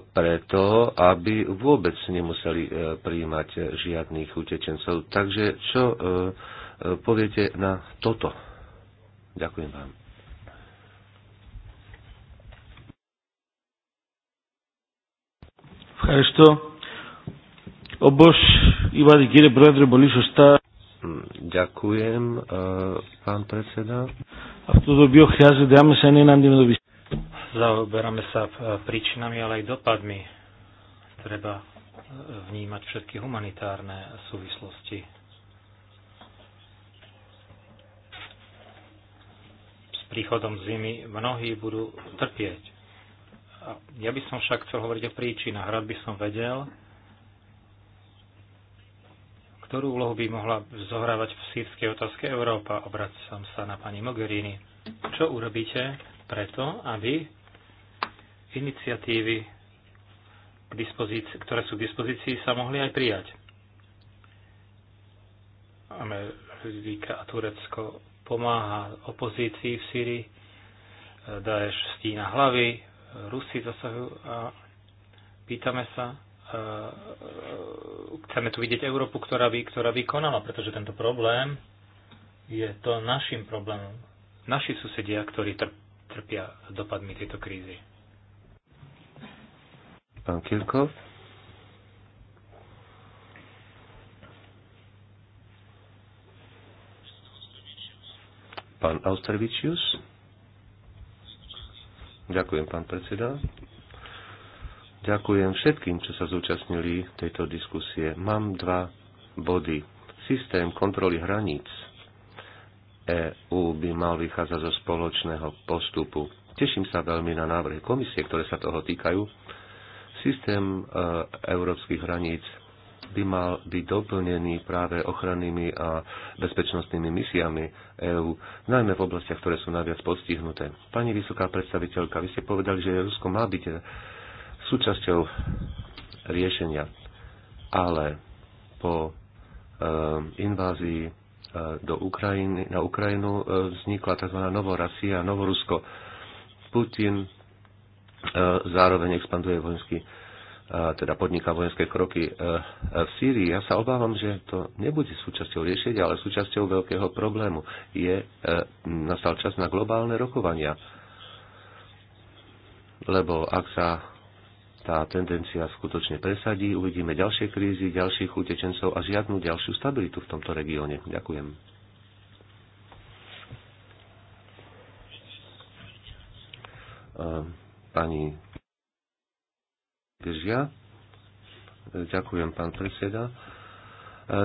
preto, aby vôbec nemuseli prijímať žiadnych utečencov. Takže čo poviete na toto? Ďakujem vám. Ευχαριστώ. Όπως είπατε κύριε Πρόεδρε πολύ σωστά Hm, ďakujem, e, pán predseda. Zaoberáme sa e, príčinami, ale aj dopadmi. Treba e, vnímať všetky humanitárne súvislosti. S príchodom zimy mnohí budú trpieť. Ja by som však chcel hovoriť o príčinách. Rád by som vedel, ktorú úlohu by mohla zohrávať v sírskej otázke Európa? Obracam sa na pani Mogherini. Čo urobíte preto, aby iniciatívy, ktoré sú k dispozícii, sa mohli aj prijať? Amerika a Turecko pomáha opozícii v Syrii, Daesh stína hlavy, Rusi zasahujú a pýtame sa, Eh, eh, chceme tu vidieť Európu, ktorá by, ktorá by konala, pretože tento problém je to našim problémom. Naši susedia, ktorí trpia dopadmi tejto krízy. Pán Kirkov? Pán Austervičius? Ďakujem, pán predseda. Ďakujem všetkým, čo sa zúčastnili tejto diskusie. Mám dva body. Systém kontroly hraníc EÚ by mal vychádzať zo spoločného postupu. Teším sa veľmi na návrhy komisie, ktoré sa toho týkajú. Systém e, európskych hraníc by mal byť doplnený práve ochrannými a bezpečnostnými misiami EÚ, najmä v oblastiach, ktoré sú najviac postihnuté. Pani vysoká predstaviteľka, vy ste povedali, že Rusko má byť súčasťou riešenia. Ale po ehm, invázii e, do Ukrajiny, na Ukrajinu e, vznikla tzv. Novorasia, Novorusko. Putin e, zároveň expanduje vojenský teda podniká vojenské kroky v Sýrii. Ja sa obávam, že to nebude súčasťou riešenia, ale súčasťou veľkého problému. Je, nastal čas na globálne rokovania. Lebo ak sa tá tendencia skutočne presadí, uvidíme ďalšie krízy, ďalších utečencov a žiadnu ďalšiu stabilitu v tomto regióne. Ďakujem. Pani Bežia. Ďakujem, pán predseda.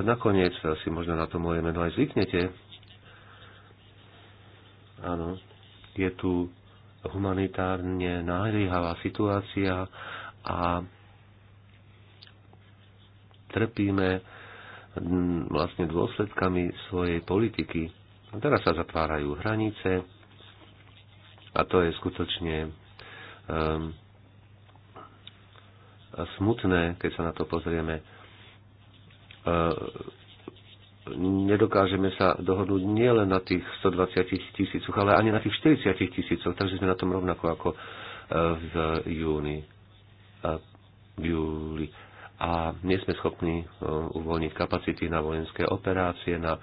Nakoniec si možno na to moje meno aj zvyknete. Áno, je tu humanitárne naliehavá situácia, a trpíme vlastne dôsledkami svojej politiky. A teraz sa zatvárajú hranice a to je skutočne um, smutné, keď sa na to pozrieme. Uh, nedokážeme sa dohodnúť nielen na tých 120 tisícoch, ale ani na tých 40 tisícoch, takže sme na tom rovnako ako e, v júni v júli a nie sme schopní e, uvoľniť kapacity na vojenské operácie, na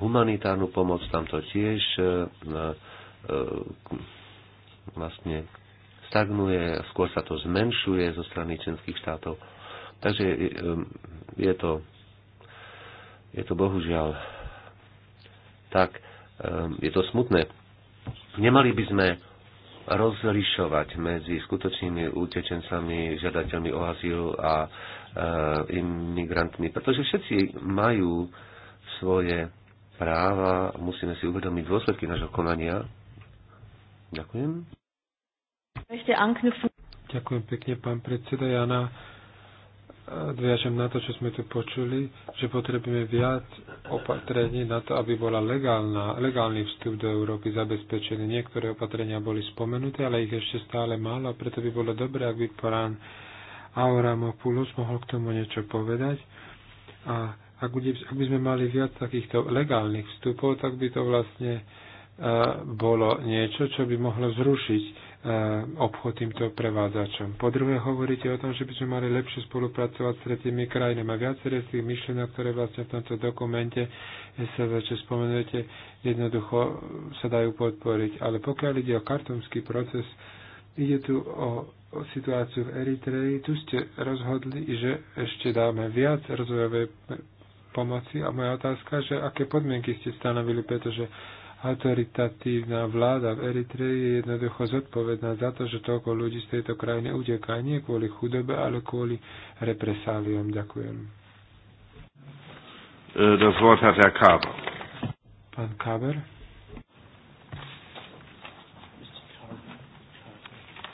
humanitárnu pomoc, tam to tiež e, e, vlastne stagnuje, skôr sa to zmenšuje zo strany členských štátov. Takže je to, je to bohužiaľ tak, je to smutné. Nemali by sme rozlišovať medzi skutočnými utečencami, žiadateľmi o azyl a e, imigrantmi, pretože všetci majú svoje práva, musíme si uvedomiť dôsledky nášho konania. Ďakujem. Ďakujem pekne, pán predseda. Jana zviažem na to, čo sme tu počuli, že potrebujeme viac opatrení na to, aby bola legálna, legálny vstup do Európy zabezpečený. Niektoré opatrenia boli spomenuté, ale ich ešte stále málo, preto by bolo dobré, ak by pán Auramopoulos mohol k tomu niečo povedať. A ak by, ak by sme mali viac takýchto legálnych vstupov, tak by to vlastne uh, bolo niečo, čo by mohlo zrušiť Eh, obchod týmto prevádzačom. Po druhé, hovoríte o tom, že by sme mali lepšie spolupracovať s tretími krajinami. A viaceré z tých myšlienok, ktoré vlastne v tomto dokumente sa začne spomenujete, jednoducho sa dajú podporiť. Ale pokiaľ ide o kartumský proces, ide tu o, o situáciu v Eritreji. Tu ste rozhodli, že ešte dáme viac rozvojovej pomoci a moja otázka, že aké podmienky ste stanovili, pretože autoritatívna vláda v Eritreji je jednoducho zodpovedná za to, že toľko ľudí z tejto krajiny uteká nie kvôli chudobe, ale kvôli represáliom. Ďakujem. E, das Wort Pán Kaber.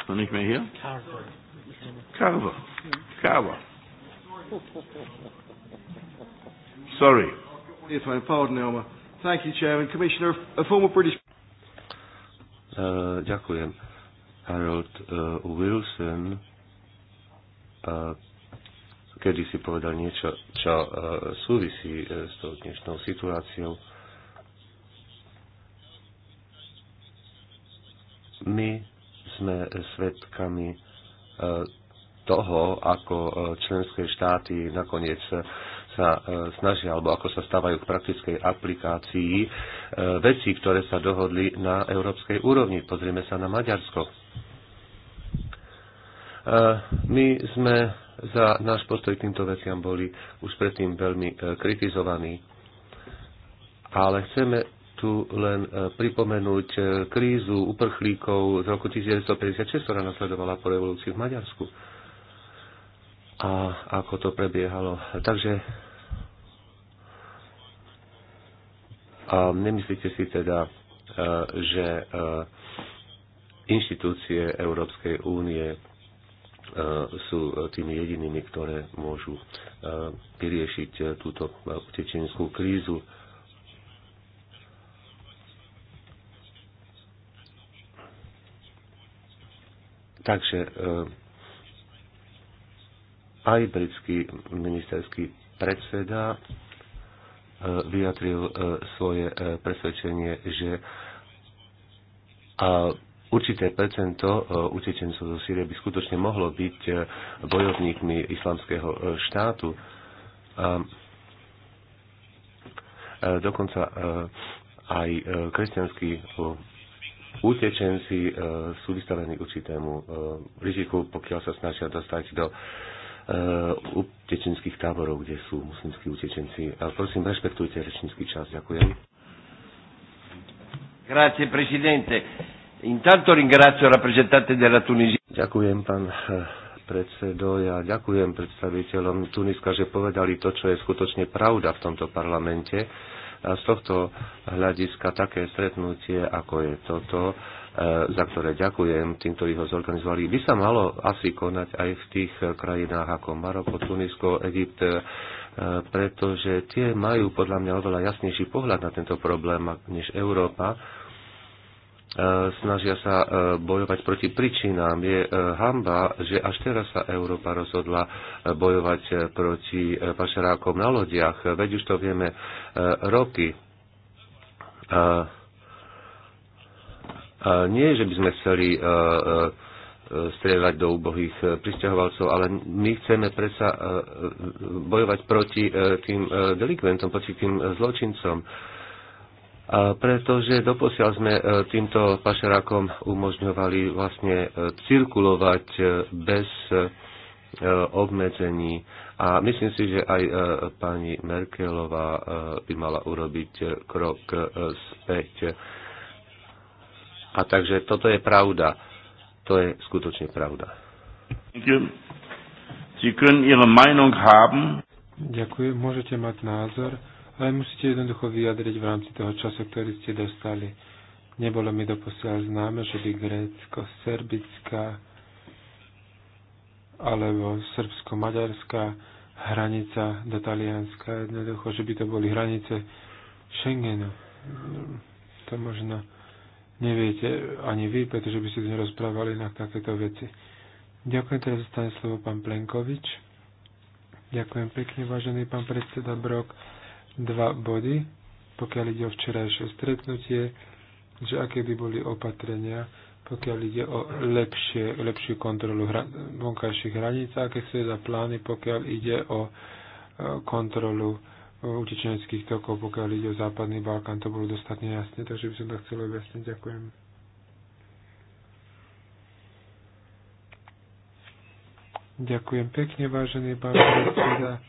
Ist er mehr hier? Carver. Carver. Carver. Sorry. Jetzt mein pardon, Thank you, Chairman. Commissioner, a former British... Uh, ďakujem. Harold uh, Wilson uh, kedy si povedal niečo, čo uh, súvisí uh, s tou dnešnou situáciou. My sme svetkami uh, toho, ako uh, členské štáty nakoniec uh, sa e, snažia alebo ako sa stávajú k praktickej aplikácii e, vecí, ktoré sa dohodli na európskej úrovni. Pozrieme sa na Maďarsko. E, my sme za náš postoj k týmto veciam boli už predtým veľmi kritizovaní. Ale chceme tu len pripomenúť krízu uprchlíkov z roku 1956, ktorá nasledovala po revolúcii v Maďarsku a ako to prebiehalo. Takže Nemyslíte si teda, e, že e, inštitúcie Európskej únie e, sú tými jedinými, ktoré môžu vyriešiť túto utečenskú krízu. Takže aj britský ministerský predseda vyjadril e, svoje e, presvedčenie, že určité percento e, utečencov zo Sýrie by skutočne mohlo byť bojovníkmi islamského štátu. Dokonca aj kresťanskí utečenci sú vystavení určitému riziku, pokiaľ sa snažia dostať do Eh, utečenských táborov, kde sú muslimskí utečenci. A Prosím, rešpektujte rečnícky čas. Ďakujem. Grazie, presidente. Intanto ringrazio rappresentante della Tunisia. Ďakujem, pán eh, predsedo. Ja ďakujem predstaviteľom Tuniska, že povedali to, čo je skutočne pravda v tomto parlamente. A z tohto hľadiska také stretnutie, ako je toto, za ktoré ďakujem tým, ktorí ho zorganizovali, by sa malo asi konať aj v tých eh, krajinách ako Maroko, Tunisko, Egypt, eh, pretože tie majú podľa mňa oveľa jasnejší pohľad na tento problém než Európa. Eh, snažia sa bojovať proti príčinám. Je hamba, že až teraz sa Európa rozhodla bojovať proti pašerákom na lodiach. Veď už to vieme roky nie, že by sme chceli e, e, strieľať do úbohých e, pristahovalcov, ale my chceme predsa bojovať proti tým delikventom, proti tým zločincom. pretože doposiaľ sme týmto pašerákom umožňovali vlastne cirkulovať bez obmedzení. A myslím si, že aj pani Merkelová by mala urobiť krok späť. A takže toto je pravda. To je skutočne pravda. Ďakujem, môžete mať názor, ale musíte jednoducho vyjadriť v rámci toho času, ktorý ste dostali. Nebolo mi doposiaľ známe, že by Grécko, Serbická alebo Srbsko-Maďarská hranica do Talianska, jednoducho, že by to boli hranice Schengenu. To možno neviete ani vy, pretože by ste tu nerozprávali na takéto veci. Ďakujem, teraz zostane slovo pán Plenkovič. Ďakujem pekne, vážený pán predseda Brok. Dva body, pokiaľ ide o včerajšie stretnutie, že aké by boli opatrenia, pokiaľ ide o lepšie, lepšiu kontrolu hra, vonkajších hraníc, aké sú za teda plány, pokiaľ ide o e, kontrolu utečeneckých tokov, pokiaľ ide o Západný Balkán, to bolo dostatne jasne, takže by som to chcel objasniť. Ďakujem. Ďakujem pekne, vážený pán predseda.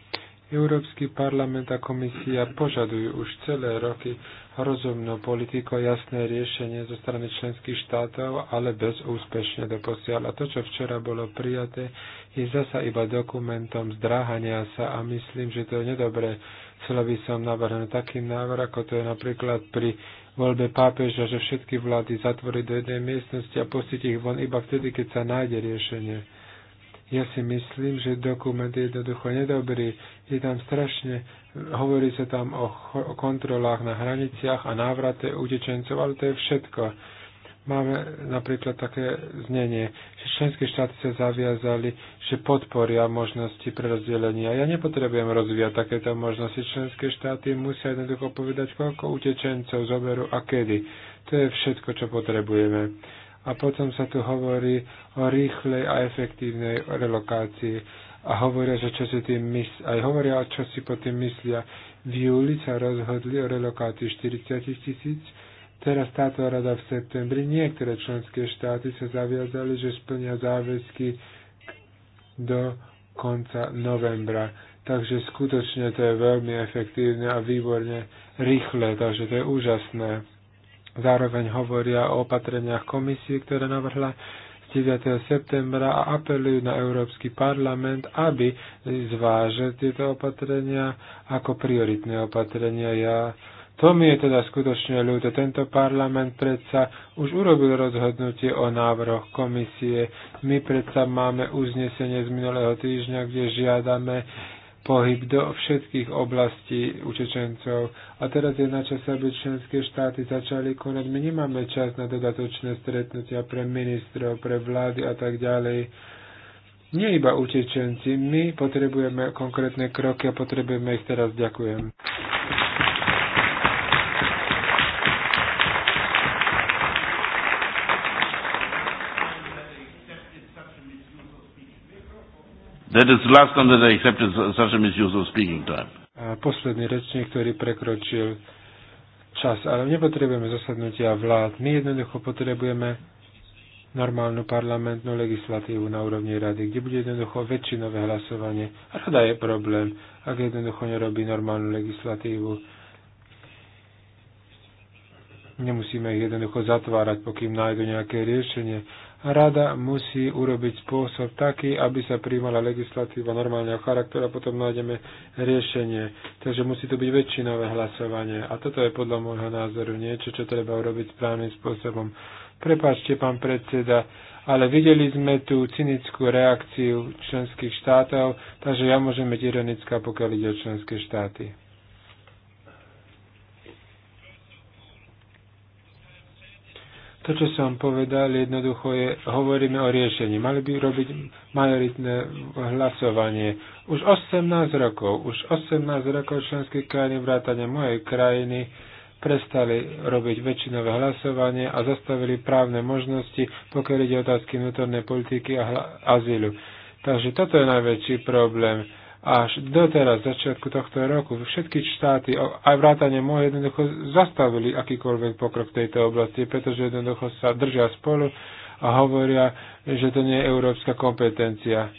Európsky parlament a komisia požadujú už celé roky rozumnú politiku, jasné riešenie zo strany členských štátov, ale bezúspešne doposiaľ. A to, čo včera bolo prijaté, je zasa iba dokumentom zdráhania sa a myslím, že to je nedobré Chcela by som navrhnúť taký návrh, ako to je napríklad pri voľbe pápeža, že všetky vlády zatvorí do jednej miestnosti a pustiť ich von iba vtedy, keď sa nájde riešenie. Ja si myslím, že dokument je jednoducho nedobrý. Je tam strašne, hovorí sa tam o, o kontrolách na hraniciach a návrate utečencov, ale to je všetko Máme napríklad také znenie, že členské štáty sa zaviazali, že podporia možnosti prerozdelenia. Ja nepotrebujem rozvíjať takéto možnosti. Členské štáty musia jednoducho povedať, koľko utečencov zoberú a kedy. To je všetko, čo potrebujeme. A potom sa tu hovorí o rýchlej a efektívnej relokácii a hovoria, že čo si tým myslia, aj hovoria, čo si po tým myslia. V júli sa rozhodli o relokácii 40 tisíc, Teraz táto rada v septembri niektoré členské štáty sa zaviazali, že splnia záväzky do konca novembra. Takže skutočne to je veľmi efektívne a výborne rýchle, takže to je úžasné. Zároveň hovoria o opatreniach komisie, ktoré navrhla z 9. septembra a apelujú na Európsky parlament, aby zvážil tieto opatrenia ako prioritné opatrenia. Ja to mi je teda skutočne ľúto. Tento parlament predsa už urobil rozhodnutie o návrhoch komisie. My predsa máme uznesenie z minulého týždňa, kde žiadame pohyb do všetkých oblastí utečencov. A teraz je na čase, aby členské štáty začali konať. My nemáme čas na dodatočné stretnutia pre ministrov, pre vlády a tak ďalej. Nie iba utečenci, my potrebujeme konkrétne kroky a potrebujeme ich teraz. Ďakujem. That is last time that I accepted such a misuse of speaking time. Posledný rečník, ktorý prekročil čas, ale nepotrebujeme zasadnutia vlád. My jednoducho potrebujeme normálnu parlamentnú legislatívu na úrovni rady, kde bude jednoducho väčšinové hlasovanie. Rada je problém, ak jednoducho nerobí normálnu legislatívu. Nemusíme ich jednoducho zatvárať, pokým nájdu nejaké riešenie Rada musí urobiť spôsob taký, aby sa príjmala legislatíva normálneho charakteru a potom nájdeme riešenie. Takže musí to byť väčšinové hlasovanie. A toto je podľa môjho názoru niečo, čo treba urobiť správnym spôsobom. Prepačte, pán predseda, ale videli sme tú cynickú reakciu členských štátov, takže ja môžem byť ironická, pokiaľ ide o členské štáty. to, čo som povedal, jednoducho je, hovoríme o riešení. Mali by robiť majoritné hlasovanie. Už 18 rokov, už 18 rokov členské krajiny, vrátane mojej krajiny prestali robiť väčšinové hlasovanie a zastavili právne možnosti, pokiaľ ide otázky vnútornej politiky a azylu. Takže toto je najväčší problém až doteraz, začiatku tohto roku, všetky štáty, aj vrátane moje, jednoducho zastavili akýkoľvek pokrok v tejto oblasti, pretože jednoducho sa držia spolu a hovoria, že to nie je európska kompetencia.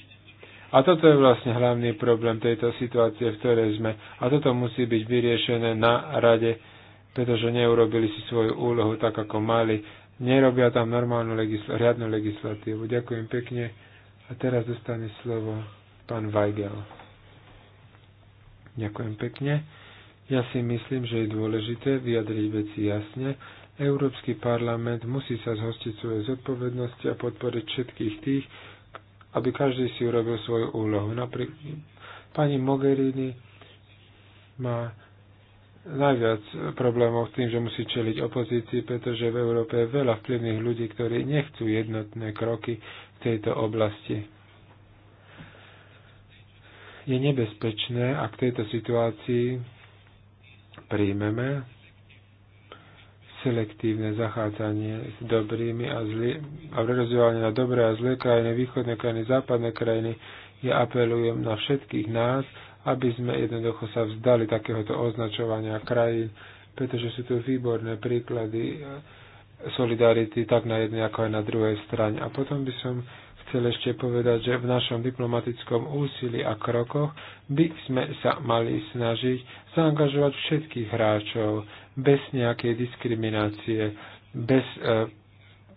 A toto je vlastne hlavný problém tejto situácie, v ktorej sme. A toto musí byť vyriešené na rade, pretože neurobili si svoju úlohu tak, ako mali. Nerobia tam normálnu legisl- riadnu legislatívu. Ďakujem pekne. A teraz dostane slovo pán Weigel. Ďakujem pekne. Ja si myslím, že je dôležité vyjadriť veci jasne. Európsky parlament musí sa zhostiť svoje zodpovednosti a podporiť všetkých tých, aby každý si urobil svoju úlohu. Napríklad pani Mogherini má najviac problémov s tým, že musí čeliť opozícii, pretože v Európe je veľa vplyvných ľudí, ktorí nechcú jednotné kroky v tejto oblasti je nebezpečné, ak v tejto situácii príjmeme selektívne zachádzanie s dobrými a zlými a prerozdielanie na dobré a zlé krajiny, východné krajiny, západné krajiny. Ja apelujem na všetkých nás, aby sme jednoducho sa vzdali takéhoto označovania krajín, pretože sú tu výborné príklady solidarity tak na jednej ako aj na druhej strane. A potom by som chcel ešte povedať, že v našom diplomatickom úsilí a krokoch by sme sa mali snažiť zaangažovať všetkých hráčov bez nejakej diskriminácie, bez e,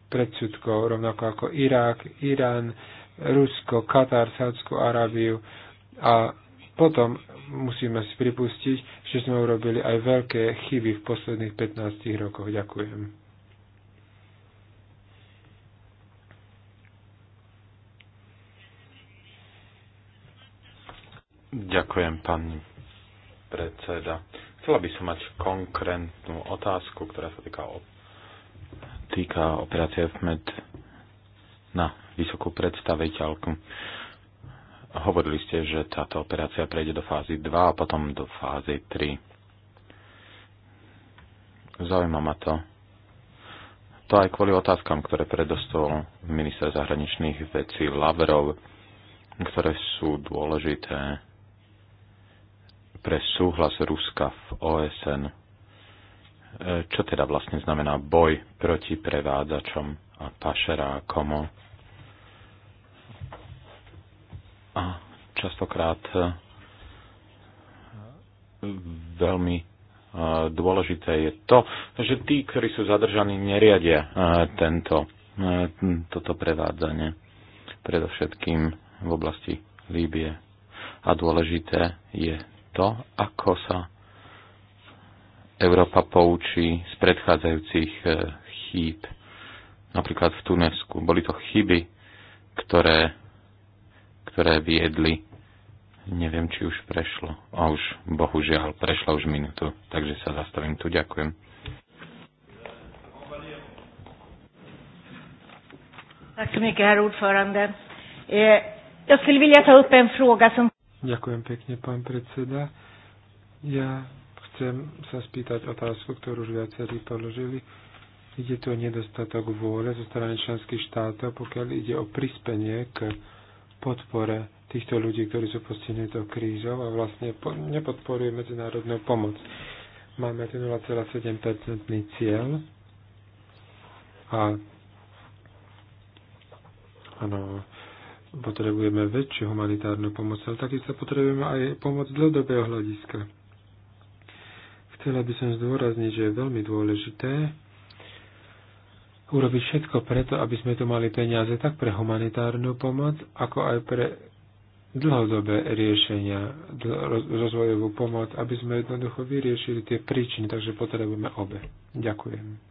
predsudkov, rovnako ako Irák, Irán, Rusko, Katar, Sádskú Arábiu a potom musíme si pripustiť, že sme urobili aj veľké chyby v posledných 15 rokoch. Ďakujem. Ďakujem, pani predseda. Chcela by som mať konkrétnu otázku, ktorá sa týka, o, týka operácie FMED na vysokú predstaviteľku. Hovorili ste, že táto operácia prejde do fázy 2 a potom do fázy 3. Zaujíma ma to. To aj kvôli otázkam, ktoré predostol minister zahraničných vecí Lavrov, ktoré sú dôležité pre súhlas Ruska v OSN. E, čo teda vlastne znamená boj proti prevádzačom a pašerákom? A častokrát e, veľmi e, dôležité je to, že tí, ktorí sú zadržaní, neriadia tento, toto prevádzanie. Predovšetkým v oblasti Líbie. A dôležité je to, ako sa Európa poučí z predchádzajúcich e, chýb. Napríklad v Tunesku. Boli to chyby, ktoré, ktoré viedli. Neviem, či už prešlo. A už, bohužiaľ, prešla už minútu. Takže sa zastavím tu. Ďakujem. Tack så mycket, herr ordförande. Eh, jag skulle vilja ta upp en fråga som... Ďakujem pekne, pán predseda. Ja chcem sa spýtať otázku, ktorú už viacerí položili. Ide tu o nedostatok vôle zo strany členských štátov, pokiaľ ide o prispenie k podpore týchto ľudí, ktorí sú tou krízou a vlastne nepodporuje medzinárodnú pomoc. Máme tu 0,7% cieľ a Áno, potrebujeme väčšiu humanitárnu pomoc, ale takisto potrebujeme aj pomoc dlhodobého hľadiska. Chcela by som zdôrazniť, že je veľmi dôležité urobiť všetko preto, aby sme tu mali peniaze tak pre humanitárnu pomoc, ako aj pre dlhodobé riešenia, rozvojovú pomoc, aby sme jednoducho vyriešili tie príčiny, takže potrebujeme obe. Ďakujem.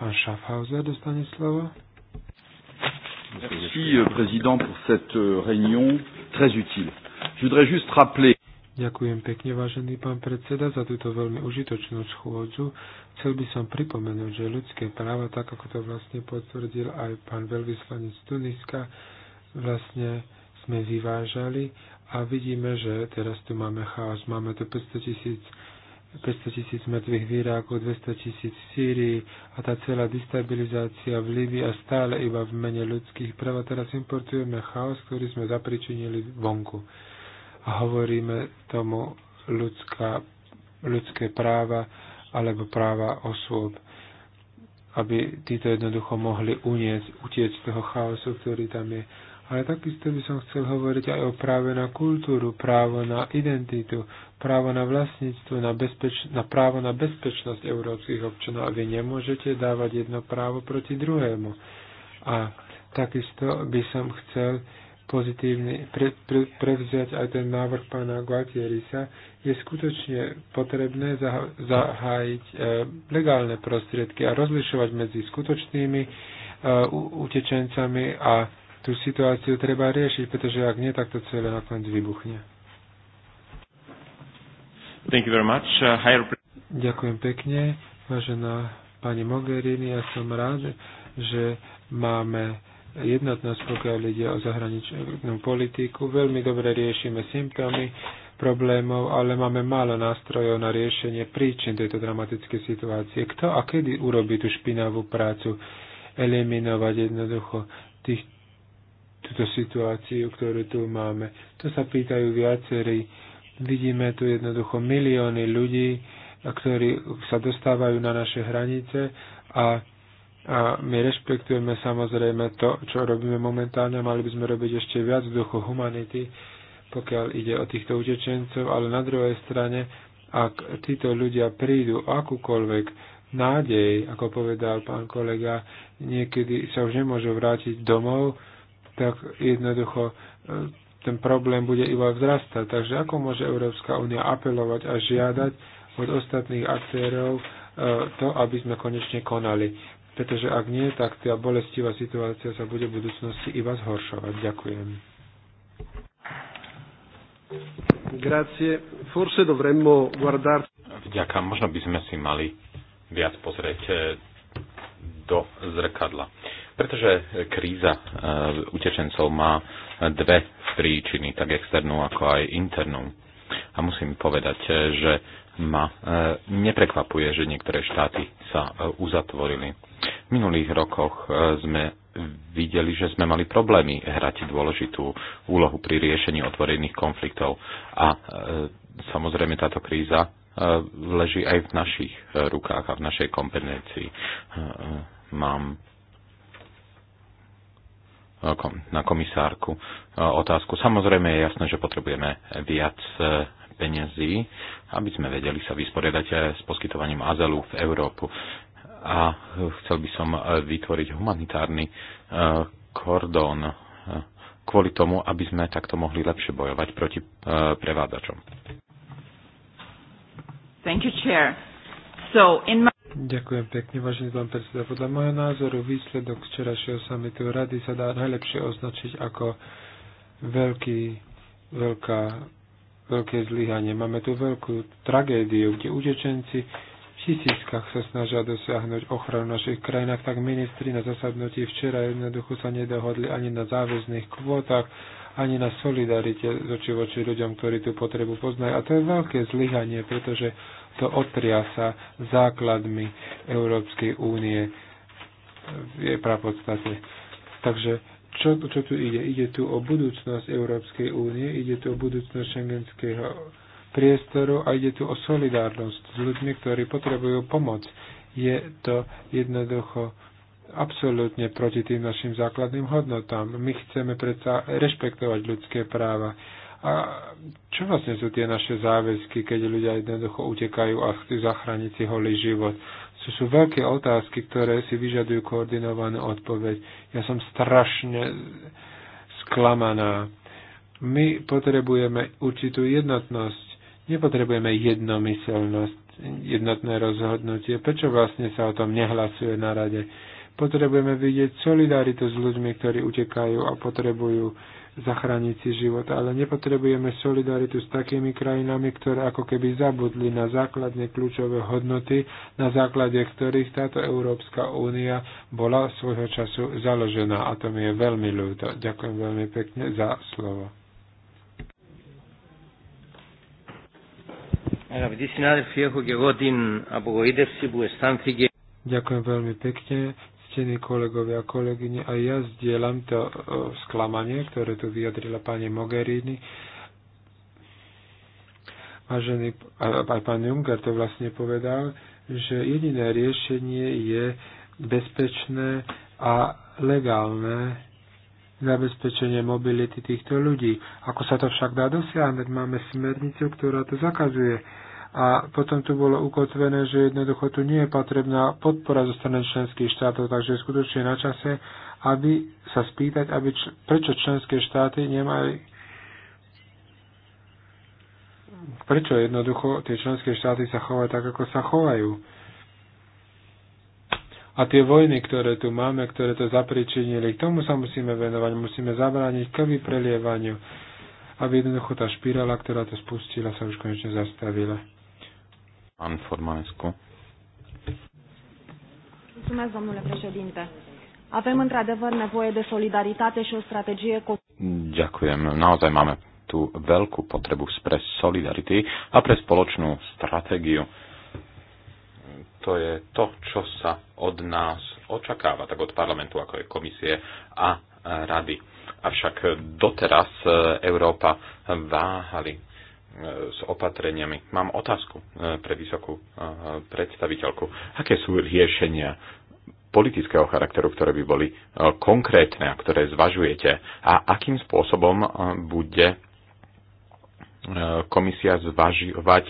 Pán Schaffhauser dostane slovo. Merci, euh, Président, pour cette euh, réunion très utile. Je voudrais juste rappeler Ďakujem pekne, vážený pán predseda, za túto veľmi užitočnú schôdzu. Chcel by som pripomenúť, že ľudské práva, tak ako to vlastne potvrdil aj pán veľvyslanec Tuniska, vlastne sme vyvážali a vidíme, že teraz tu máme chaos. Máme tu 500 tisíc 500 tisíc mŕtvych v Iráku, 200 tisíc v Sýrii a tá celá destabilizácia v Líbii a stále iba v mene ľudských práv. A teraz importujeme chaos, ktorý sme zapričinili vonku. A hovoríme tomu ľudská, ľudské práva alebo práva osôb aby títo jednoducho mohli uniesť, utiec z toho chaosu, ktorý tam je. Ale takisto by som chcel hovoriť aj o práve na kultúru, právo na identitu, právo na vlastníctvo, na, bezpeč- na právo na bezpečnosť európskych občanov. A vy nemôžete dávať jedno právo proti druhému. A takisto by som chcel pozitívny, pre, pre, prevziať aj ten návrh pána Guatierisa, je skutočne potrebné zah, zahájiť e, legálne prostriedky a rozlišovať medzi skutočnými e, utečencami a tú situáciu treba riešiť, pretože ak nie, tak to celé nakoniec vybuchne. Thank you very much. Uh, Ďakujem pekne, vážená pani Mogherini. Ja som rád, že máme jednotnosť, pokiaľ ide o zahraničnú politiku. Veľmi dobre riešime symptómy problémov, ale máme málo nástrojov na riešenie príčin tejto dramatickej situácie. Kto a kedy urobí tú špinavú prácu? Eliminovať jednoducho tých, túto situáciu, ktorú tu máme. To sa pýtajú viacerí. Vidíme tu jednoducho milióny ľudí, ktorí sa dostávajú na naše hranice a, a my rešpektujeme samozrejme to, čo robíme momentálne. Mali by sme robiť ešte viac v duchu humanity, pokiaľ ide o týchto utečencov, ale na druhej strane, ak títo ľudia prídu akúkoľvek nádej, ako povedal pán kolega, niekedy sa už nemôžu vrátiť domov, tak jednoducho e, ten problém bude iba vzrastať. Takže ako môže Európska únia apelovať a žiadať od ostatných aktérov e, to, aby sme konečne konali. Pretože ak nie, tak tá bolestivá situácia sa bude v budúcnosti iba zhoršovať. Ďakujem. Grazie. Forse dovremmo guardar... Vďaka. Možno by sme si mali viac pozrieť e, do zrkadla pretože kríza eh, utečencov má dve príčiny, tak externú ako aj internú. A musím povedať, eh, že ma eh, neprekvapuje, že niektoré štáty sa uzatvorili. V minulých rokoch sme videli, že sme mali problémy hrať dôležitú úlohu pri riešení otvorených konfliktov. A samozrejme táto kríza leží aj v našich rukách a v našej kompetencii. Mám na komisárku e, otázku. Samozrejme je jasné, že potrebujeme viac e, peniazy, aby sme vedeli sa vysporiadať e, s poskytovaním azelu v Európu. A chcel by som vytvoriť humanitárny kordón kvôli tomu, aby sme takto mohli lepšie bojovať proti prevádzačom. Thank you, Chair. So in my... Ďakujem pekne, vážený pán predseda. Podľa môjho názoru výsledok včerajšieho samitu rady sa dá najlepšie označiť ako veľký, veľká, veľké zlyhanie. Máme tu veľkú tragédiu, kde utečenci v tisíckach sa snažia dosiahnuť ochranu našich krajinách, tak ministri na zasadnutí včera jednoducho sa nedohodli ani na záväzných kvótach, ani na solidarite zoči voči ľuďom, ktorí tú potrebu poznajú. A to je veľké zlyhanie, pretože to otriasa základmi Európskej únie v jej prapodstate. Takže čo, čo tu ide? Ide tu o budúcnosť Európskej únie, ide tu o budúcnosť šengenského priestoru a ide tu o solidárnosť s ľuďmi, ktorí potrebujú pomoc. Je to jednoducho absolútne proti tým našim základným hodnotám. My chceme predsa rešpektovať ľudské práva. A čo vlastne sú tie naše záväzky, keď ľudia jednoducho utekajú a chcú zachrániť si holý život? To sú veľké otázky, ktoré si vyžadujú koordinovanú odpoveď. Ja som strašne sklamaná. My potrebujeme určitú jednotnosť. Nepotrebujeme jednomyselnosť, jednotné rozhodnutie. Prečo vlastne sa o tom nehlasuje na rade? Potrebujeme vidieť solidaritu s ľuďmi, ktorí utekajú a potrebujú uh, zachrániť si život. Ale nepotrebujeme solidaritu s takými krajinami, ktoré ako keby zabudli na základne kľúčové hodnoty, na základe ktorých táto Európska únia bola svojho času založená. A to mi je veľmi ľúto. Ďakujem veľmi pekne za slovo. Ďakujem veľmi pekne. Ctení kolegovia a kolegyne, aj ja zdieľam to e, sklamanie, ktoré tu vyjadrila pani Mogherini. ženy, aj pán Juncker to vlastne povedal, že jediné riešenie je bezpečné a legálne zabezpečenie mobility týchto ľudí. Ako sa to však dá dosiahnuť? Máme smernicu, ktorá to zakazuje. A potom tu bolo ukotvené, že jednoducho tu nie je potrebná podpora zo strany členských štátov, takže je skutočne na čase, aby sa spýtať, aby čl- prečo členské štáty nemajú prečo jednoducho tie členské štáty sa chovajú tak, ako sa chovajú. A tie vojny, ktoré tu máme, ktoré to zapričinili, k tomu sa musíme venovať, musíme zabrániť krvi prelievaniu, aby jednoducho tá špirála, ktorá to spustila, sa už konečne zastavila. Pán Formanescu. Mulțumesc, domnule președinte. Avem într-adevăr nevoie de solidaritate și o strategie... cu... Ďakujem. Naozaj máme tú veľkú potrebu pre solidarity a pre spoločnú stratégiu. To je to, čo sa od nás očakáva, tak od parlamentu, ako je komisie a rady. Avšak doteraz e, Európa váhali s opatreniami. Mám otázku e, pre vysokú e, predstaviteľku. Aké sú riešenia politického charakteru, ktoré by boli e, konkrétne a ktoré zvažujete? A akým spôsobom bude komisia zvažovať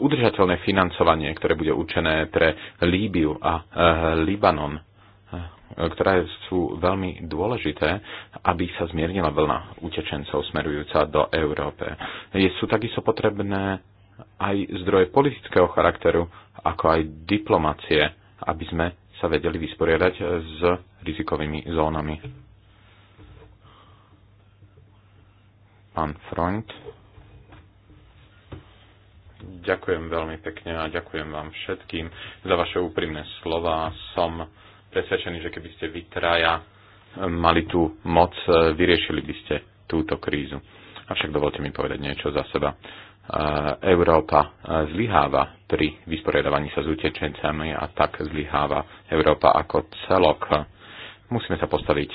udržateľné financovanie, ktoré bude určené pre Líbiu a Libanon? E, ktoré sú veľmi dôležité, aby sa zmiernila vlna utečencov smerujúca do Európe. Je, sú takisto potrebné aj zdroje politického charakteru, ako aj diplomacie, aby sme sa vedeli vysporiadať e, s rizikovými zónami. Pán Freund. Ďakujem veľmi pekne a ďakujem vám všetkým za vaše úprimné slova. Som presvedčení, že keby ste vy traja e, mali tú moc, e, vyriešili by ste túto krízu. Avšak dovolte mi povedať niečo za seba. E, Európa zlyháva pri vysporiadavaní sa s utečencami a tak zlyháva Európa ako celok. Musíme sa postaviť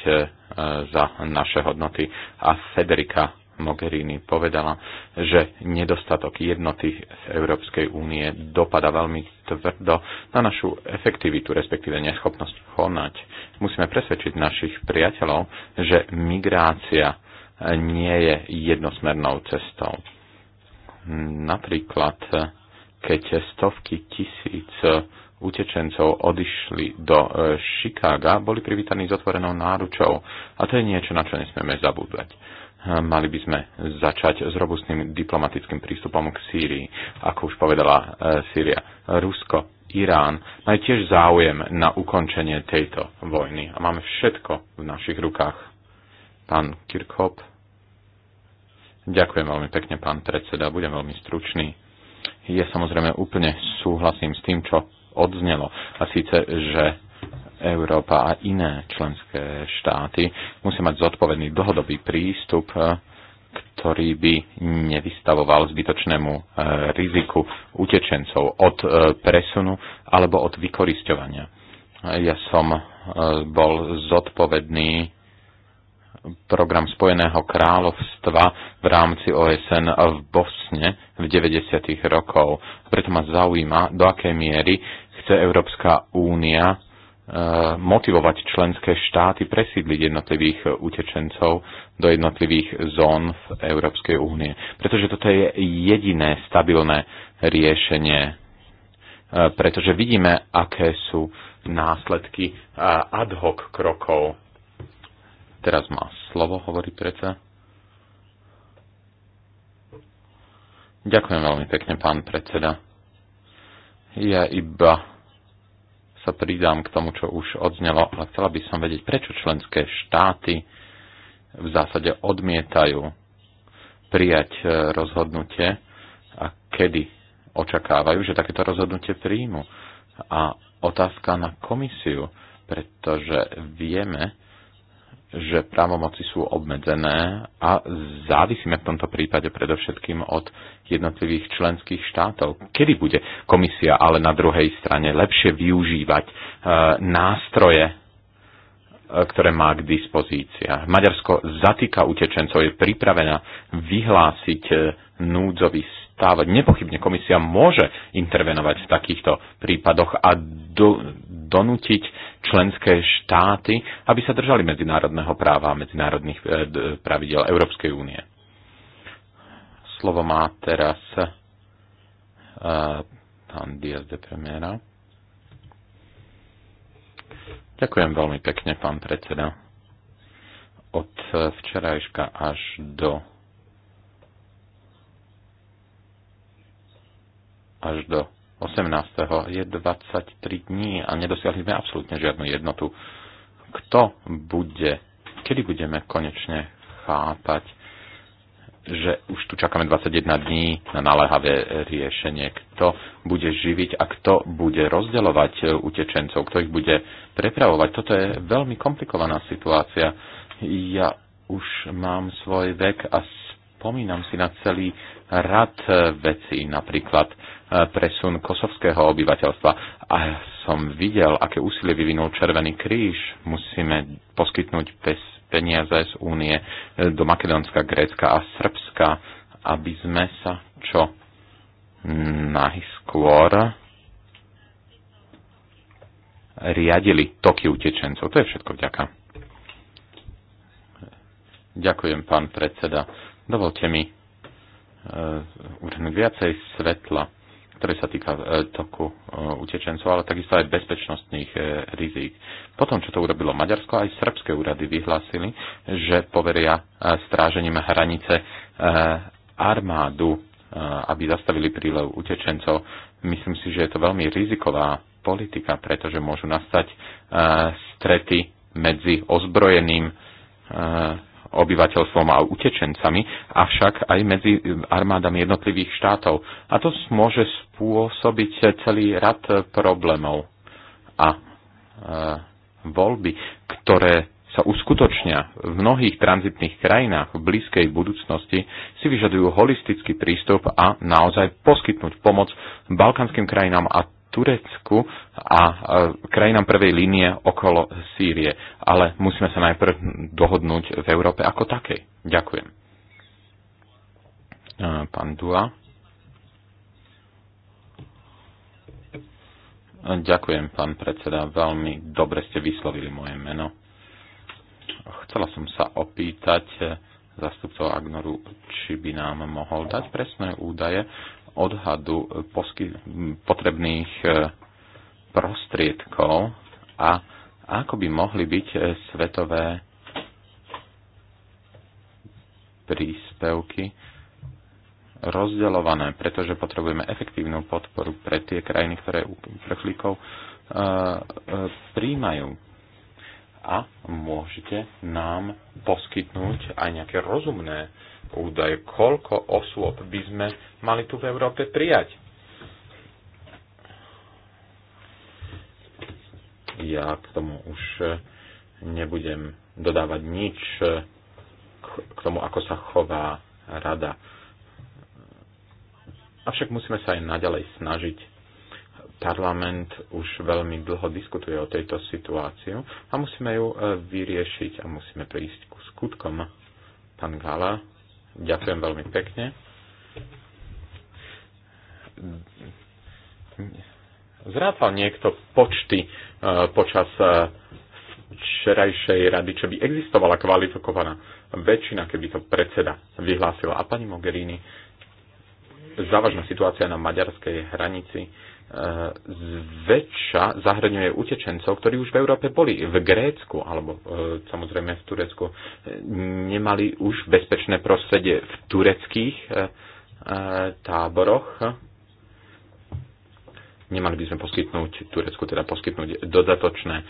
za naše hodnoty a Federika Mogherini povedala, že nedostatok jednoty z Európskej únie dopada veľmi tvrdo na našu efektivitu, respektíve neschopnosť konať. Musíme presvedčiť našich priateľov, že migrácia nie je jednosmernou cestou. Napríklad, keď stovky tisíc utečencov odišli do e, Chicaga, boli privítaní s otvorenou náručou. A to je niečo, na čo nesmieme zabúdať mali by sme začať s robustným diplomatickým prístupom k Sýrii. Ako už povedala e, Sýria, Rusko, Irán majú tiež záujem na ukončenie tejto vojny a máme všetko v našich rukách. Pán Kirchhoff. Ďakujem veľmi pekne, pán predseda, budem veľmi stručný. Ja samozrejme úplne súhlasím s tým, čo odznelo. A síce, že Európa a iné členské štáty musia mať zodpovedný dlhodobý prístup, eh, ktorý by nevystavoval zbytočnému eh, riziku utečencov od eh, presunu alebo od vykoristovania. Ja som bol zodpovedný program Spojeného kráľovstva v rámci OSN v Bosne v 90. rokov. Preto ma zaujíma, do akej miery chce Európska únia motivovať členské štáty presídliť jednotlivých utečencov do jednotlivých zón v Európskej únie. Pretože toto je jediné stabilné riešenie. E, pretože vidíme, aké sú následky e, ad hoc krokov. Teraz má slovo, hovorí predsa. Ďakujem veľmi pekne, pán predseda. Ja iba sa pridám k tomu, čo už odznelo, ale chcela by som vedieť, prečo členské štáty v zásade odmietajú prijať e, rozhodnutie a kedy očakávajú, že takéto rozhodnutie príjmu. A otázka na komisiu, pretože vieme, že právomoci sú obmedzené a závisíme v tomto prípade predovšetkým od jednotlivých členských štátov. Kedy bude komisia ale na druhej strane lepšie využívať e, nástroje E, ktoré má k dispozícii. Maďarsko zatýka utečencov, je pripravená vyhlásiť e, núdzový stav. Nepochybne komisia môže intervenovať v takýchto prípadoch a do, donútiť členské štáty, aby sa držali medzinárodného práva a medzinárodných e, pravidel Európskej únie. Slovo má teraz uh, pán Diaz de Premiera. Ďakujem veľmi pekne, pán predseda. Od včerajška až do až do 18. je 23 dní a nedosiahli sme absolútne žiadnu jednotu. Kto bude, kedy budeme konečne chápať že už tu čakáme 21 dní na naléhavé riešenie, kto bude živiť a kto bude rozdeľovať e, utečencov, kto ich bude prepravovať. Toto je veľmi komplikovaná situácia. Ja už mám svoj vek a spomínam si na celý rad e, vecí, napríklad E, presun kosovského obyvateľstva. A som videl, aké úsilie vyvinul Červený kríž. Musíme poskytnúť pes peniaze z únie e, do Makedónska, Grécka a Srbska, aby sme sa čo najskôr riadili toky utečencov. To je všetko vďaka. Ďakujem, pán predseda. Dovolte mi uh, viacej svetla ktoré sa týka e, toku e, utečencov, ale takisto aj bezpečnostných e, rizík. Potom, čo to urobilo Maďarsko, aj srbské úrady vyhlásili, že poveria strážením hranice armádu, aby zastavili prílev utečencov. Myslím si, že je to veľmi riziková politika, pretože môžu nastať strety medzi ozbrojeným obyvateľstvom a utečencami, avšak aj medzi armádami jednotlivých štátov. A to môže spôsobiť celý rad problémov. A e, voľby, ktoré sa uskutočnia v mnohých tranzitných krajinách v blízkej budúcnosti, si vyžadujú holistický prístup a naozaj poskytnúť pomoc balkanským krajinám a Turecku a e, krajinám prvej línie okolo Sýrie. Ale musíme sa najprv dohodnúť v Európe ako takej. Ďakujem. E, pán Dua. E, ďakujem, pán predseda. Veľmi dobre ste vyslovili moje meno. Chcela som sa opýtať, zastupcov Agnoru, či by nám mohol dať presné údaje odhadu eh, posky, potrebných eh, prostriedkov a ako by mohli byť eh, svetové príspevky rozdeľované, pretože potrebujeme efektívnu podporu pre tie krajiny, ktoré uprchlíkov e, e, príjmajú. A môžete nám poskytnúť aj nejaké rozumné údaj, koľko osôb by sme mali tu v Európe prijať. Ja k tomu už eh, nebudem dodávať nič eh, k tomu, ako sa chová rada. Avšak musíme sa aj naďalej snažiť. Parlament už veľmi dlho diskutuje o tejto situáciu a musíme ju eh, vyriešiť a musíme prísť ku skutkom. Pán Gala, Ďakujem veľmi pekne. Zrátal niekto počty e, počas e, včerajšej rady, čo by existovala kvalifikovaná väčšina, keby to predseda vyhlásila. A pani Mogherini, závažná situácia na maďarskej hranici zväčša zahrňuje utečencov, ktorí už v Európe boli, v Grécku alebo e, samozrejme v Turecku. E, nemali už bezpečné prostredie v tureckých e, táboroch. Nemali by sme poskytnúť Turecku, teda poskytnúť dodatočné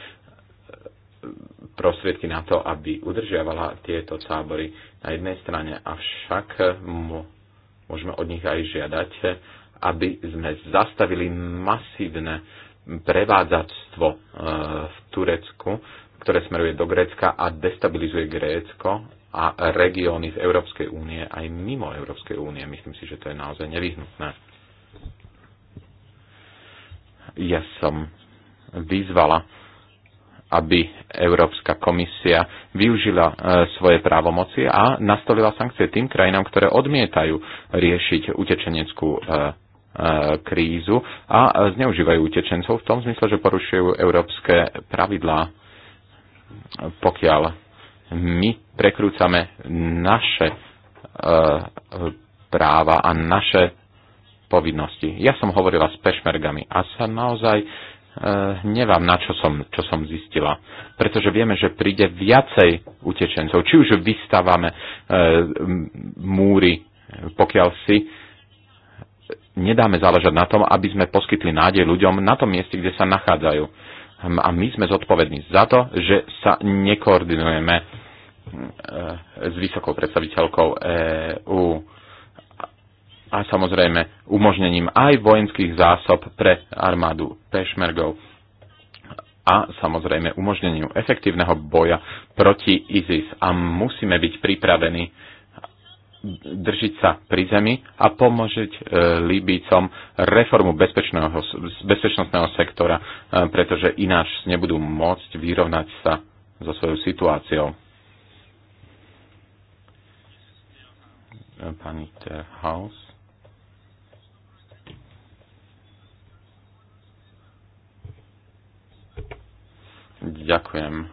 prostriedky na to, aby udržiavala tieto tábory na jednej strane, avšak môžeme od nich aj žiadať aby sme zastavili masívne prevádzactvo e, v Turecku, ktoré smeruje do Grécka a destabilizuje Grécko a regióny z Európskej únie aj mimo Európskej únie. Myslím si, že to je naozaj nevyhnutné. Ja som vyzvala, aby Európska komisia využila e, svoje právomoci a nastolila sankcie tým krajinám, ktoré odmietajú riešiť utečeneckú e, E, krízu a zneužívajú utečencov v tom zmysle, že porušujú európske pravidlá. Pokiaľ my prekrúcame naše e, práva a naše povinnosti. Ja som hovorila s pešmergami a sa naozaj e, nevám, na čo som, čo som zistila. Pretože vieme, že príde viacej utečencov. Či už vystávame e, múry, pokiaľ si nedáme záležať na tom, aby sme poskytli nádej ľuďom na tom mieste, kde sa nachádzajú. Hm, a my sme zodpovední za to, že sa nekoordinujeme hm, eh, s vysokou predstaviteľkou EÚ eh, a samozrejme umožnením aj vojenských zásob pre armádu pešmergov a samozrejme umožnením efektívneho boja proti ISIS. A musíme byť pripravení držiť sa pri zemi a pomôžiť e, Líbícom reformu bezpečnostného sektora, e, pretože ináč nebudú môcť vyrovnať sa so svojou situáciou. Pani Terhaus. Ďakujem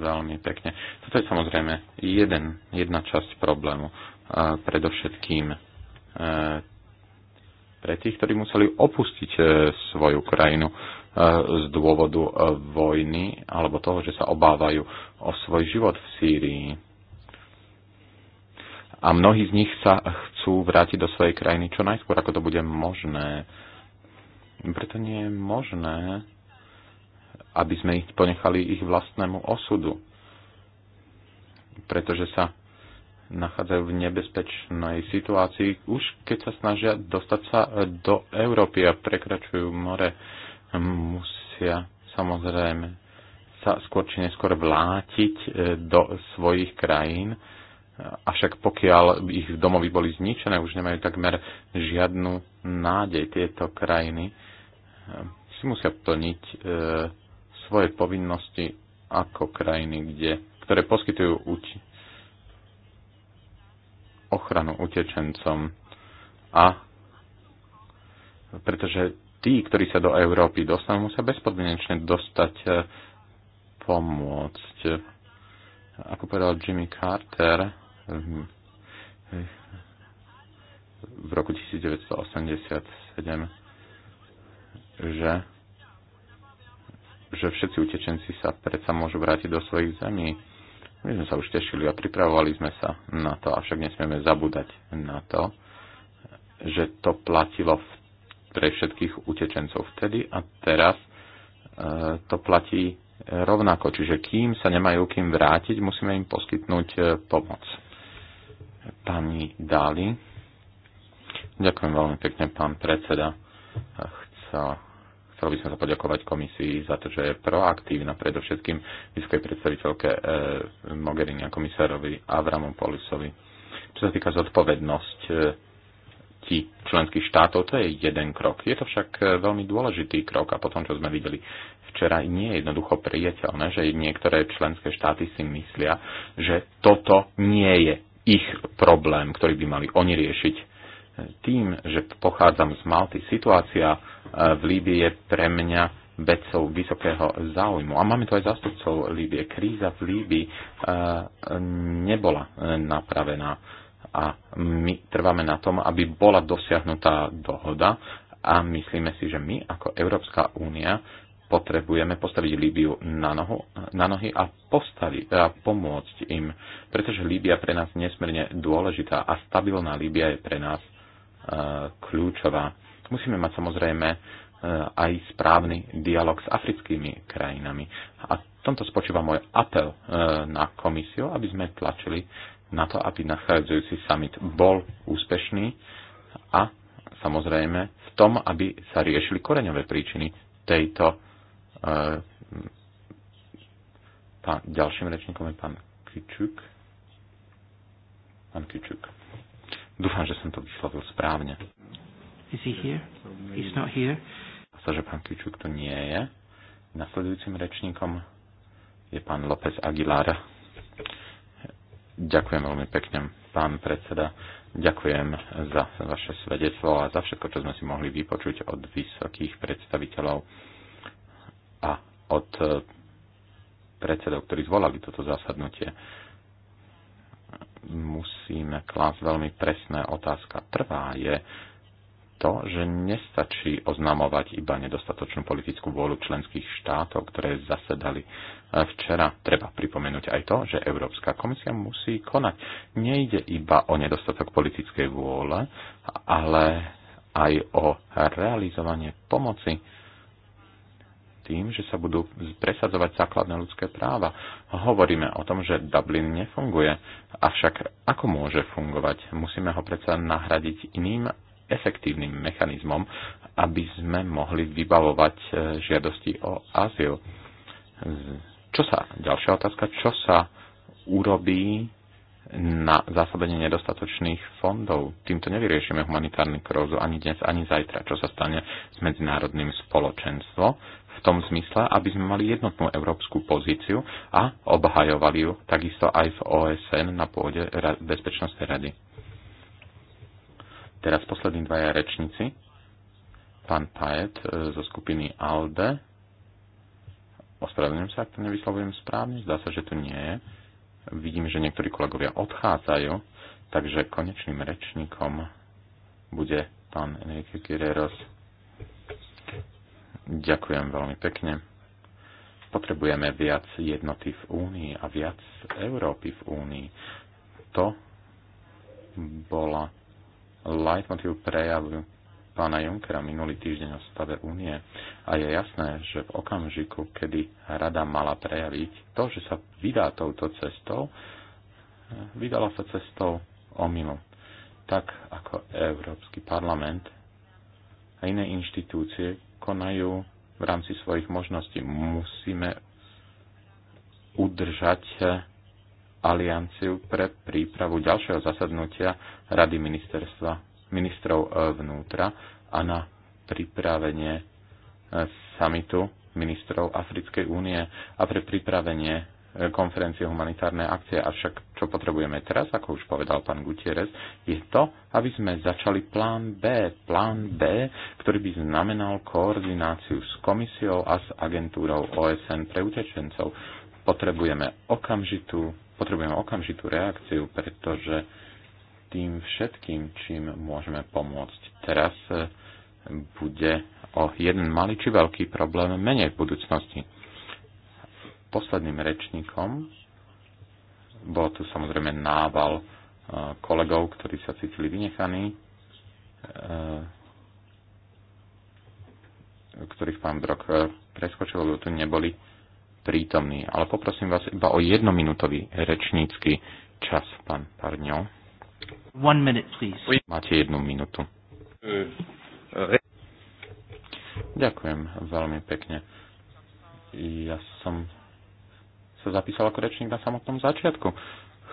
veľmi pekne. Toto je samozrejme jeden, jedna časť problému predovšetkým e, pre tých, ktorí museli opustiť e, svoju krajinu e, z dôvodu vojny alebo toho, že sa obávajú o svoj život v Sýrii. A mnohí z nich sa chcú vrátiť do svojej krajiny čo najskôr, ako to bude možné. Preto nie je možné, aby sme ich ponechali ich vlastnému osudu. Pretože sa nachádzajú v nebezpečnej situácii, už keď sa snažia dostať sa e, do Európy a prekračujú more, musia samozrejme sa skôr či neskôr vlátiť e, do svojich krajín, avšak pokiaľ ich domovy boli zničené, už nemajú takmer žiadnu nádej tieto krajiny, e, si musia plniť svoje povinnosti ako krajiny, kde, ktoré poskytujú ochranu utečencom a pretože tí, ktorí sa do Európy dostanú, musia bezpodmienečne dostať e, pomôcť. Ako povedal Jimmy Carter v roku 1987, že, že všetci utečenci sa predsa môžu vrátiť do svojich zemí my sme sa už tešili a pripravovali sme sa na to, avšak nesmieme zabúdať na to, že to platilo pre všetkých utečencov vtedy a teraz e, to platí rovnako. Čiže kým sa nemajú kým vrátiť, musíme im poskytnúť e, pomoc. Pani Dali. Ďakujem veľmi pekne, pán predseda. Chcel Chcel by som sa poďakovať komisii za to, že je proaktívna, predovšetkým vyskej predstaviteľke eh, Mogherini a komisárovi Avramom Polisovi. Čo sa týka zodpovednosť eh, ti členských štátov, to je jeden krok. Je to však e, veľmi dôležitý krok a potom, čo sme videli včera, nie je jednoducho priateľné, že niektoré členské štáty si myslia, že toto nie je ich problém, ktorý by mali oni riešiť tým, že pochádzam z Malty, situácia e, v Líbii je pre mňa vedcov vysokého záujmu. A máme tu aj zastupcov Líbie. Kríza v Líbii e, nebola e, napravená a my trváme na tom, aby bola dosiahnutá dohoda a myslíme si, že my ako Európska únia potrebujeme postaviť Líbiu na, nohu, na nohy a, postavi, a pomôcť im, pretože Líbia pre nás nesmierne dôležitá a stabilná Líbia je pre nás E, kľúčová. Musíme mať samozrejme e, aj správny dialog s africkými krajinami. A v tomto spočíva môj apel e, na komisiu, aby sme tlačili na to, aby nachádzajúci summit bol úspešný a samozrejme v tom, aby sa riešili koreňové príčiny tejto pán, ďalším rečníkom je pán Kičuk. Pán Kičuk. Dúfam, že som to vyslovil správne. Is he here? He's not here. Sa, že pán Kičuk tu nie je. Nasledujúcim rečníkom je pán López Aguilar. Ďakujem veľmi pekne, pán predseda. Ďakujem za vaše svedectvo a za všetko, čo sme si mohli vypočuť od vysokých predstaviteľov a od predsedov, ktorí zvolali toto zasadnutie musíme klásť veľmi presné otázka. Prvá je to, že nestačí oznamovať iba nedostatočnú politickú vôľu členských štátov, ktoré zasedali e, včera. Treba pripomenúť aj to, že Európska komisia musí konať. Nejde iba o nedostatok politickej vôle, ale aj o realizovanie pomoci tým, že sa budú presadzovať základné ľudské práva. Hovoríme o tom, že Dublin nefunguje, avšak ako môže fungovať? Musíme ho predsa nahradiť iným efektívnym mechanizmom, aby sme mohli vybavovať e, žiadosti o azyl. Čo sa, ďalšia otázka, čo sa urobí na zásobenie nedostatočných fondov. Týmto nevyriešime humanitárny krózu ani dnes, ani zajtra. Čo sa stane s medzinárodným spoločenstvom, v tom zmysle, aby sme mali jednotnú európsku pozíciu a obhajovali ju takisto aj v OSN na pôde Bezpečnostnej rady. Teraz poslední dvaja rečníci. Pán Pajet e, zo skupiny ALDE. Ospravedlňujem sa, ak to nevyslovujem správne. Zdá sa, že tu nie je. Vidím, že niektorí kolegovia odchádzajú, takže konečným rečníkom bude pán Enrique Guerreros Ďakujem veľmi pekne. Potrebujeme viac jednoty v Únii a viac Európy v Únii. To bola leitmotiv prejavu pána Junckera minulý týždeň o stave únie a je jasné, že v okamžiku, kedy rada mala prejaviť to, že sa vydá touto cestou, vydala sa cestou omilu. Tak ako Európsky parlament a iné inštitúcie, konajú v rámci svojich možností. Musíme udržať eh, alianciu pre prípravu ďalšieho zasadnutia Rady ministerstva, ministrov eh, vnútra a na pripravenie eh, samitu ministrov Africkej únie a pre pripravenie konferencie humanitárne akcie. Avšak čo potrebujeme teraz, ako už povedal pán Gutierrez, je to, aby sme začali plán B. Plán B, ktorý by znamenal koordináciu s komisiou a s agentúrou OSN pre utečencov. Potrebujeme okamžitú, potrebujeme okamžitú reakciu, pretože tým všetkým, čím môžeme pomôcť teraz, bude o jeden malý či veľký problém menej v budúcnosti posledným rečníkom. Bol tu samozrejme nával e, kolegov, ktorí sa cítili vynechaní, e, ktorých pán Brok e, preskočil, lebo tu neboli prítomní. Ale poprosím vás iba o jednominútový rečnícky čas, pán Parňo. One minute, please. Máte jednu minútu. Euh, euh, Ďakujem veľmi pekne. Ja som sa zapísal ako rečník na samotnom začiatku.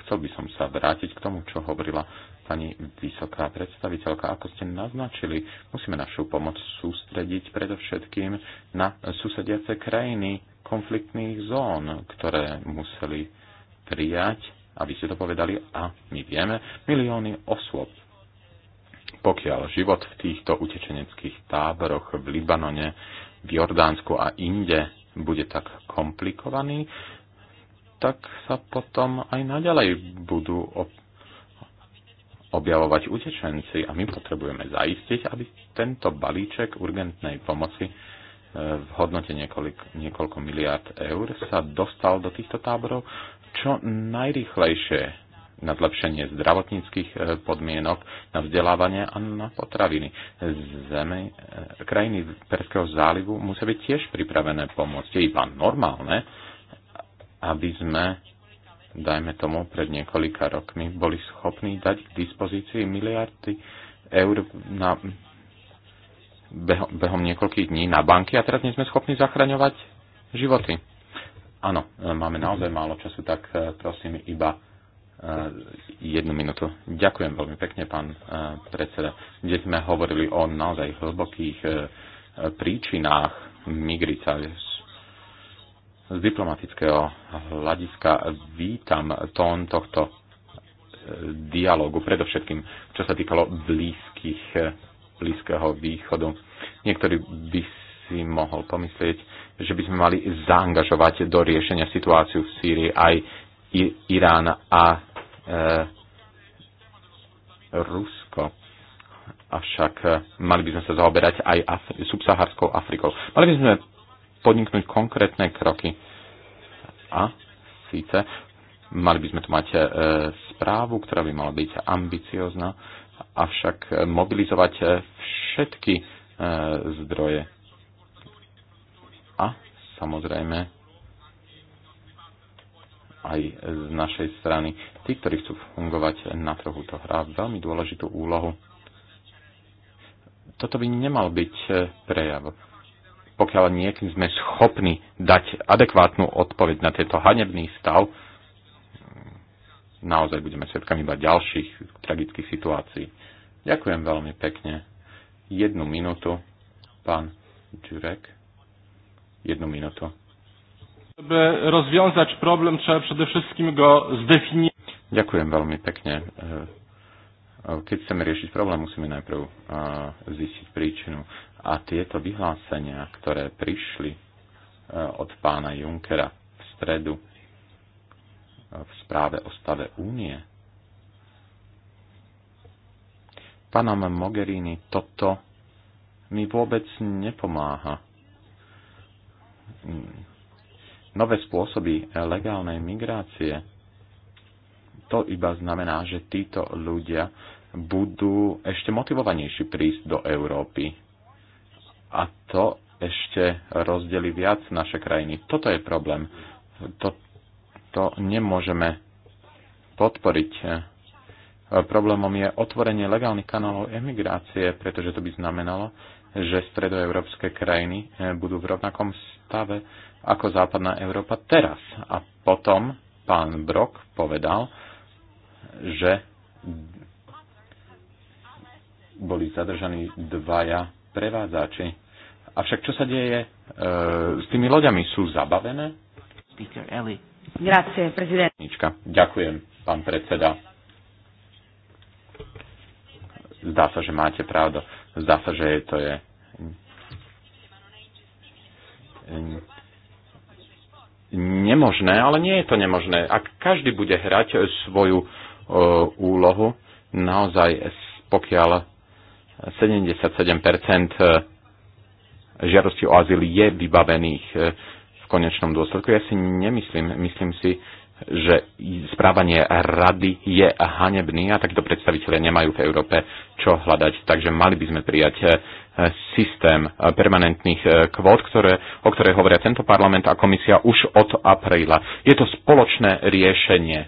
Chcel by som sa vrátiť k tomu, čo hovorila pani vysoká predstaviteľka. Ako ste naznačili, musíme našu pomoc sústrediť predovšetkým na susediace krajiny konfliktných zón, ktoré museli prijať, aby ste to povedali, a my vieme, milióny osôb pokiaľ život v týchto utečeneckých táboroch v Libanone, v Jordánsku a inde bude tak komplikovaný, tak sa potom aj naďalej budú objavovať utečenci a my potrebujeme zaistiť, aby tento balíček urgentnej pomoci e, v hodnote niekoľko, niekoľko miliard eur sa dostal do týchto táborov čo najrychlejšie na zlepšenie zdravotníckých e, podmienok, na vzdelávanie a na potraviny. Zeme, e, krajiny Perského zálivu musia byť tiež pripravené pomôcť. Je iba normálne, aby sme, dajme tomu, pred niekoľka rokmi boli schopní dať k dispozícii miliardy eur na, behom, behom niekoľkých dní na banky a teraz nie sme schopní zachraňovať životy. Áno, e, máme naozaj málo času, tak e, prosím iba e, jednu minútu. Ďakujem veľmi pekne, pán predseda, kde sme hovorili o naozaj hlbokých príčinách migrícia, z diplomatického hľadiska vítam tón tohto e, dialógu, predovšetkým čo sa týkalo blízkych, e, blízkeho východu. Niektorí by si mohol pomyslieť, že by sme mali zaangažovať do riešenia situáciu v Sýrii aj Irán a e, Rusko. Avšak e, mali by sme sa zaoberať aj Afri- subsahárskou Afrikou. Mali by sme podniknúť konkrétne kroky. A síce mali by sme tu mať e, správu, ktorá by mala byť ambiciozná, avšak e, mobilizovať e, všetky zdroje. A samozrejme aj z našej strany. Tí, ktorí chcú fungovať na trhu, to hrá veľmi dôležitú úlohu. Toto by nemal byť prejav pokiaľ niekým sme schopní dať adekvátnu odpoveď na tento hanebný stav, naozaj budeme svetkami iba ďalších tragických situácií. Ďakujem veľmi pekne. Jednu minútu, pán Ďurek. Jednu minútu. Aby rozwiązać problem, trzeba przede wszystkim go zdefiniować. Ďakujem veľmi pekne keď chceme riešiť problém, musíme najprv zistiť príčinu. A tieto vyhlásenia, ktoré prišli e, od pána Junkera v stredu e, v správe o stave únie, pánom Mogherini toto mi vôbec nepomáha. Nové spôsoby legálnej migrácie to iba znamená, že títo ľudia budú ešte motivovanejší prísť do Európy. A to ešte rozdeli viac naše krajiny. Toto je problém. To, to nemôžeme podporiť. Problémom je otvorenie legálnych kanálov emigrácie, pretože to by znamenalo, že stredoeurópske krajiny eh, budú v rovnakom stave ako západná Európa teraz. A potom pán Brok povedal, že boli zadržaní dvaja prevádzači. Avšak čo sa deje e, s tými loďami? Sú zabavené? Grazie, prezident. Ďakujem, pán predseda. Zdá sa, že máte pravdu. Zdá sa, že to je nemožné, ale nie je to nemožné. Ak každý bude hrať svoju e, úlohu, naozaj pokiaľ 77 eh, žiadosti o azyl je vybavených eh, v konečnom dôsledku. Ja si nemyslím, myslím si, že správanie rady je hanebný a takíto predstavitelia nemajú v Európe čo hľadať. Takže mali by sme prijať eh, systém permanentných kvót, ktoré, o ktoré hovoria tento parlament a komisia už od apríla. Je to spoločné riešenie,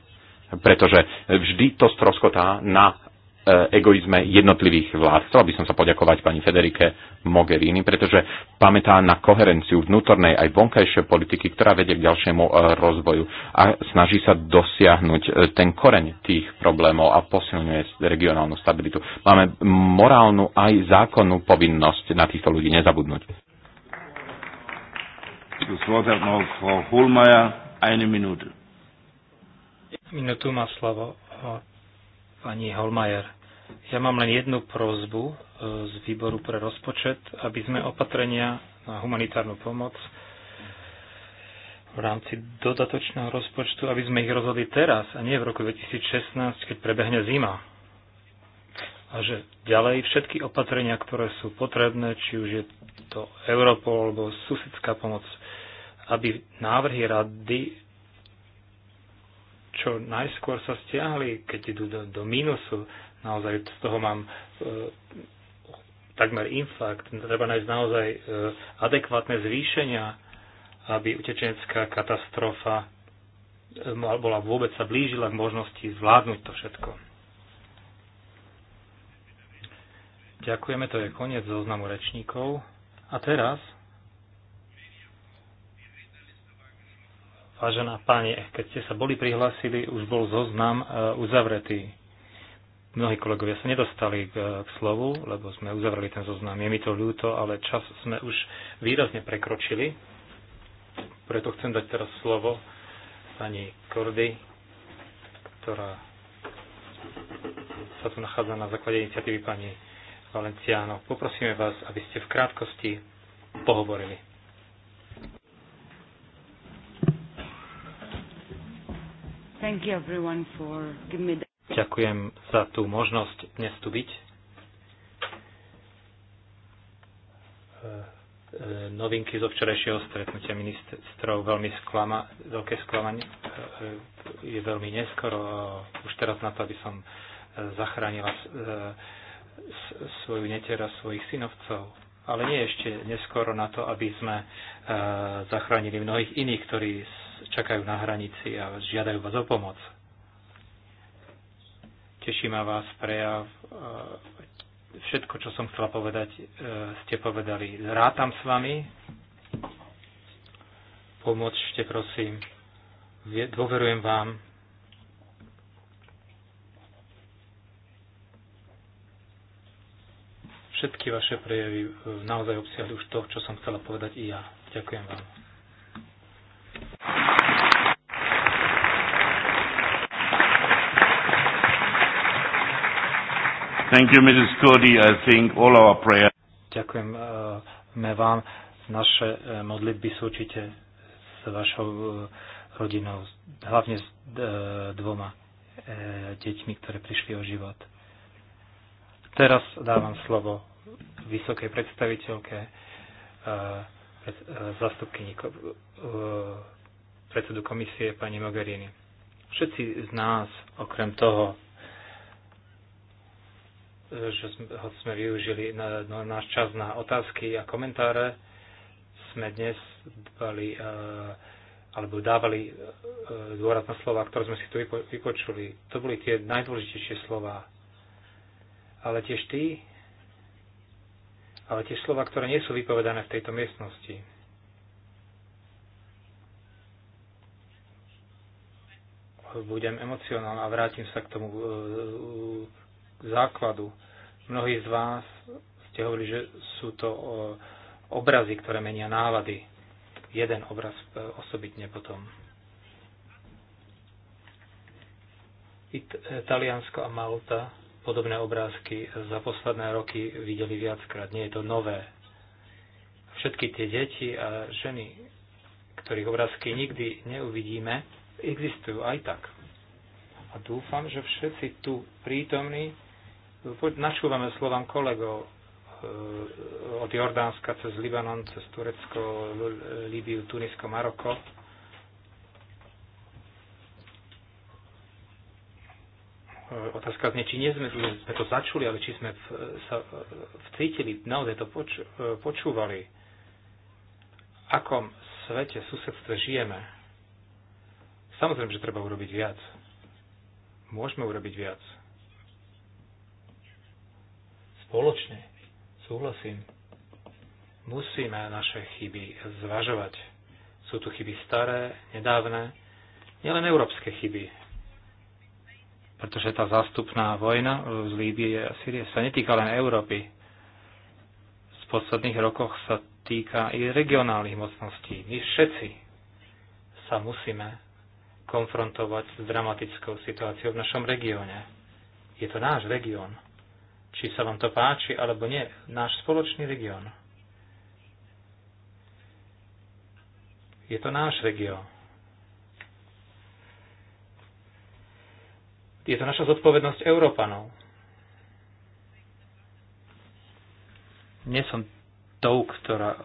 pretože vždy to stroskotá na Eh, egoizme jednotlivých vlád. Chcel by som sa poďakovať pani Federike Mogherini, pretože pamätá na koherenciu vnútornej aj vonkajšej politiky, ktorá vedie k ďalšiemu eh, rozvoju a snaží sa dosiahnuť eh, ten koreň tých problémov a posilňuje regionálnu stabilitu. Máme morálnu aj zákonnú povinnosť na týchto ľudí nezabudnúť. Minútu má slovo pani Holmajer. Ja mám len jednu prozbu e, z výboru pre rozpočet, aby sme opatrenia na humanitárnu pomoc v rámci dodatočného rozpočtu, aby sme ich rozhodli teraz a nie v roku 2016, keď prebehne zima. A že ďalej všetky opatrenia, ktoré sú potrebné, či už je to Europol alebo susedská pomoc, aby návrhy rady čo najskôr sa stiahli, keď idú do, do mínusu, Naozaj z toho mám e, takmer infarkt. Treba nájsť naozaj e, adekvátne zvýšenia, aby utečenecká katastrofa e, bola vôbec sa blížila k možnosti zvládnuť to všetko. Ďakujeme, to je koniec zoznamu rečníkov. A teraz Vážená pani, keď ste sa boli prihlásili, už bol zoznam e, uzavretý mnohí kolegovia sa nedostali k, k slovu, lebo sme uzavreli ten zoznam. Je mi to ľúto, ale čas sme už výrazne prekročili. Preto chcem dať teraz slovo pani Kordy, ktorá sa tu nachádza na základe iniciatívy pani Valenciano. Poprosíme vás, aby ste v krátkosti pohovorili. Thank you everyone for giving me the Ďakujem za tú možnosť dnes tu byť. E, e, novinky zo včerajšieho stretnutia ministrov veľmi sklama, veľké sklamanie e, je veľmi neskoro. Už teraz na to, aby som zachránila svoju netera, svojich synovcov. Ale nie ešte neskoro na to, aby sme zachránili mnohých iných, ktorí čakajú na hranici a žiadajú vás o pomoc. Teší ma vás prejav. E, všetko, čo som chcela povedať, e, ste povedali. Rátam s vami. Pomôžte, prosím. Dôverujem vám. Všetky vaše prejavy e, naozaj obsiahli už to, čo som chcela povedať i ja. Ďakujem vám. Thank you, Mrs. Cody. I think all our Ďakujeme eh, vám. Naše eh, modlitby sú určite s vašou eh, rodinou, hlavne s dvoma deťmi, ktoré prišli o život. Teraz dávam slovo vysokej predstaviteľke, zastupkyni predsedu komisie pani Mogherini. Všetci z nás, okrem toho, že sme, ho sme využili na, na náš čas na otázky a komentáre. Sme dnes dbali, e, alebo dávali e, dôraz na slova, ktoré sme si tu vypočuli. To boli tie najdôležitejšie slova. Ale tiež ty ale tiež slova, ktoré nie sú vypovedané v tejto miestnosti. Budem emocionálny a vrátim sa k tomu e, základu. Mnohí z vás ste hovorili, že sú to e, obrazy, ktoré menia nálady. Jeden obraz e, osobitne potom. It Taliansko a Malta podobné obrázky za posledné roky videli viackrát. Nie je to nové. Všetky tie deti a ženy, ktorých obrázky nikdy neuvidíme, existujú aj tak. A dúfam, že všetci tu prítomní Načúvame slovám kolegov eh, od Jordánska cez Libanon, cez Turecko, Líbiu, Tunisko, Maroko. Eh, otázka znie, či nie sme, sme to začuli, ale či sme v, sa eh, vcítili, naozaj to poč, počúvali, v akom svete, susedstve žijeme. Samozrejme, že treba urobiť viac. Môžeme urobiť viac spoločne. Súhlasím. Musíme naše chyby zvažovať. Sú tu chyby staré, nedávne, nielen európske chyby. Pretože tá zástupná vojna z Líbie a Sýrie sa netýka len Európy. V posledných rokoch sa týka i regionálnych mocností. My všetci sa musíme konfrontovať s dramatickou situáciou v našom regióne. Je to náš región či sa vám to páči alebo nie, náš spoločný región. Je to náš región. Je to naša zodpovednosť Európanov. Nie som tou, ktorá,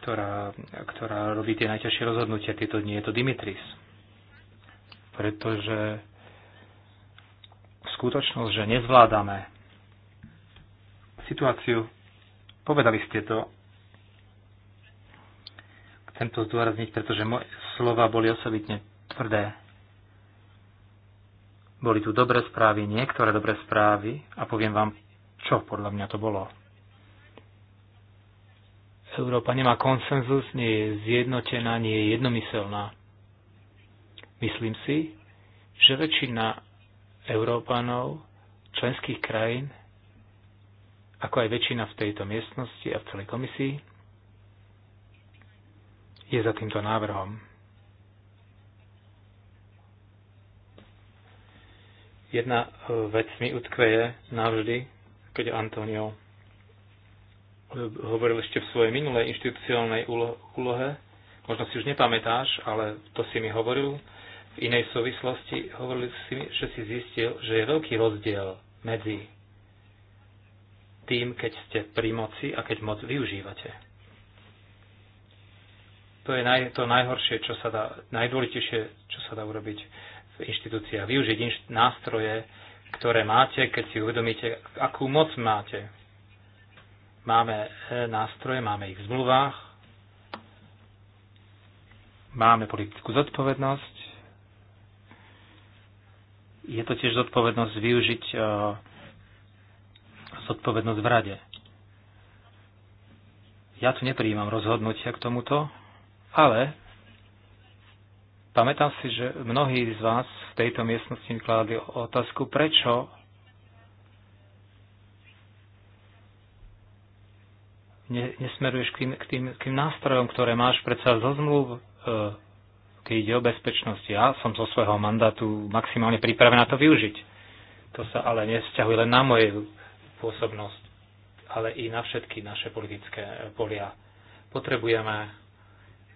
ktorá, ktorá robí tie najťažšie rozhodnutia tieto dni. Je to Dimitris. Pretože skutočnosť, že nezvládame situáciu. Povedali ste to. Chcem to zdôrazniť, pretože moje slova boli osobitne tvrdé. Boli tu dobré správy, niektoré dobré správy a poviem vám, čo podľa mňa to bolo. Európa nemá konsenzus, nie je zjednotená, nie je jednomyselná. Myslím si, že väčšina Európanov členských krajín ako aj väčšina v tejto miestnosti a v celej komisii, je za týmto návrhom. Jedna e, vec mi utkveje navždy, keď Antonio e, hovoril ešte v svojej minulej inštitucionálnej úlohe, možno si už nepamätáš, ale to si mi hovoril, v inej súvislosti hovoril si mi, že si zistil, že je veľký rozdiel medzi tým, keď ste pri moci a keď moc využívate. To je naj, to najhoršie, čo sa dá, najdôležitejšie, čo sa dá urobiť v inštitúciách. Využiť inš, nástroje, ktoré máte, keď si uvedomíte, akú moc máte. Máme e, nástroje, máme ich v zmluvách, máme politickú zodpovednosť, je to tiež zodpovednosť využiť uh, zodpovednosť v rade. Ja tu neprijímam rozhodnutia k tomuto, ale pamätám si, že mnohí z vás v tejto miestnosti mi kládli otázku, prečo nesmeruješ k tým, k tým, k tým nástrojom, ktoré máš predsa zo zmluv, e, keď ide o bezpečnosť. Ja som zo svojho mandátu maximálne pripravená to využiť. To sa ale nevzťahuje len na moje pôsobnosť, ale i na všetky naše politické polia. Potrebujeme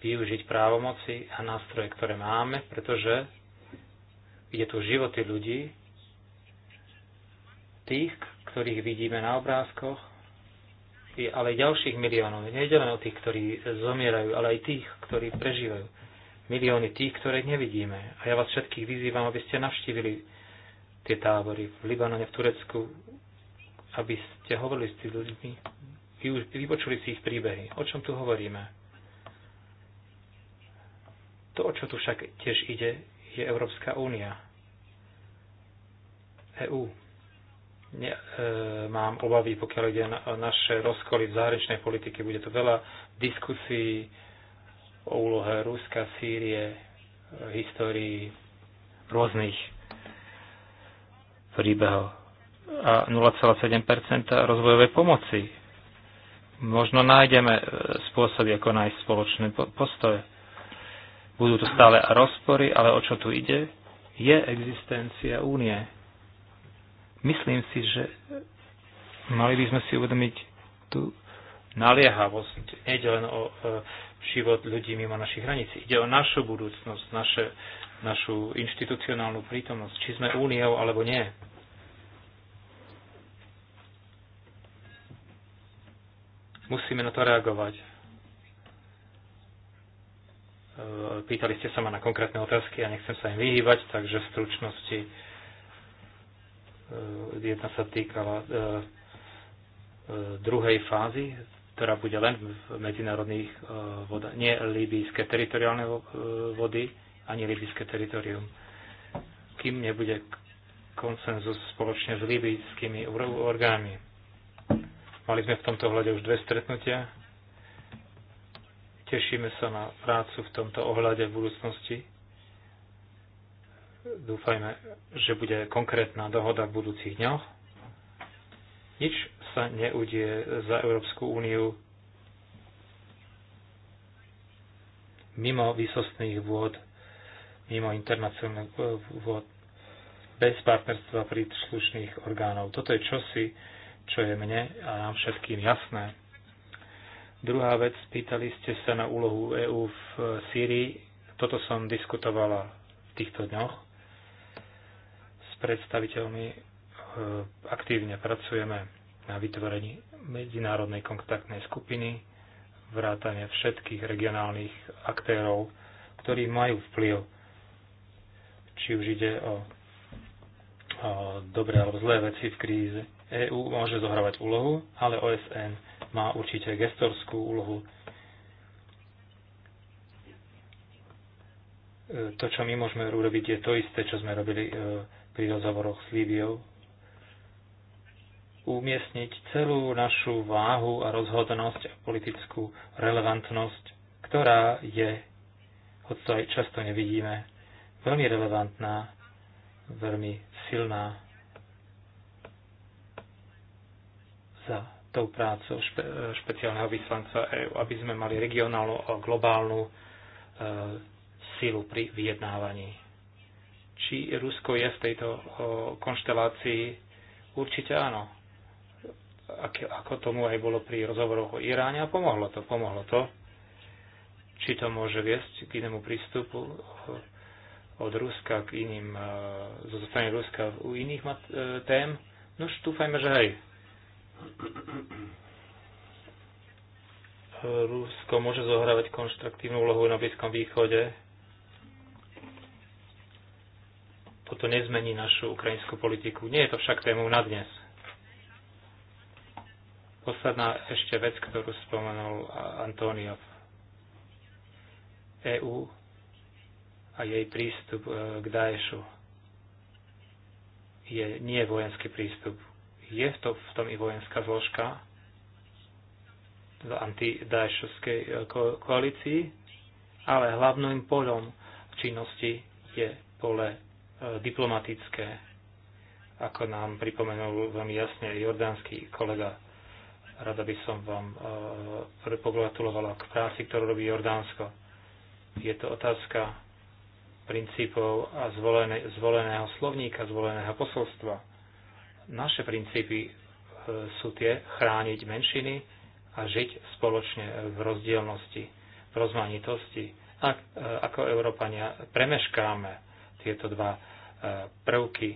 využiť právomoci a nástroje, ktoré máme, pretože je tu životy ľudí, tých, ktorých vidíme na obrázkoch, ale aj ďalších miliónov. Nejde len o tých, ktorí zomierajú, ale aj tých, ktorí prežívajú. Milióny tých, ktoré nevidíme. A ja vás všetkých vyzývam, aby ste navštívili tie tábory v Libanone, v Turecku, aby ste hovorili s tými ľuďmi, vypočuli si ich príbehy. O čom tu hovoríme? To, o čo tu však tiež ide, je Európska únia. EÚ. Ne, e, mám obavy, pokiaľ ide na, naše rozkoly v zahraničnej politike. Bude to veľa diskusí o úlohe Ruska, Sýrie, e, histórii rôznych príbehov a 0,7 rozvojovej pomoci. Možno nájdeme e, spôsoby, ako nájsť spoločné postoje. Budú tu stále rozpory, ale o čo tu ide, je existencia únie. Myslím si, že mali by sme si uvedomiť tú naliehavosť. Nejde len o e, život ľudí mimo našich hraníc. Ide o našu budúcnosť, naše, našu inštitucionálnu prítomnosť, či sme úniou alebo nie. Musíme na to reagovať. E, pýtali ste sa ma na konkrétne otázky a ja nechcem sa im vyhýbať, takže v stručnosti e, jedna sa týkala e, druhej fázy, ktorá bude len v medzinárodných vodách, nie libijské teritoriálne vody, ani libijské teritorium. Kým nebude konsenzus spoločne s libijskými orgánmi Mali sme v tomto ohľade už dve stretnutia. Tešíme sa na prácu v tomto ohľade v budúcnosti. Dúfajme, že bude konkrétna dohoda v budúcich dňoch. Nič sa neudie za Európsku úniu mimo výsostných vôd, mimo internacionálnych vôd, bez partnerstva príslušných orgánov. Toto je čosi, čo je mne a nám všetkým jasné. Druhá vec, pýtali ste sa na úlohu EÚ v eh, Sýrii. Toto som diskutovala v týchto dňoch. S predstaviteľmi eh, aktívne pracujeme na vytvorení medzinárodnej kontaktnej skupiny, vrátane všetkých regionálnych aktérov, ktorí majú vplyv, či už ide o, o dobré alebo zlé veci v kríze, EÚ môže zohrávať úlohu, ale OSN má určite gestorskú úlohu. E, to, čo my môžeme urobiť, je to isté, čo sme robili e, pri rozhovoroch s Líbiou. Umiestniť celú našu váhu a rozhodnosť a politickú relevantnosť, ktorá je, hoď to aj často nevidíme, veľmi relevantná, veľmi silná za tou prácou špe, špeciálneho vyslanca EÚ, aby sme mali regionálnu a globálnu e, silu pri vyjednávaní. Či Rusko je v tejto o, konštelácii? Určite áno. Ak, ako tomu aj bolo pri rozhovoroch o Iráne a pomohlo to. Pomohlo to. Či to môže viesť k inému prístupu e, od Ruska k iným, e, zo strany Ruska u iných e, tém? No tém? dúfajme, že hej Rusko môže zohrávať konštruktívnu úlohu na Blízkom východe. Toto nezmení našu ukrajinskú politiku. Nie je to však tému na dnes. Posledná ešte vec, ktorú spomenul Antoniov. EÚ a jej prístup e, k Daešu je nie vojenský prístup je to v tom i vojenská zložka v antidajšovskej e, koalícii, ale hlavným polom činnosti je pole e, diplomatické, ako nám pripomenul veľmi jasne jordánsky kolega. Rada by som vám e, pogratulovala k práci, ktorú robí Jordánsko. Je to otázka princípov a zvolené, zvoleného slovníka, zvoleného posolstva. Naše princípy e, sú tie chrániť menšiny a žiť spoločne v rozdielnosti, v rozmanitosti. Ak e, ako Európania premeškáme tieto dva e, prvky,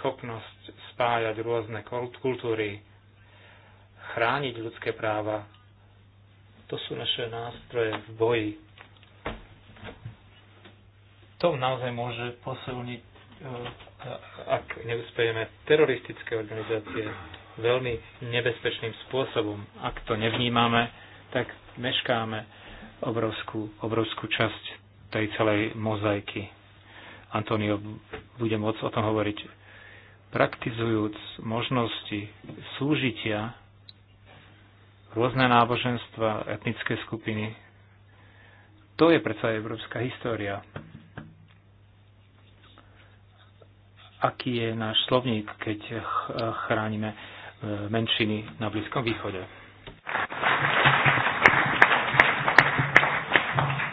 schopnosť spájať rôzne kultúry, chrániť ľudské práva, to sú naše nástroje v boji. To naozaj môže posilniť ak neúspejeme teroristické organizácie veľmi nebezpečným spôsobom. Ak to nevnímame, tak meškáme obrovskú, obrovskú časť tej celej mozaiky. Antonio bude môcť o tom hovoriť. Praktizujúc možnosti súžitia rôzne náboženstva, etnické skupiny, to je predsa európska história. aký je náš slovník, keď chránime e, menšiny na Blízkom východe.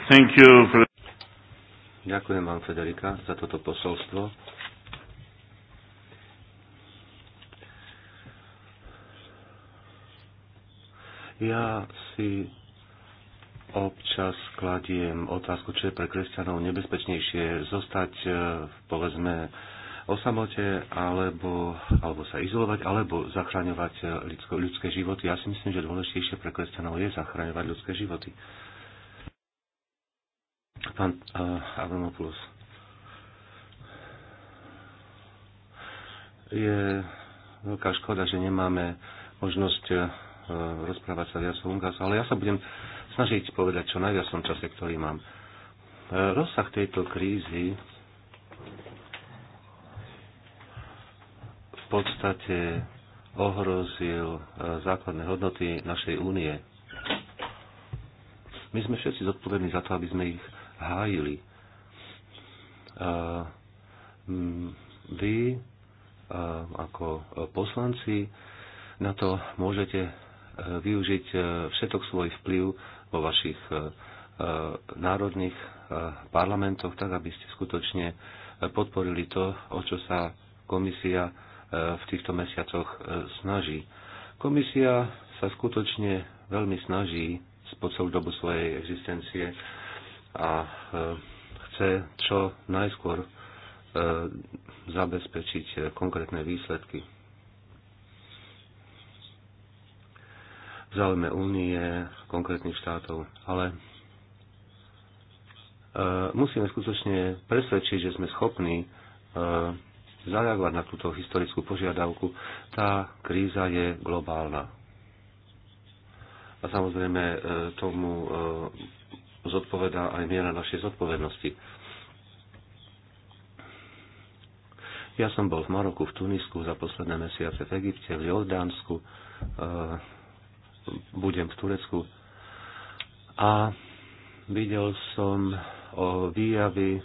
Thank you. Ďakujem vám, Federika, za toto posolstvo. Ja si občas kladiem otázku, čo je pre kresťanov nebezpečnejšie zostať, e, povedzme, o samote, alebo, alebo sa izolovať, alebo zachraňovať eh, ľudsko, ľudské životy. Ja si myslím, že dôležitejšie pre kresťanov je zachraňovať ľudské životy. Pán uh, Avramopoulos. Je veľká škoda, že nemáme možnosť uh, rozprávať sa viac o Ungasu, ale ja sa budem snažiť povedať čo najviac v tom čase, ktorý mám. Uh, rozsah tejto krízy podstate ohrozil e, základné hodnoty našej únie. My sme všetci zodpovední za to, aby sme ich hájili. E, vy e, ako poslanci na to môžete využiť všetok svoj vplyv vo vašich národných parlamentoch, tak aby ste skutočne podporili to, o čo sa komisia E, v týchto mesiacoch e, snaží. Komisia sa skutočne veľmi snaží po celú dobu svojej existencie a e, chce čo najskôr zabezpečiť konkrétne výsledky. V záujme únie, konkrétnych štátov, ale musíme skutočne presvedčiť, že sme schopní zareagovať na túto historickú požiadavku. Tá kríza je globálna. A samozrejme e, tomu e, zodpovedá aj miera našej zodpovednosti. Ja som bol v Maroku, v Tunisku za posledné mesiace, v Egypte, v Jordánsku, e, budem v Turecku. A videl som o výjavy,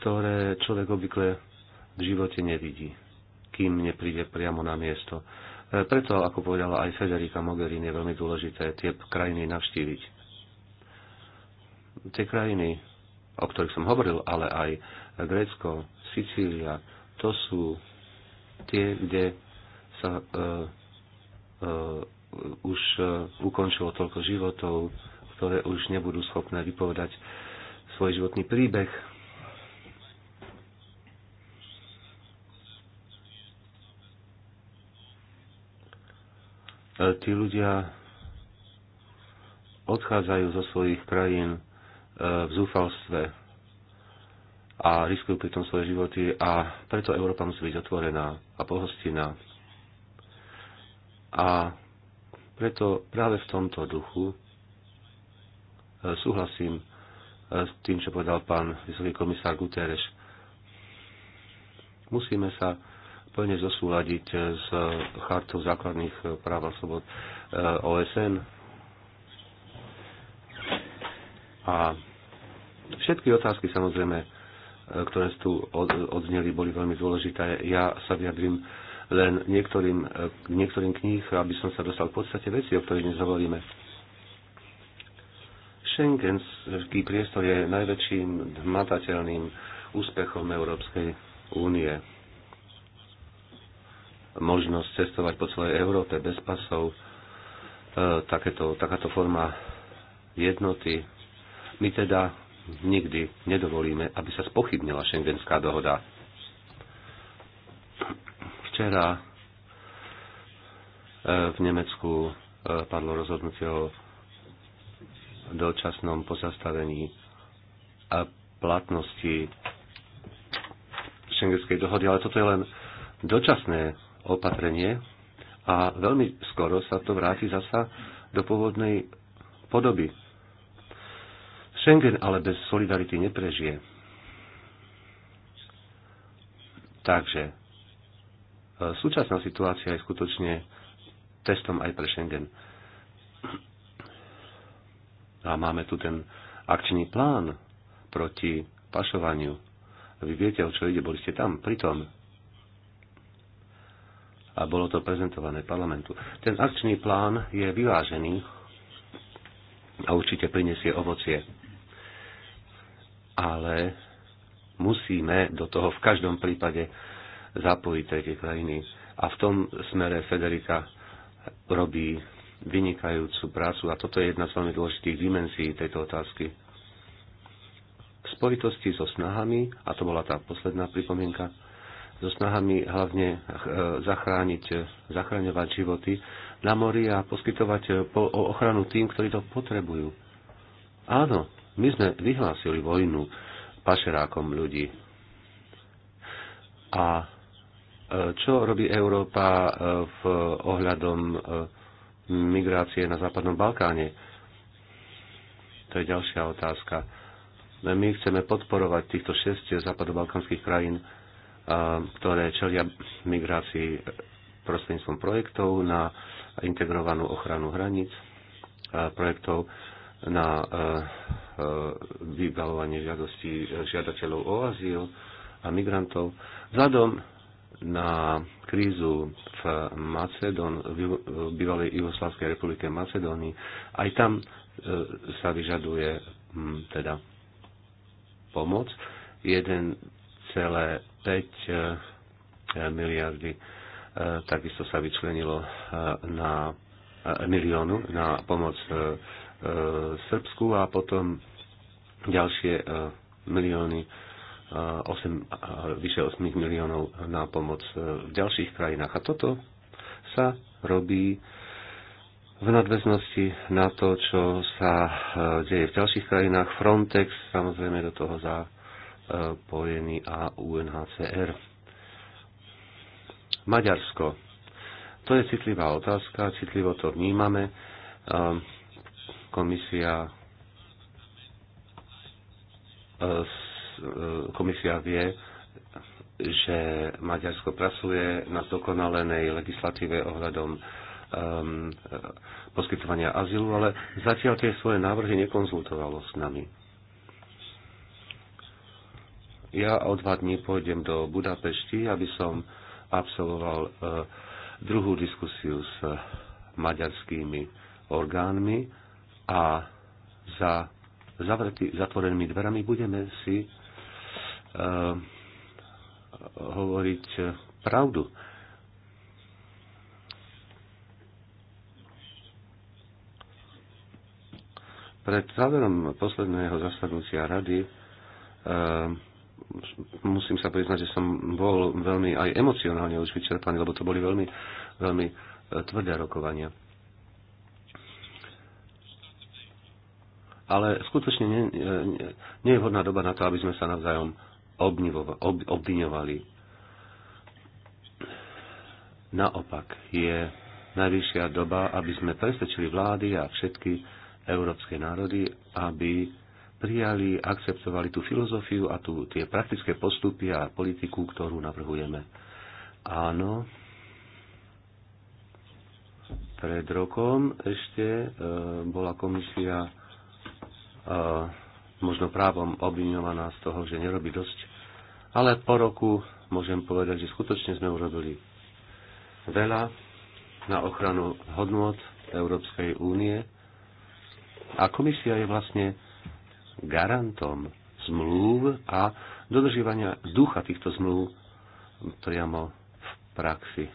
ktoré človek obvykle v živote nevidí, kým nepríde priamo na miesto. E, preto, ako povedala aj Federica Mogherini, je veľmi dôležité tie krajiny navštíviť. Tie krajiny, o ktorých som hovoril, ale aj Grécko, Sicília, to sú tie, kde sa e, e, už e, ukončilo toľko životov, ktoré už nebudú schopné vypovedať svoj životný príbeh, E, tí ľudia odchádzajú zo svojich krajín e, v zúfalstve a riskujú pritom svoje životy a preto Európa musí byť otvorená a pohostinná. A preto práve v tomto duchu e, súhlasím s tým, čo povedal pán vysoký komisár Guterres. Musíme sa plne zosúľadiť s chartou základných práv a slobod eh, OSN. A všetky otázky samozrejme, eh, ktoré tu odzneli, boli veľmi dôležité. Ja sa vyjadrím len niektorým, eh, niektorým kníh, aby som sa dostal v podstate veci, o ktorých dnes hovoríme. Schengenský priestor je najväčším hmatateľným úspechom Európskej únie možnosť cestovať po celej Európe bez pasov. E, takéto, takáto forma jednoty. My teda nikdy nedovolíme, aby sa spochybnila šengenská dohoda. Včera e, v Nemecku e, padlo rozhodnutie o dočasnom pozastavení a platnosti šengenskej dohody, ale toto je len dočasné opatrenie a veľmi skoro sa to vráti zasa do pôvodnej podoby. Schengen ale bez solidarity neprežije. Takže e, súčasná situácia je skutočne testom aj pre Schengen. A máme tu ten akčný plán proti pašovaniu. Vy viete, o čo ide, boli ste tam pritom a bolo to prezentované parlamentu. Ten akčný plán je vyvážený a určite prinesie ovocie. Ale musíme do toho v každom prípade zapojiť tretie krajiny. A v tom smere Federika robí vynikajúcu prácu a toto je jedna z veľmi dôležitých dimenzií tejto otázky. V spojitosti so snahami, a to bola tá posledná pripomienka, so snahami hlavne eh, zachrániť, eh, zachraňovať životy na mori a poskytovať eh, ochranu tým, ktorí to potrebujú. Áno, my sme vyhlásili vojnu pašerákom ľudí. A čo robí Európa v ohľadom migrácie na Západnom Balkáne? To je ďalšia otázka. My chceme podporovať týchto šesť západobalkánskych krajín, ktoré čelia migrácii prostredníctvom projektov na integrovanú ochranu hraníc, projektov na vybavovanie žiadostí žiadateľov o azyl a migrantov. Vzhľadom na krízu v Macedón, v bývalej Jugoslavskej republike Macedónii, aj tam e, sa vyžaduje teda pomoc. celé Eh, miliardy eh, takisto sa vyčlenilo eh, na miliónu na pomoc Srbsku a potom ďalšie milióny 8, vyše 8 miliónov na pomoc v ďalších krajinách. A toto sa robí v nadväznosti na to, čo sa deje v ďalších krajinách. Frontex samozrejme do toho za, pojený a UNHCR. Maďarsko. To je citlivá otázka, citlivo to vnímame. Ehm, komisia e, e, komisia vie, že Maďarsko pracuje na dokonalenej legislatíve ohľadom um, poskytovania azylu, ale zatiaľ tie svoje návrhy nekonzultovalo s nami. Ja o dva dní pôjdem do Budapešti, aby som absolvoval e, druhú diskusiu s maďarskými orgánmi a za zavretý, zatvorenými dverami budeme si e, hovoriť pravdu. Pred záverom posledného zasadnutia rady e, musím sa priznať, že som bol veľmi aj emocionálne už vyčerpaný, lebo to boli veľmi, veľmi e, tvrdé rokovania. Ale skutočne nie, e, nie, nie je vhodná doba na to, aby sme sa navzájom ob, obviňovali. Naopak je najvyššia doba, aby sme presvedčili vlády a všetky európske národy, aby prijali, akceptovali tú filozofiu a tú, tie praktické postupy a politiku, ktorú navrhujeme. Áno, pred rokom ešte e, bola komisia e, možno právom obviňovaná z toho, že nerobí dosť, ale po roku môžem povedať, že skutočne sme urobili veľa na ochranu hodnot Európskej únie a komisia je vlastne garantom zmluv a dodržívania ducha týchto zmluv priamo v praxi.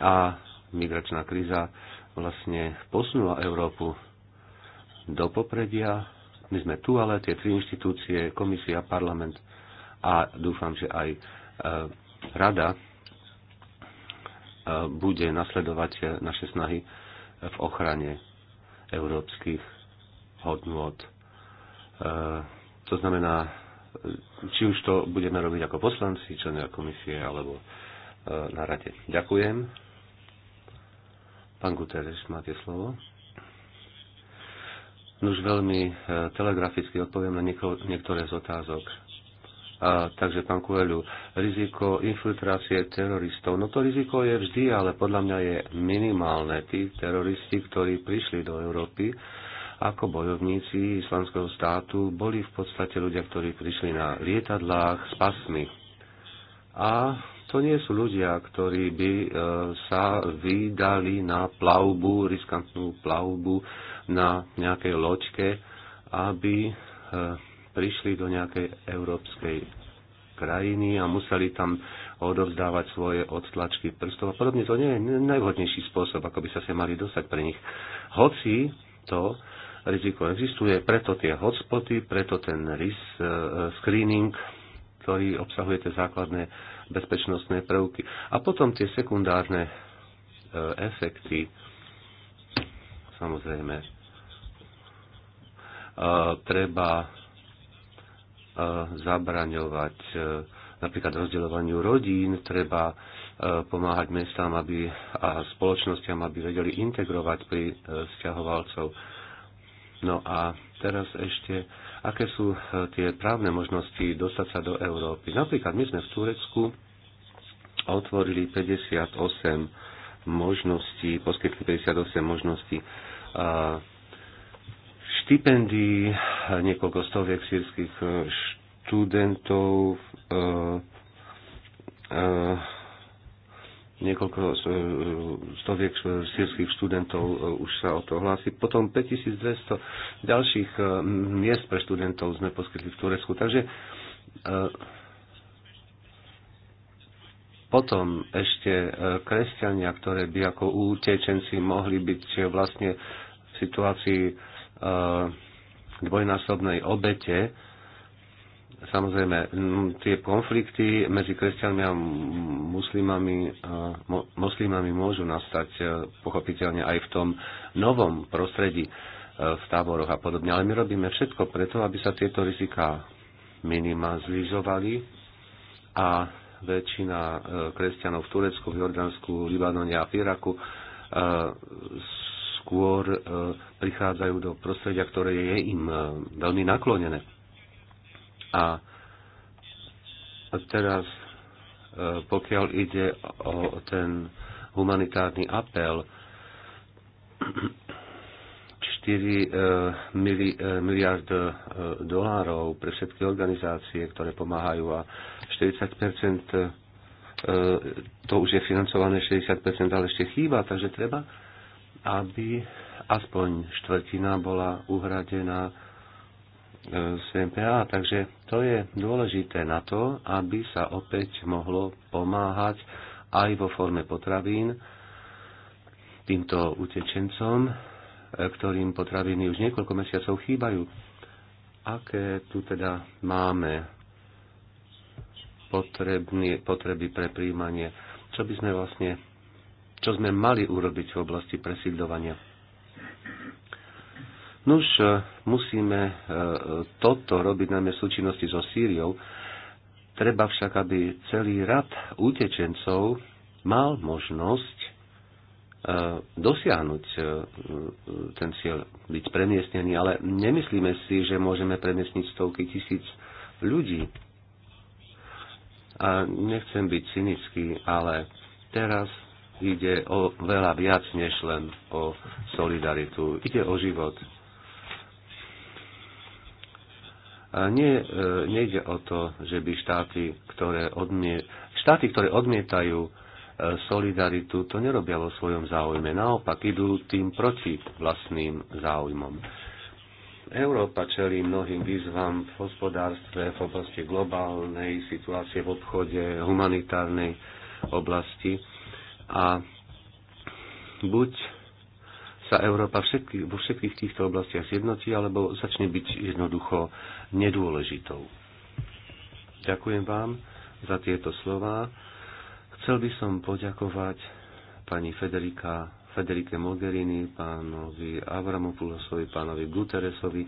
A migračná kríza vlastne posunula Európu do popredia. My sme tu, ale tie tri inštitúcie, komisia, parlament a dúfam, že aj e, rada e, bude nasledovať naše snahy v ochrane európskych E, To znamená, eh, či už to budeme robiť ako poslanci, členia komisie alebo eh, na rade. Ďakujem. Pán Guterres, máte slovo. Už veľmi telegraficky odpoviem na niektoré z otázok. A, takže, pán Kuelu, riziko infiltrácie teroristov. No to riziko je vždy, ale podľa mňa je minimálne. Tí teroristi, ktorí prišli do Európy, ako bojovníci islamského státu boli v podstate ľudia, ktorí prišli na lietadlách s pasmi. A to nie sú ľudia, ktorí by e, sa vydali na plavbu, riskantnú plavbu na nejakej loďke, aby e, prišli do nejakej európskej krajiny a museli tam odovzdávať svoje odtlačky prstov a podobne. To nie je najvhodnejší spôsob, ako by sa sa mali dostať pre nich. Hoci to riziko existuje, preto tie hotspoty, preto ten RIS e, e, screening, ktorý obsahuje tie základné bezpečnostné prvky. A potom tie sekundárne e, efekty, samozrejme, treba zabraňovať napríklad rozdeľovaniu rodín, treba pomáhať mestám aby, a spoločnosťam, aby vedeli integrovať pri sťahovalcov. No a teraz ešte, aké sú eh, tie právne možnosti dostať sa do Európy. Napríklad my sme v Turecku otvorili 58 možností, poskytli 58 možností štipendií, niekoľko stoviek sírskych eh, študentov, eh, niekoľko e, stoviek e, sírských študentov e, už sa o to hlási. Potom 5200 ďalších miest pre študentov sme poskytli v Turecku. Takže potom ešte kresťania, ktoré by ako útečenci mohli byť vlastne v situácii dvojnásobnej obete, Samozrejme, tie konflikty medzi kresťanmi a muslimami, moslimami môžu nastať e, pochopiteľne aj v tom novom prostredí e, v táboroch a podobne. Ale my robíme všetko preto, aby sa tieto riziká minimalizovali a väčšina e, kresťanov v Turecku, v Jordánsku, Libanone a v Iraku skôr prichádzajú do prostredia, ktoré je im veľmi naklonené. A teraz, e, pokiaľ ide o ten humanitárny apel, 4 e, e, miliard dolárov pre všetky organizácie, ktoré pomáhajú a 40 to už je financované 60 ale ešte chýba, takže treba, aby aspoň štvrtina bola uhradená SMPA, takže to je dôležité na to, aby sa opäť mohlo pomáhať aj vo forme potravín týmto utečencom, ktorým potraviny už niekoľko mesiacov chýbajú. Aké tu teda máme potreby pre príjmanie? Čo by sme vlastne, čo sme mali urobiť v oblasti presídľovania? Nuž, e, musíme e, toto robiť najmä v súčinnosti so Sýriou. Treba však, aby celý rad utečencov mal možnosť e, dosiahnuť ten cieľ, byť premiestnený, ale nemyslíme si, že môžeme premiestniť stovky tisíc ľudí. A nechcem byť cynický, ale teraz ide o veľa viac než len o solidaritu. Ide o život Nie, e, nejde o to, že by štáty, ktoré, odmie, štáty, ktoré odmietajú e, solidaritu, to nerobia vo svojom záujme. Naopak idú tým proti vlastným záujmom. Európa čelí mnohým výzvam v hospodárstve, v oblasti globálnej situácie, v obchode, humanitárnej oblasti. A buď sa Európa všetky, vo všetkých týchto oblastiach zjednotí, alebo začne byť jednoducho nedôležitou. Ďakujem vám za tieto slova. Chcel by som poďakovať pani Federika, Federike Mogherini, pánovi Avramopulosovi, pánovi Guteresovi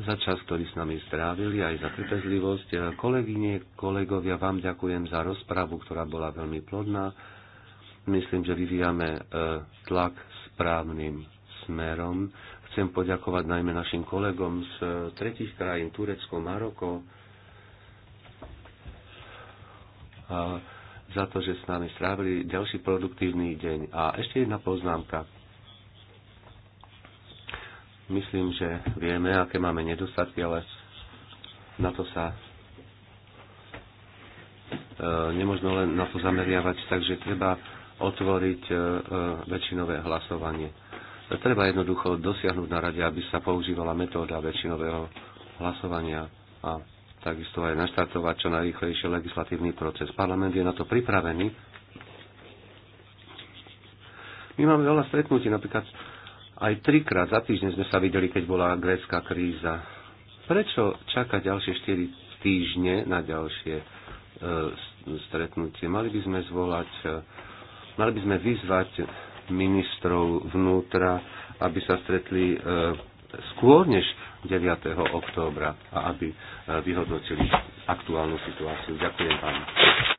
za čas, ktorý s nami strávili, aj za trpezlivosť. Kolegyne, kolegovia, vám ďakujem za rozpravu, ktorá bola veľmi plodná. Myslím, že vyvíjame e, tlak správnym smerom. Chcem poďakovať najmä našim kolegom z eh, tretich krajín, Turecko, Maroko, za to, že s nami strávili ďalší produktívny deň. A ešte jedna poznámka. Myslím, že vieme, aké máme nedostatky, ale na to sa eh, nemôžno len na to zameriavať, takže treba otvoriť eh, väčšinové hlasovanie. Treba jednoducho dosiahnuť na rade, aby sa používala metóda väčšinového hlasovania a takisto aj naštartovať čo najrýchlejšie legislatívny proces. Parlament je na to pripravený. My máme veľa stretnutí, napríklad aj trikrát za týždeň sme sa videli, keď bola grécka kríza. Prečo čakať ďalšie 4 týždne na ďalšie e, stretnutie? Mali by sme zvolať, e, mali by sme vyzvať ministrov vnútra, aby sa stretli e, skôr než 9. októbra a aby e, vyhodnotili aktuálnu situáciu. Ďakujem vám.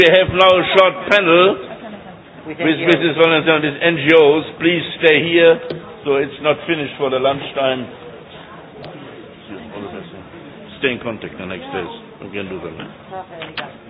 we have now a short panel with Mrs. Valentin his NGOs. Please stay here, so it's not finished for the lunchtime. Stay in contact the next days. We can do that. Eh?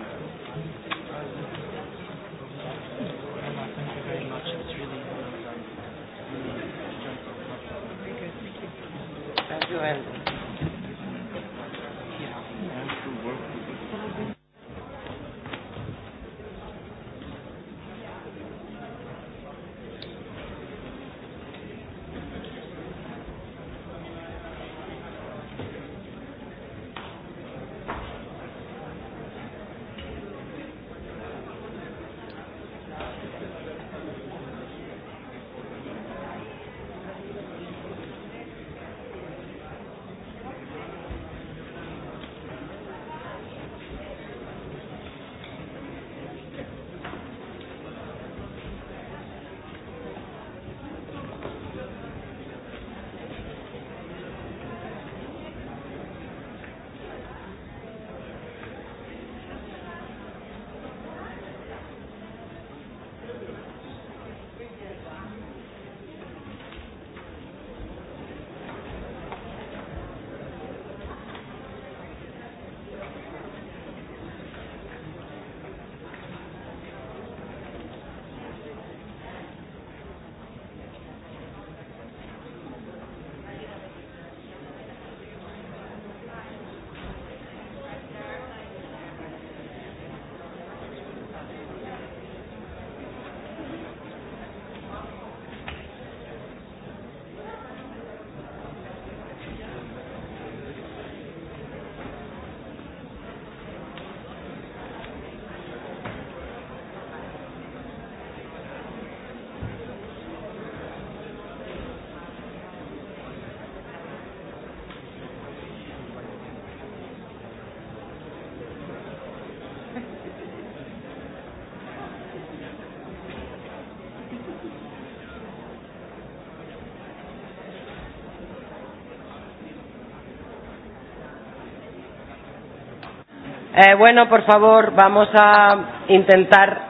Eh, bueno, por favor, vamos a intentar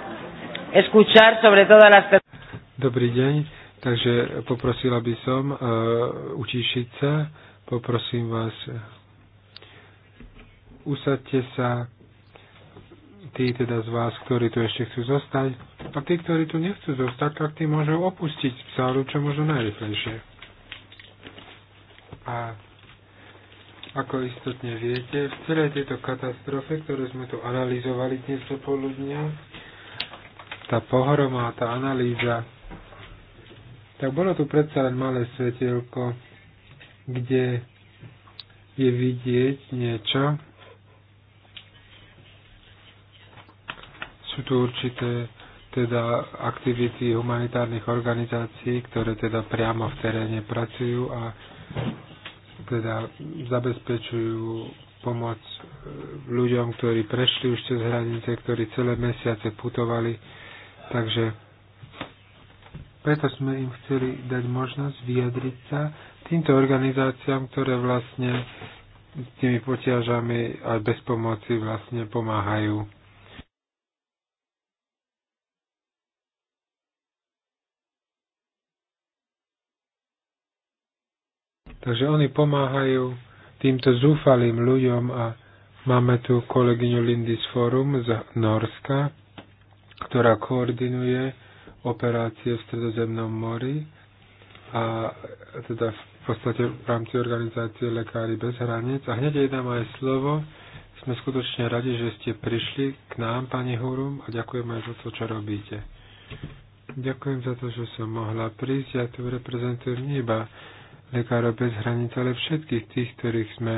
escuchar sobre todo a las personas. Dobrý deň, takže poprosila by som uh, utíšiť sa. Poprosím vás, usadte sa, tí teda z vás, ktorí tu ešte chcú zostať. A tí, ktorí tu nechcú zostať, tak tí môžu opustiť sálu čo možno najrychlejšie. A Uh, ako istotne viete, v celej tejto katastrofe, ktoré sme tu analyzovali dnes popoludnia, tá pohromá, tá analýza, tak bolo tu predsa len malé svetielko, kde je vidieť niečo. Sú tu určité teda aktivity humanitárnych organizácií, ktoré teda priamo v teréne pracujú a teda zabezpečujú pomoc e, ľuďom, ktorí prešli už cez hranice, ktorí celé mesiace putovali. Takže preto sme im chceli dať možnosť vyjadriť sa týmto organizáciám, ktoré vlastne s tými potiažami aj bez pomoci vlastne pomáhajú. Takže oni pomáhajú týmto zúfalým ľuďom a máme tu kolegyňu Lindis Forum z Norska, ktorá koordinuje operácie v Stredozemnom mori a teda v podstate v rámci organizácie Lekári bez hraníc. A hneď jej dám aj slovo. Sme skutočne radi, že ste prišli k nám, pani Hurum, a ďakujem aj za to, čo robíte. Ďakujem za to, že som mohla prísť. Ja tu reprezentujem iba lekárov bez hraníc, ale všetkých tých, ktorých sme,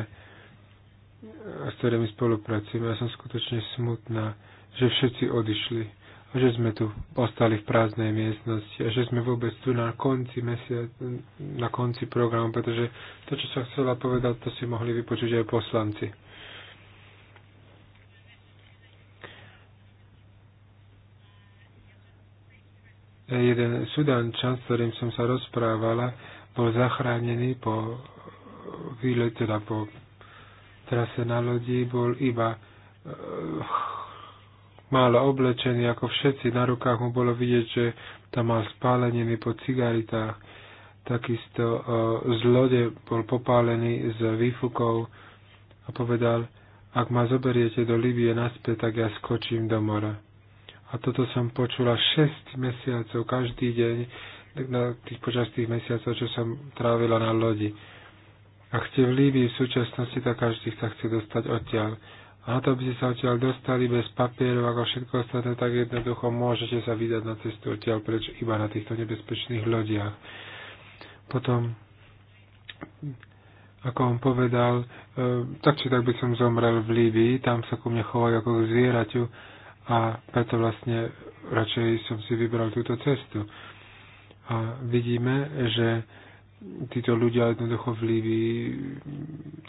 s ktorými spolupracujeme. Ja som skutočne smutná, že všetci odišli a že sme tu ostali v prázdnej miestnosti a že sme vôbec tu na konci mesiac, na konci programu, pretože to, čo som chcela povedať, to si mohli vypočuť aj poslanci. jeden sudančan, s ktorým som sa rozprávala, bol zachránený po výlete, teda po trase na lodi, bol iba e, málo oblečený, ako všetci. Na rukách mu bolo vidieť, že tam mal spáleniny po cigaritách. Takisto e, z lode bol popálený z výfukov a povedal, ak ma zoberiete do Libie naspäť, tak ja skočím do mora. A toto som počula 6 mesiacov, každý deň na tých počas tých mesiacov, čo som trávila na lodi. A chce v Líbii v súčasnosti, tak každý sa chce dostať odtiaľ. A na to, aby ste sa odtiaľ dostali bez papierov, ako všetko ostatné, tak jednoducho môžete sa vydať na cestu odtiaľ preč iba na týchto nebezpečných lodiach. Potom, ako on povedal, e, tak či tak by som zomrel v Líbii, tam sa ku mne chovajú ako k zvieraťu a preto vlastne radšej som si vybral túto cestu. A vidíme, že títo ľudia jednoducho v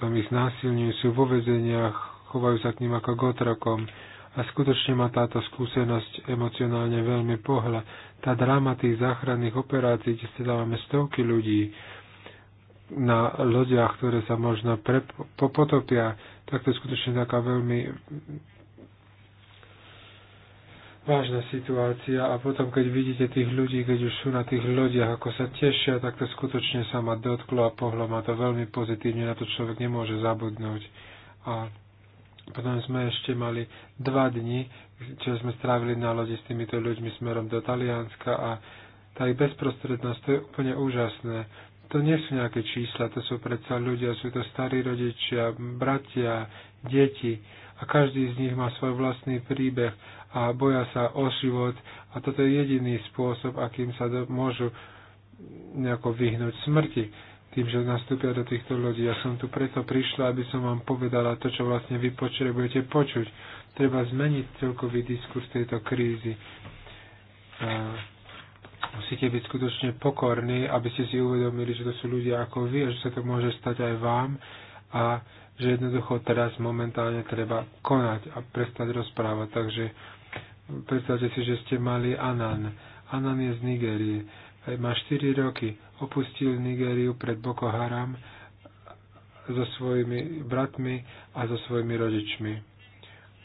tam ich znásilňujú sú vo vezeniach, chovajú sa k ním ako gotrokom. A skutočne ma táto skúsenosť emocionálne veľmi pohľa. Tá drama tých záchranných operácií, kde stávame stovky ľudí na lodiach, ktoré sa možno prep- potopia, tak to je skutočne taká veľmi vážna situácia a potom, keď vidíte tých ľudí, keď už sú na tých lodiach, ako sa tešia, tak to skutočne sa ma dotklo a pohlo ma to veľmi pozitívne, na to človek nemôže zabudnúť. A potom sme ešte mali dva dni, čo sme strávili na lodi s týmito ľuďmi smerom do Talianska a tá ich bezprostrednosť, to je úplne úžasné. To nie sú nejaké čísla, to sú predsa ľudia, sú to starí rodičia, bratia, deti a každý z nich má svoj vlastný príbeh a boja sa o život a toto je jediný spôsob, akým sa do, môžu nejako vyhnúť smrti tým, že nastúpia do týchto ľudí. Ja som tu preto prišla, aby som vám povedala to, čo vlastne vy potrebujete počuť. Treba zmeniť celkový diskurs tejto krízy. A musíte byť skutočne pokorní, aby ste si uvedomili, že to sú ľudia ako vy a že sa to môže stať aj vám a že jednoducho teraz momentálne treba konať a prestať rozprávať. Takže predstavte si, že ste mali Anan. Anan je z Nigérie. Má 4 roky. Opustil Nigériu pred Boko Haram so svojimi bratmi a so svojimi rodičmi.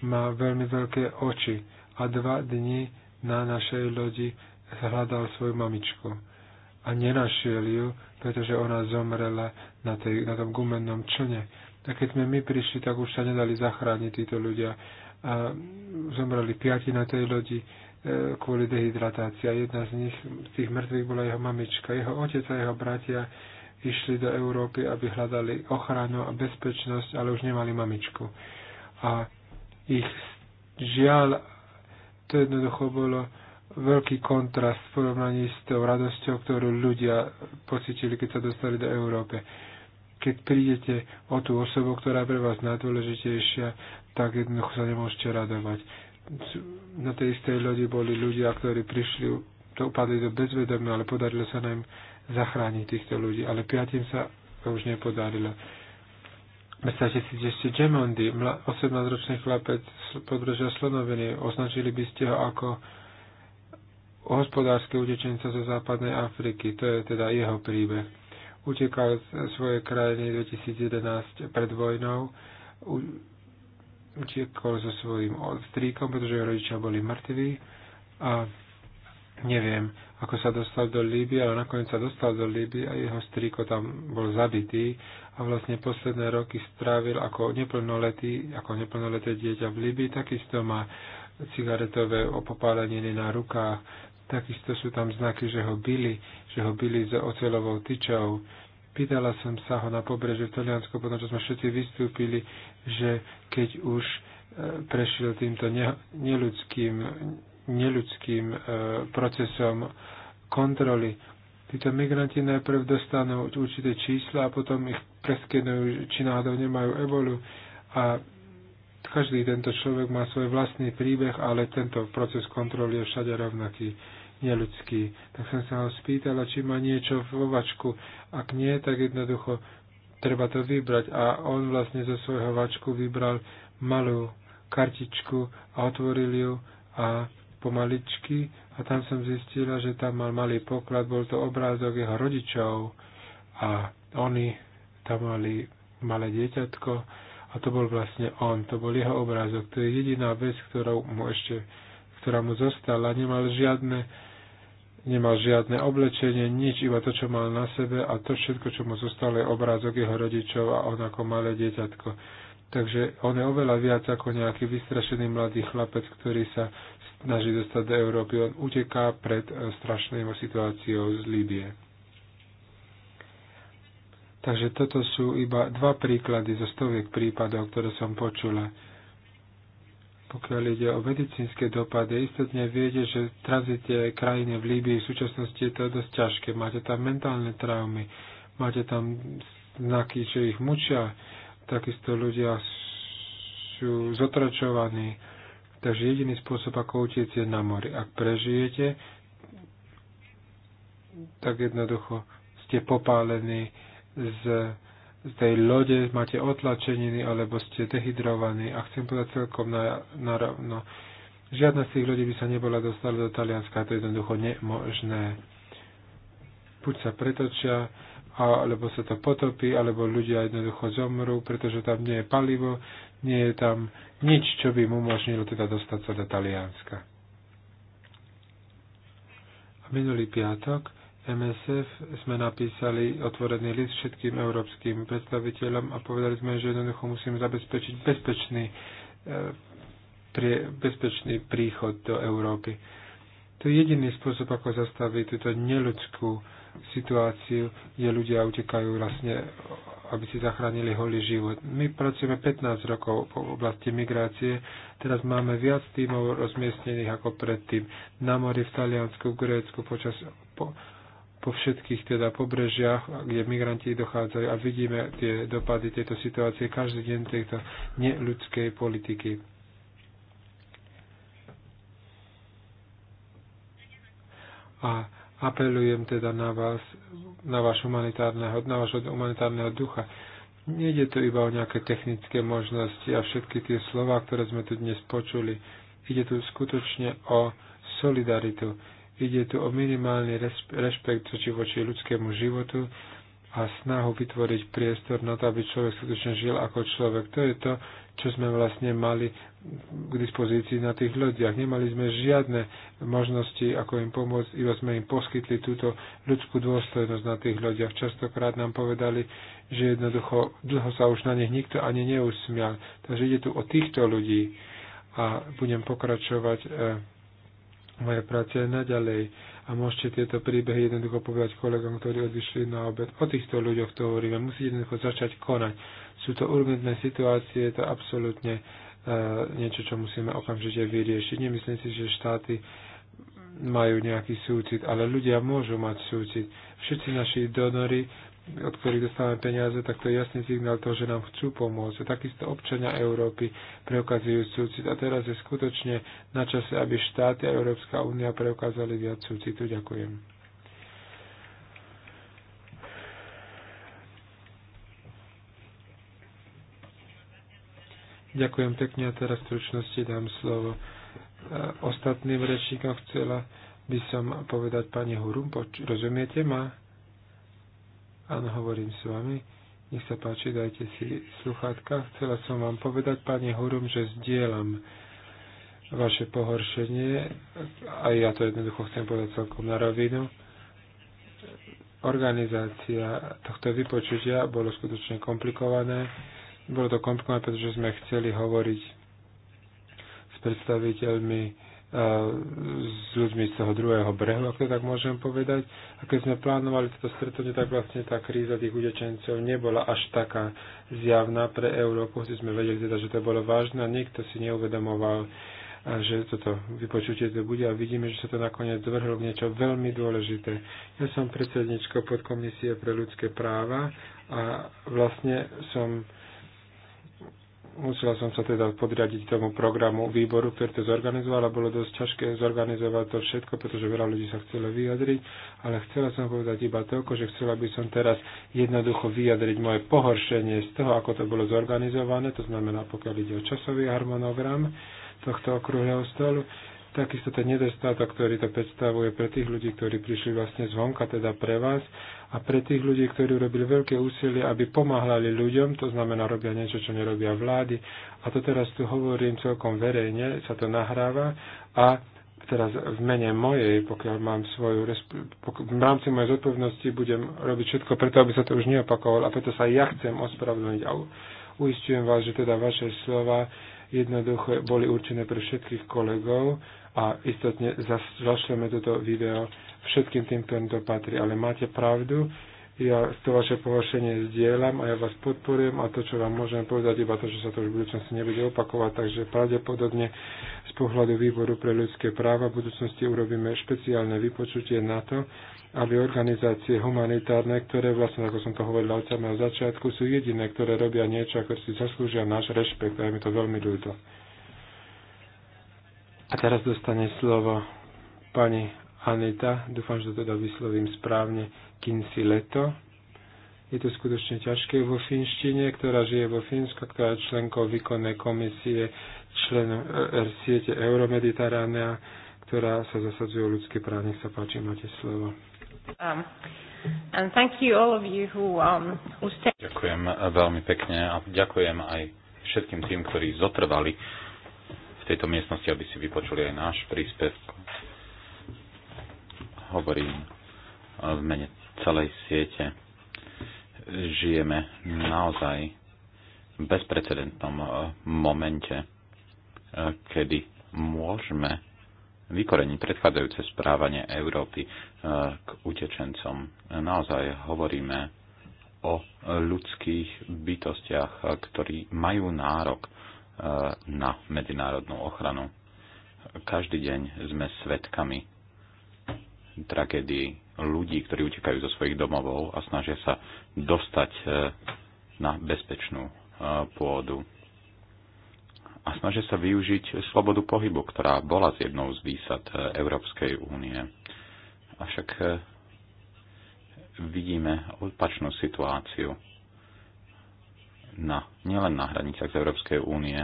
Má veľmi veľké oči a dva dni na našej lodi hľadal svoju mamičku. A nenašiel ju, pretože ona zomrela na, tej, na tom gumennom člne. A keď sme my prišli, tak už sa nedali zachrániť títo ľudia zomreli piati na tej lodi e, kvôli dehydratácii. Jedna z nich, z tých mŕtvych, bola jeho mamička. Jeho otec a jeho bratia išli do Európy, aby hľadali ochranu a bezpečnosť, ale už nemali mamičku. A ich žiaľ, to jednoducho bolo veľký kontrast v porovnaní s tou radosťou, ktorú ľudia pocitili, keď sa dostali do Európy keď prídete o tú osobu, ktorá je pre vás najdôležitejšia, tak jednoducho sa nemôžete radovať. Na tej istej lodi boli ľudia, ktorí prišli, to upadli do bezvedomia, ale podarilo sa nám zachrániť týchto ľudí. Ale piatim sa to už nepodarilo. Predstavte si, že ste Gemondi, 18-ročný chlapec z podbrežia Slonoviny, označili by ste ho ako hospodárske utečenca zo západnej Afriky. To je teda jeho príbeh. Utekal z svojej krajiny 2011 pred vojnou, utiekol so svojím strýkom, pretože jeho rodičia boli mŕtvi a neviem, ako sa dostal do Líby, ale nakoniec sa dostal do Líby a jeho strýko tam bol zabitý a vlastne posledné roky strávil ako neplnoletý, ako neplnoleté dieťa v Líby, takisto má cigaretové opopáleniny na rukách, takisto sú tam znaky, že ho byli, že ho byli s oceľovou tyčou, Pýtala som sa ho na pobreže v Taliansku, potom čo sme všetci vystúpili, že keď už e, prešiel týmto ne, neludským, neludským e, procesom kontroly. Títo migranti najprv dostanú určité čísla a potom ich preskenujú, či náhodou nemajú ebolu. A každý tento človek má svoj vlastný príbeh, ale tento proces kontroly je všade rovnaký neludský. Tak som sa ho spýtala, či má niečo v vačku. Ak nie, tak jednoducho treba to vybrať. A on vlastne zo svojho vačku vybral malú kartičku a otvoril ju a pomaličky a tam som zistila, že tam mal malý poklad, bol to obrázok jeho rodičov a oni tam mali malé dieťatko a to bol vlastne on, to bol jeho obrázok. To je jediná vec, ktorá mu ešte, ktorá mu zostala. Nemal žiadne nemal žiadne oblečenie, nič, iba to, čo mal na sebe a to všetko, čo mu zostalo, je obrázok jeho rodičov a on ako malé dieťatko. Takže on je oveľa viac ako nejaký vystrašený mladý chlapec, ktorý sa snaží dostať do Európy. On uteká pred e, strašnou situáciou z Líbie. Takže toto sú iba dva príklady zo stoviek prípadov, ktoré som počula pokiaľ ide o medicínske dopady, istotne viete, že v tranzite krajiny v Líbii v súčasnosti je to dosť ťažké. Máte tam mentálne traumy, máte tam znaky, že ich mučia, takisto ľudia sú zotračovaní, Takže jediný spôsob, ako utiec, je na mori. Ak prežijete, tak jednoducho ste popálení z z tej lode máte otlačeniny alebo ste dehydrovaní a chcem povedať celkom na, na, rovno. Žiadna z tých ľudí by sa nebola dostala do Talianska, to je jednoducho nemožné. Buď sa pretočia, alebo sa to potopí, alebo ľudia jednoducho zomrú, pretože tam nie je palivo, nie je tam nič, čo by mu umožnilo teda dostať sa do Talianska. A minulý piatok MSF sme napísali otvorený list všetkým európskym predstaviteľom a povedali sme, že jednoducho musíme zabezpečiť bezpečný, e, bezpečný príchod do Európy. To je jediný spôsob, ako zastaviť túto neludskú situáciu, kde ľudia utekajú vlastne, aby si zachránili holý život. My pracujeme 15 rokov v oblasti migrácie, teraz máme viac týmov rozmiestnených ako predtým. Na mori v Taliansku, v Grécku, počas po, po všetkých teda pobrežiach, kde migranti dochádzajú a vidíme tie dopady tejto situácie každý deň tejto neľudskej politiky. A apelujem teda na vás, na váš humanitárneho, na vášho humanitárneho ducha. Nejde tu iba o nejaké technické možnosti a všetky tie slova, ktoré sme tu dnes počuli. Ide tu skutočne o solidaritu Ide tu o minimálny rešpekt voči voči ľudskému životu a snahu vytvoriť priestor na to, aby človek skutočne žil ako človek. To je to, čo sme vlastne mali k dispozícii na tých ľudiach. Nemali sme žiadne možnosti, ako im pomôcť, iba sme im poskytli túto ľudskú dôstojnosť na tých lodiach. Častokrát nám povedali, že jednoducho dlho sa už na nich nikto ani neusmial. Takže ide tu o týchto ľudí a budem pokračovať. Eh, moja práca je naďalej a môžete tieto príbehy jednoducho povedať kolegom, ktorí odišli na obed. O týchto ľuďoch to hovoríme. Musíte jednoducho začať konať. Sú to urgentné situácie, je to absolútne e, niečo, čo musíme okamžite vyriešiť. Nemyslím si, že štáty majú nejaký súcit, ale ľudia môžu mať súcit. Všetci naši donory od ktorých dostávame peniaze, tak to je jasný signál toho, že nám chcú pomôcť. A takisto občania Európy preukazujú súcit. A teraz je skutočne na čase, aby štáty a Európska únia preukázali viac súcitu. Ďakujem. Ďakujem pekne a teraz v stručnosti dám slovo ostatným rečníkom. Chcela by som povedať pani Hurum, rozumiete ma? Áno, hovorím s vami. Nech sa páči, dajte si sluchátka. Chcela som vám povedať, pani Hurum, že zdieľam vaše pohoršenie a ja to jednoducho chcem povedať celkom na rovinu. Organizácia tohto vypočutia bolo skutočne komplikované. Bolo to komplikované, pretože sme chceli hovoriť s predstaviteľmi s ľuďmi z toho druhého brehu, ak to tak môžem povedať. A keď sme plánovali toto stretnutie, tak vlastne tá kríza tých utečencov nebola až taká zjavná pre Európu, hoci sme vedeli teda, že to bolo vážne a nikto si neuvedomoval, že toto vypočutie to bude a vidíme, že sa to nakoniec zvrhlo k niečo veľmi dôležité. Ja som predsednička podkomisie pre ľudské práva a vlastne som musela som sa teda podriadiť tomu programu výboru, ktorý to zorganizoval a bolo dosť ťažké zorganizovať to všetko, pretože veľa ľudí sa chcelo vyjadriť, ale chcela som povedať iba toľko, že chcela by som teraz jednoducho vyjadriť moje pohoršenie z toho, ako to bolo zorganizované, to znamená, pokiaľ ide o časový harmonogram tohto okrúhleho stolu takisto ten nedostatok, ktorý to predstavuje pre tých ľudí, ktorí prišli vlastne zvonka, teda pre vás, a pre tých ľudí, ktorí robili veľké úsilie, aby pomáhali ľuďom, to znamená robia niečo, čo nerobia vlády. A to teraz tu hovorím celkom verejne, sa to nahráva a teraz v mene mojej, pokiaľ mám svoju, v rámci mojej zodpovednosti budem robiť všetko preto, aby sa to už neopakovalo a preto sa ja chcem ospravedlniť a uistujem vás, že teda vaše slova jednoducho boli určené pre všetkých kolegov a istotne zašleme toto video všetkým tým, ktorým to patrí. Ale máte pravdu, ja to vaše pohoršenie zdieľam a ja vás podporujem a to, čo vám môžem povedať, iba to, že sa to už v budúcnosti nebude opakovať, takže pravdepodobne z pohľadu výboru pre ľudské práva v budúcnosti urobíme špeciálne vypočutie na to, aby organizácie humanitárne, ktoré vlastne, ako som to hovoril od samého začiatku, sú jediné, ktoré robia niečo, ako si zaslúžia náš rešpekt a je mi to veľmi ľúto. A teraz dostane slovo pani Aneta, dúfam, že to teda vyslovím správne, Leto. Je to skutočne ťažké vo finštine, ktorá žije vo Fínsku, ktorá je členkou výkonnej komisie členom e, eh, siete Euromediteránea, ktorá sa zasadzuje o ľudské práve. Nech sa páči, máte slovo. Um, and thank you all of you who, um, who stay... Ďakujem veľmi pekne a ďakujem aj všetkým tým, ktorí zotrvali tejto miestnosti, aby si vypočuli aj náš príspevok. Hovorím e, v mene celej siete. Žijeme naozaj v bezprecedentnom e, momente, e, kedy môžeme vykoreniť predchádzajúce správanie Európy k utečencom. Naozaj hovoríme o ľudských bytostiach, ktorí majú nárok na medzinárodnú ochranu. Každý deň sme svetkami tragédií ľudí, ktorí utekajú zo svojich domovov a snažia sa dostať e, na bezpečnú e, pôdu. A snažia sa využiť slobodu pohybu, ktorá bola z jednou z výsad e, Európskej únie. Avšak vidíme opačnú situáciu na, nielen na hranicách z Európskej únie,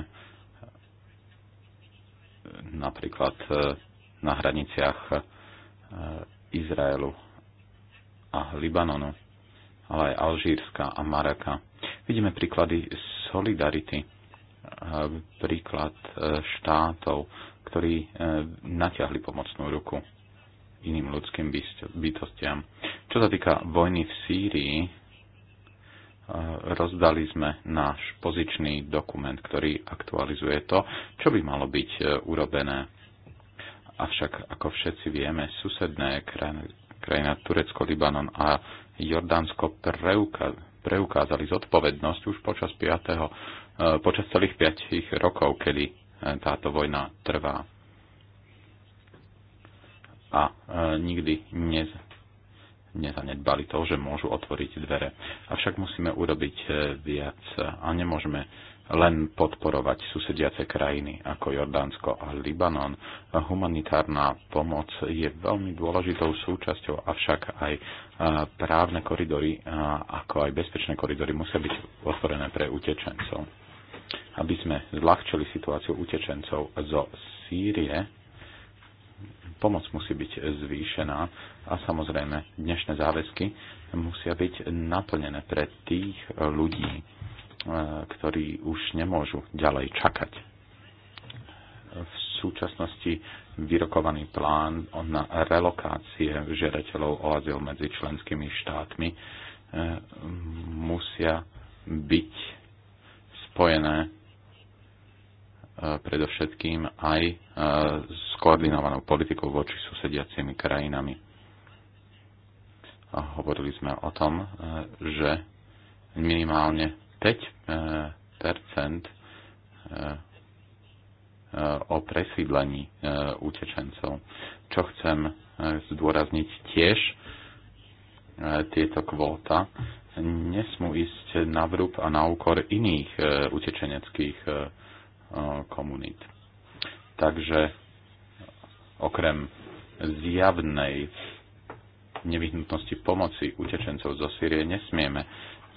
napríklad e, na hraniciach e, Izraelu a Libanonu, ale aj Alžírska a Maraka. Vidíme príklady solidarity, e, príklad štátov, ktorí natiahli pomocnú ruku iným ľudským bytostiam. Čo sa týka vojny v Sýrii, rozdali sme náš pozičný dokument, ktorý aktualizuje to, čo by malo byť e, urobené. Avšak, ako všetci vieme, susedné krajiny, krajina Turecko, Libanon a Jordánsko preukázali zodpovednosť už počas, 5, e, počas celých 5 rokov, kedy e, táto vojna trvá. A nikdy nez, nezanedbali to, že môžu otvoriť dvere. Avšak musíme urobiť e, viac a nemôžeme len podporovať susediace krajiny ako Jordánsko a Libanon. Humanitárna pomoc je veľmi dôležitou súčasťou, avšak aj e, právne koridory, e, ako aj bezpečné koridory musia byť otvorené pre utečencov. Aby sme zľahčili situáciu utečencov zo Sýrie, pomoc musí byť zvýšená a samozrejme dnešné záväzky musia byť naplnené pre tých ľudí, e, ktorí už nemôžu ďalej čakať. V súčasnosti vyrokovaný plán na relokácie žiadateľov o azyl medzi členskými štátmi e, musia byť spojené predovšetkým aj skoordinovanou politikou voči susediacimi krajinami. A hovorili sme o tom, e, že minimálne 5 e, e, o presídlení utečencov. Čo chcem zdôrazniť tiež, tieto kvóta nesmú ísť na vrúb a na úkor iných utečeneckých komunít. Takže okrem zjavnej nevyhnutnosti pomoci utečencov zo Sýrie nesmieme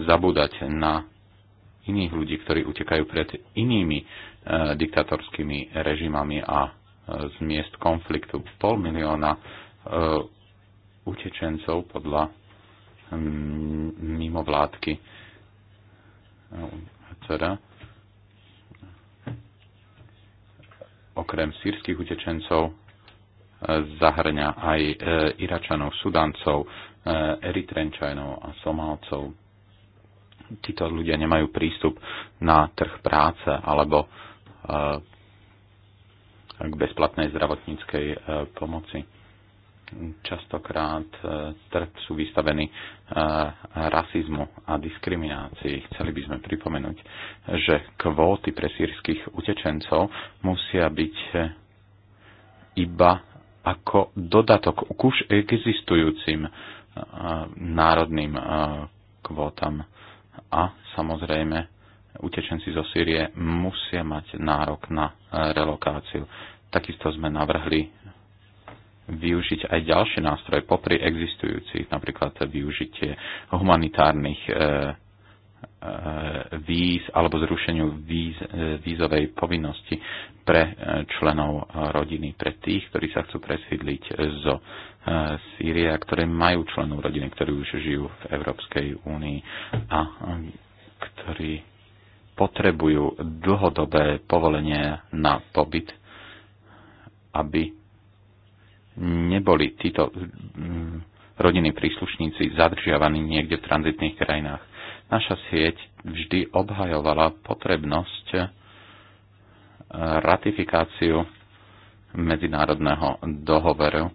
zabúdať na iných ľudí, ktorí utekajú pred inými e, diktatorskými režimami a e, z miest konfliktu. Pol milióna e, utečencov podľa mimovládky e, teda, okrem sírskych utečencov e, zahrňa aj e, Iračanov, Sudancov, e, Eritrenčajnov a Somálcov. Títo ľudia nemajú prístup na trh práce alebo k bezplatnej zdravotníckej pomoci častokrát e, sú vystavení e, rasizmu a diskriminácii. Chceli by sme pripomenúť, že kvóty pre sírskych utečencov musia byť e, iba ako dodatok k už existujúcim národným kvótam. A samozrejme, utečenci zo Sýrie musia mať nárok na relokáciu. Takisto sme navrhli využiť aj ďalšie nástroje popri existujúcich, napríklad využitie humanitárnych e, e, víz alebo zrušeniu víz, e, vízovej povinnosti pre e, členov rodiny, pre tých, ktorí sa chcú presídliť zo e, Sýrie ktoré majú členov rodiny, ktorí už žijú v Európskej únii a ktorí potrebujú dlhodobé povolenie na pobyt, aby neboli títo mm, rodinní príslušníci zadržiavaní niekde v tranzitných krajinách. Naša sieť vždy obhajovala potrebnosť eh, ratifikáciu medzinárodného dohovoru eh,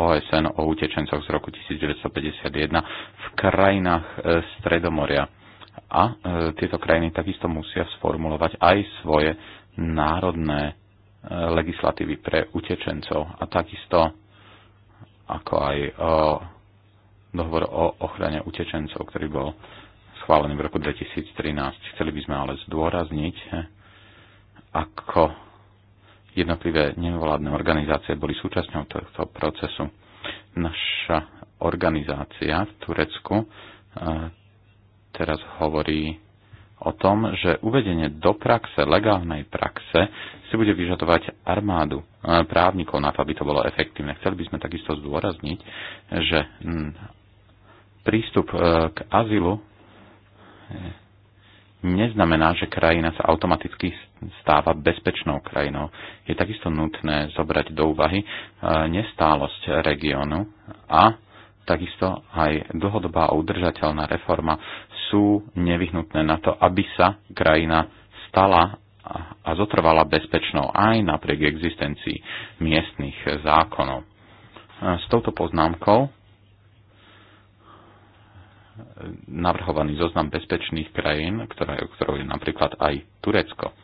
OSN o utečencoch z roku 1951 v krajinách eh, Stredomoria. A tieto krajiny takisto musia sformulovať aj svoje národné legislatívy pre utečencov a takisto ako aj e, dohovor o ochrane utečencov, ktorý bol schválený v roku 2013. Chceli by sme ale zdôrazniť, e, ako jednotlivé nevládne organizácie boli súčasťou tohto procesu. Naša organizácia v Turecku e, teraz hovorí o tom, že uvedenie do praxe, legálnej praxe, si bude vyžadovať armádu e, právnikov na to, aby to bolo efektívne. Chceli by sme takisto zdôrazniť, že mm, prístup e, k azylu e, neznamená, že krajina sa automaticky stáva bezpečnou krajinou. Je takisto nutné zobrať do úvahy nestálosť regiónu a takisto aj dlhodobá a udržateľná reforma sú nevyhnutné na to, aby sa krajina stala a zotrvala bezpečnou aj napriek existencii miestnych zákonov. S touto poznámkou navrhovaný zoznam bezpečných krajín, ktoré, ktorou je napríklad aj Turecko.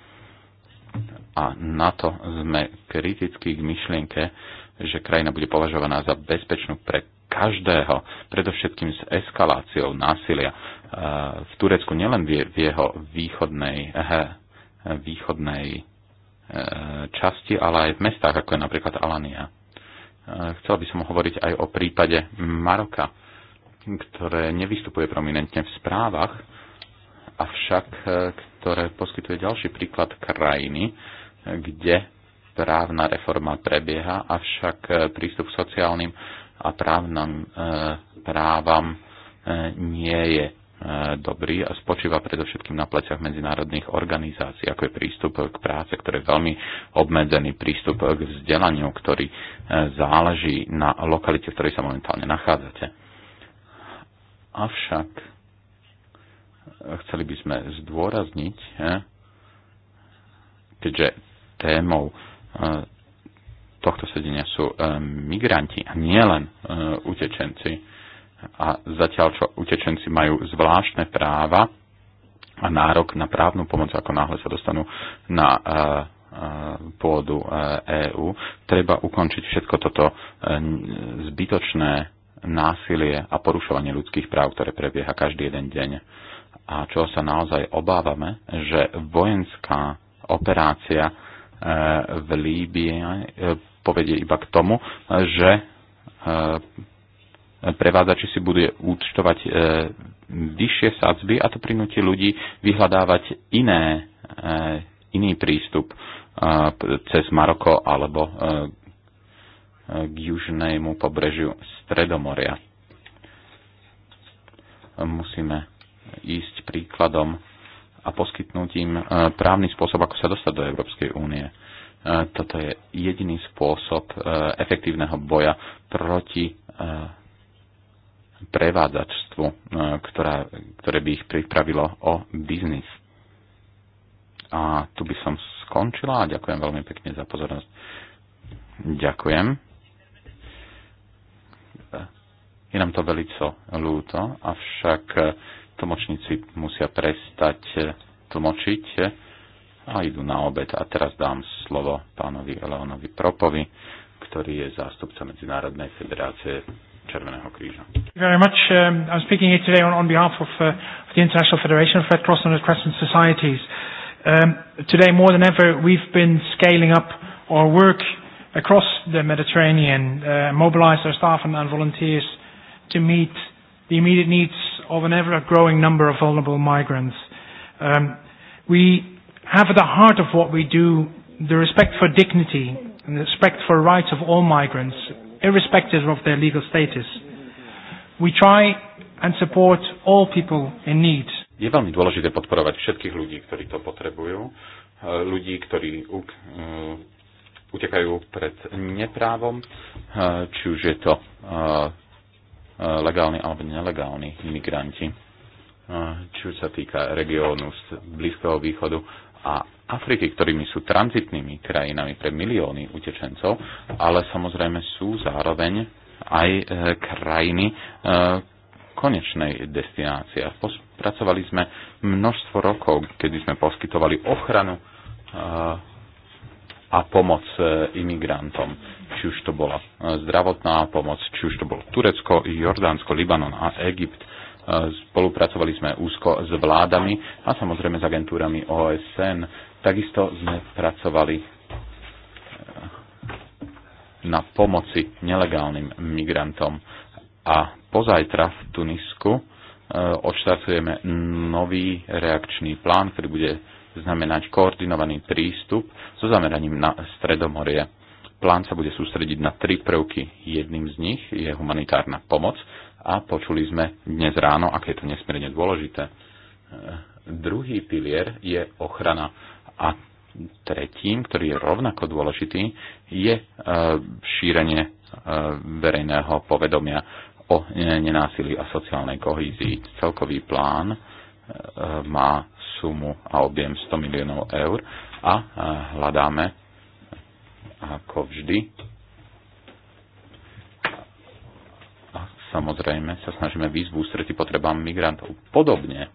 A na to sme kritickí k myšlienke, že krajina bude považovaná za bezpečnú pre každého, predovšetkým s eskaláciou násilia eh, v Turecku, nielen v jeho východnej, eh, východnej eh, časti, ale aj v mestách, ako je napríklad Alania. Chcel by som hovoriť aj o prípade Maroka, ktoré nevystupuje prominentne v správach, avšak ktoré poskytuje ďalší príklad krajiny, kde právna reforma prebieha, avšak prístup k sociálnym a právnom, e, právam e, nie je e, dobrý a spočíva predovšetkým na pleciach medzinárodných organizácií, ako je prístup k práce, ktorý je veľmi obmedzený, prístup k vzdelaniu, ktorý záleží na lokalite, v ktorej sa momentálne nachádzate. Avšak chceli by sme zdôrazniť, keďže témou tohto sedenia sú e, migranti a nielen e, utečenci. A zatiaľ, čo utečenci majú zvláštne práva a nárok na právnu pomoc, ako náhle sa dostanú na e, pôdu EÚ, treba ukončiť všetko toto zbytočné násilie a porušovanie ľudských práv, ktoré prebieha každý jeden deň. A čo sa naozaj obávame, že vojenská operácia v Líbie povedie iba k tomu, že e, prevádzači si budú účtovať e, vyššie sadzby a to prinúti ľudí vyhľadávať iné, e, iný prístup cez Maroko alebo k južnému pobrežiu Stredomoria. Musíme ísť príkladom a poskytnúť im právny spôsob, ako sa dostať do Európskej únie. Toto je jediný spôsob e, efektívneho boja proti e, prevádzačstvu, e, ktorá, ktoré by ich pripravilo o biznis. A tu by som skončila a ďakujem veľmi pekne za pozornosť. Ďakujem. Je nám to veľmi ľúto, avšak tlmočníci musia prestať tlmočiť a idú na obed. A teraz dám slovo pánovi Eleonovi Propovi, ktorý je zástupca Medzinárodnej federácie Červeného kríža. Very much. Um, I'm speaking here today on, on behalf of, uh, of the International Federation of Red Cross and Red Crescent Societies. Um, today, more than ever, we've been scaling up our work across the Mediterranean, uh, mobilized our staff and, and volunteers to meet the immediate needs of an ever-growing number of vulnerable migrants. Um, we have at the heart of what we do the respect for dignity and the respect for rights of all migrants, irrespective of their legal status. We try and support all people in need. Je veľmi dôležité podporovať všetkých ľudí, ktorí to potrebujú, eh, ľudí, ktorí eh, utekajú pred neprávom, eh, či už je to legálni alebo nelegálni imigranti, či už sa týka regiónu z Blízkeho východu a Afriky, ktorými sú tranzitnými krajinami pre milióny utečencov, ale samozrejme sú zároveň aj e, krajiny e, konečnej destinácie. Pracovali sme množstvo rokov, kedy sme poskytovali ochranu e, a pomoc imigrantom. Či už to bola zdravotná pomoc, či už to bolo Turecko, Jordánsko, Libanon a Egypt. Spolupracovali sme úzko s vládami a samozrejme s agentúrami OSN. Takisto sme pracovali eh, na pomoci nelegálnym migrantom. A pozajtra v Tunisku eh, odštartujeme nový reakčný plán, ktorý bude znamenať koordinovaný prístup so zameraním na Stredomorie. Plán sa bude sústrediť na tri prvky. Jedným z nich je humanitárna pomoc, a počuli sme dnes ráno, aké je to nesmierne dôležité. E, druhý pilier je ochrana a tretím, ktorý je rovnako dôležitý, je e, šírenie e, verejného povedomia o nenásilí a sociálnej kohízii. Celkový plán má sumu a objem 100 miliónov eur a hľadáme ako vždy Samozrejme sa snažíme výzvu ústretí potrebám migrantov. Podobne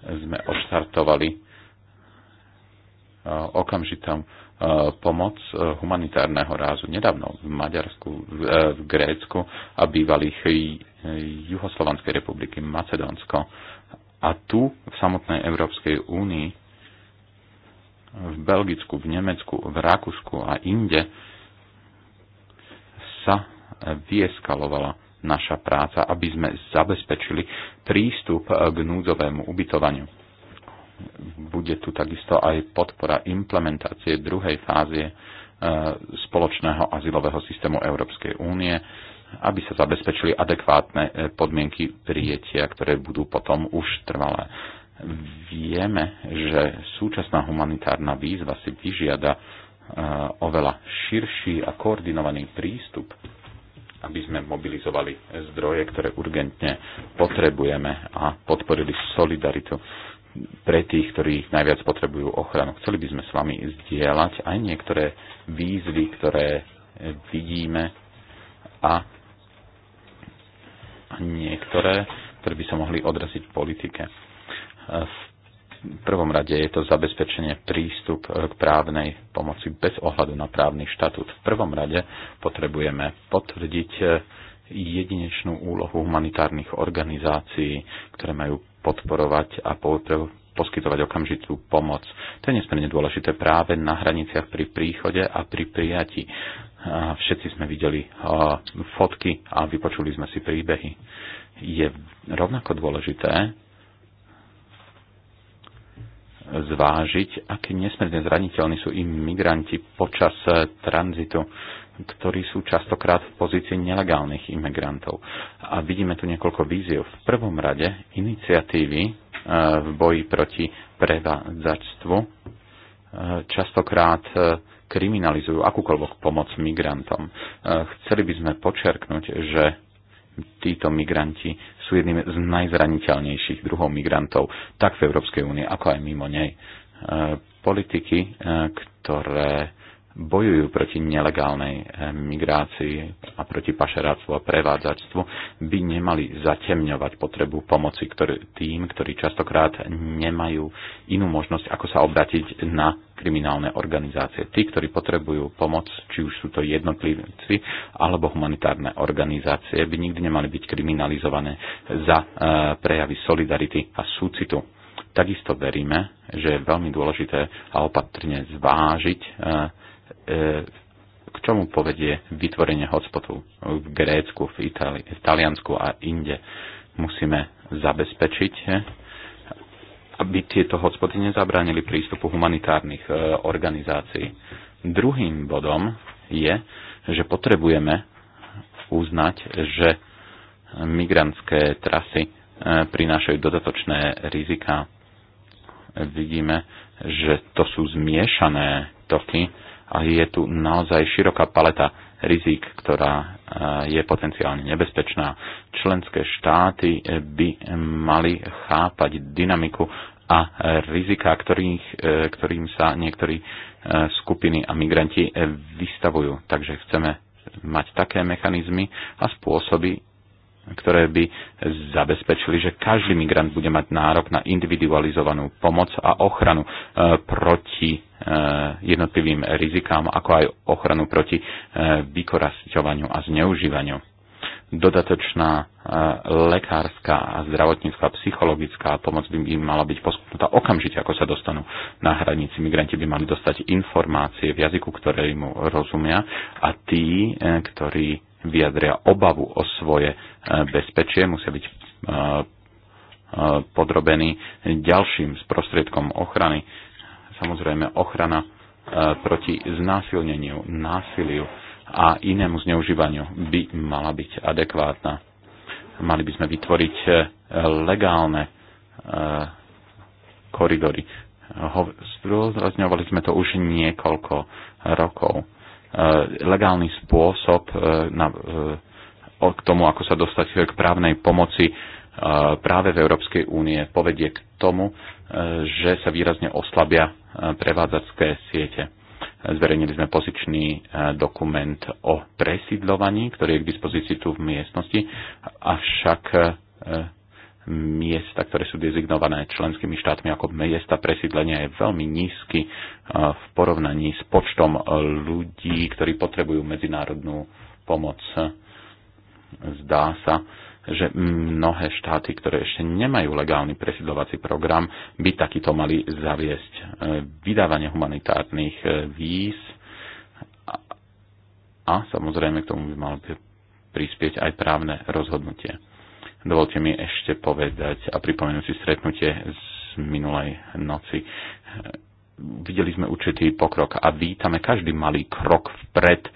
sme odštartovali e, okamžitá e, pomoc e, humanitárneho rázu. Nedávno v Maďarsku, v Grécku a bývalých Juhoslovanskej republiky Macedónsko. A tu v samotnej Európskej únii, v Belgicku, v Nemecku, v Rakúsku a inde sa vyeskalovala naša práca, aby sme zabezpečili prístup eh, k núdzovému ubytovaniu. Bude tu takisto aj podpora implementácie druhej fázie eh, spoločného azylového systému Európskej únie, aby sa zabezpečili adekvátne eh, podmienky prijetia, ktoré budú potom už trvalé. Vieme, že súčasná humanitárna výzva si vyžiada oveľa širší a koordinovaný prístup aby sme mobilizovali zdroje, ktoré urgentne potrebujeme a podporili solidaritu pre tých, ktorí najviac potrebujú ochranu. Chceli by sme s vami zdieľať aj niektoré výzvy, ktoré vidíme a niektoré, ktoré by sa mohli odraziť v politike. V v prvom rade je to zabezpečenie prístup e, k právnej pomoci bez ohľadu na právny štatút. V prvom rade potrebujeme potvrdiť e, jedinečnú úlohu humanitárnych organizácií, ktoré majú podporovať a poskytovať okamžitú pomoc. To je nesmierne dôležité práve na hraniciach pri príchode a pri prijati. E, všetci sme videli fotky a vypočuli sme si príbehy. Je rovnako dôležité zvážiť, aké nesmierne zraniteľní sú im migranti počas e, tranzitu, ktorí sú častokrát v pozícii nelegálnych imigrantov. A vidíme tu niekoľko víziev. V prvom rade iniciatívy e, v boji proti prevádzačstvu e, častokrát kriminalizujú akúkoľvek pomoc migrantom. Chceli by sme počerknúť, že títo migranti sú jedným z najzraniteľnejších druhov migrantov, tak v Európskej únie, ako aj mimo nej. E, politiky, e, ktoré bojujú proti nelegálnej eh, migrácii a proti pašeráctvu a prevádzačstvu, by nemali zatemňovať potrebu pomoci ktorý, tým, ktorí častokrát nemajú inú možnosť, ako sa obratiť na kriminálne organizácie. Tí, ktorí potrebujú pomoc, či už sú to jednotlivci alebo humanitárne organizácie, by nikdy nemali byť kriminalizované za eh, prejavy solidarity a súcitu. Takisto veríme, že je veľmi dôležité a opatrne zvážiť eh, k čomu povedie vytvorenie hotspotu v Grécku, v, Itali- v Taliansku a inde. Musíme zabezpečiť, eh, aby tieto hotspoty nezabránili prístupu humanitárnych eh, organizácií. Druhým bodom je, že potrebujeme uznať, že migrantské trasy eh, prinášajú dodatočné rizika. Vidíme, že to sú zmiešané toky, a je tu naozaj široká paleta rizik, ktorá e, je potenciálne nebezpečná. Členské štáty e, by mali chápať dynamiku a e, rizika, ktorých, ktorým sa niektorí skupiny a migranti vystavujú. Takže chceme mať také mechanizmy a spôsoby, ktoré by zabezpečili, že každý migrant bude mať nárok na individualizovanú pomoc a ochranu e, proti e, jednotlivým rizikám, ako aj ochranu proti e, vykorasťovaniu a zneužívaniu. Dodatočná lekárska a a psychologická pomoc by im mala byť poskytnutá okamžite, ako sa dostanú na hranici. Migranti by mali dostať informácie v jazyku, ktoré mu rozumia a tí, ktorí vyjadria obavu o svoje e, bezpečie, musia byť e, e, podrobení ďalším sprostriedkom ochrany. Samozrejme ochrana proti znásilneniu, násiliu a inému zneužívaniu by mala byť adekvátna. Mali by sme vytvoriť legálne koridory. Zrozňovali sme to už niekoľko rokov E, legálny spôsob e, na, e, k tomu, ako sa dostať k právnej pomoci práve v Európskej únie povedie k tomu, že sa výrazne oslabia prevádzacké siete. Zverejnili sme pozičný dokument o presídlovaní, ktorý je k dispozícii tu v miestnosti, avšak miesta, ktoré sú dezignované členskými štátmi ako miesta presídlenia, je veľmi nízky v porovnaní s počtom e, ľudí, ktorí potrebujú medzinárodnú pomoc. Zdá sa, že mnohé štáty, ktoré ešte nemajú legálny presidlovací program, by takýto mali zaviesť. E, vydávanie humanitárnych e, víz a, a samozrejme k tomu by malo prispieť aj právne rozhodnutie. Dovolte mi ešte povedať a pripomenúť si stretnutie z minulej noci. Videli sme určitý pokrok a vítame každý malý krok vpred eh,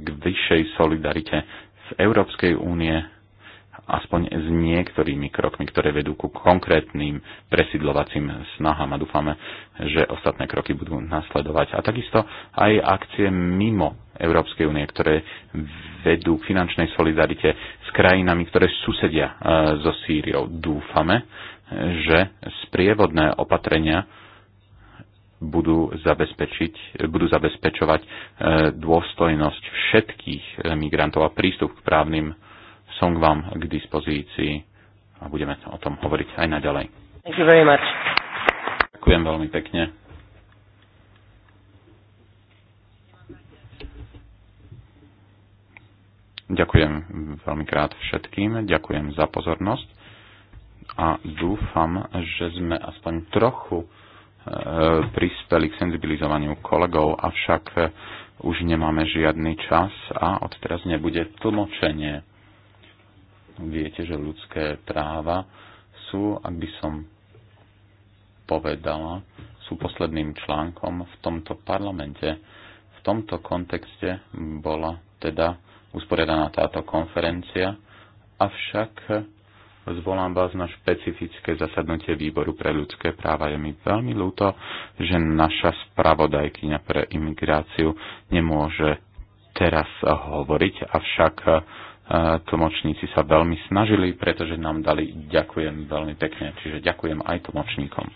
k vyššej solidarite v Európskej únie aspoň s niektorými krokmi, ktoré vedú ku konkrétnym presidlovacím snahám a dúfame, že ostatné kroky budú nasledovať. A takisto aj akcie mimo Európskej únie, ktoré vedú k finančnej solidarite s krajinami, ktoré susedia e, so Sýriou. Dúfame, že sprievodné opatrenia budú, zabezpečiť, budú zabezpečovať e, dôstojnosť všetkých migrantov a prístup k právnym som k vám k dispozícii a budeme o tom hovoriť aj naďalej. Thank you very much. Ďakujem veľmi pekne. Ďakujem veľmi krát všetkým, ďakujem za pozornosť a dúfam, že sme aspoň trochu e, prispeli k senzibilizovaniu kolegov, avšak e, už nemáme žiadny čas a odteraz nebude tlmočenie. Viete, že ľudské práva sú, ak by som povedala, sú posledným článkom v tomto parlamente. V tomto kontexte bola teda usporiadaná táto konferencia, avšak zvolám vás na špecifické zasadnutie výboru pre ľudské práva. Je mi veľmi ľúto, že naša spravodajkyňa pre imigráciu nemôže teraz hovoriť, avšak Tlmočníci sa veľmi snažili, pretože nám dali ďakujem veľmi pekne, čiže ďakujem aj tlmočníkom.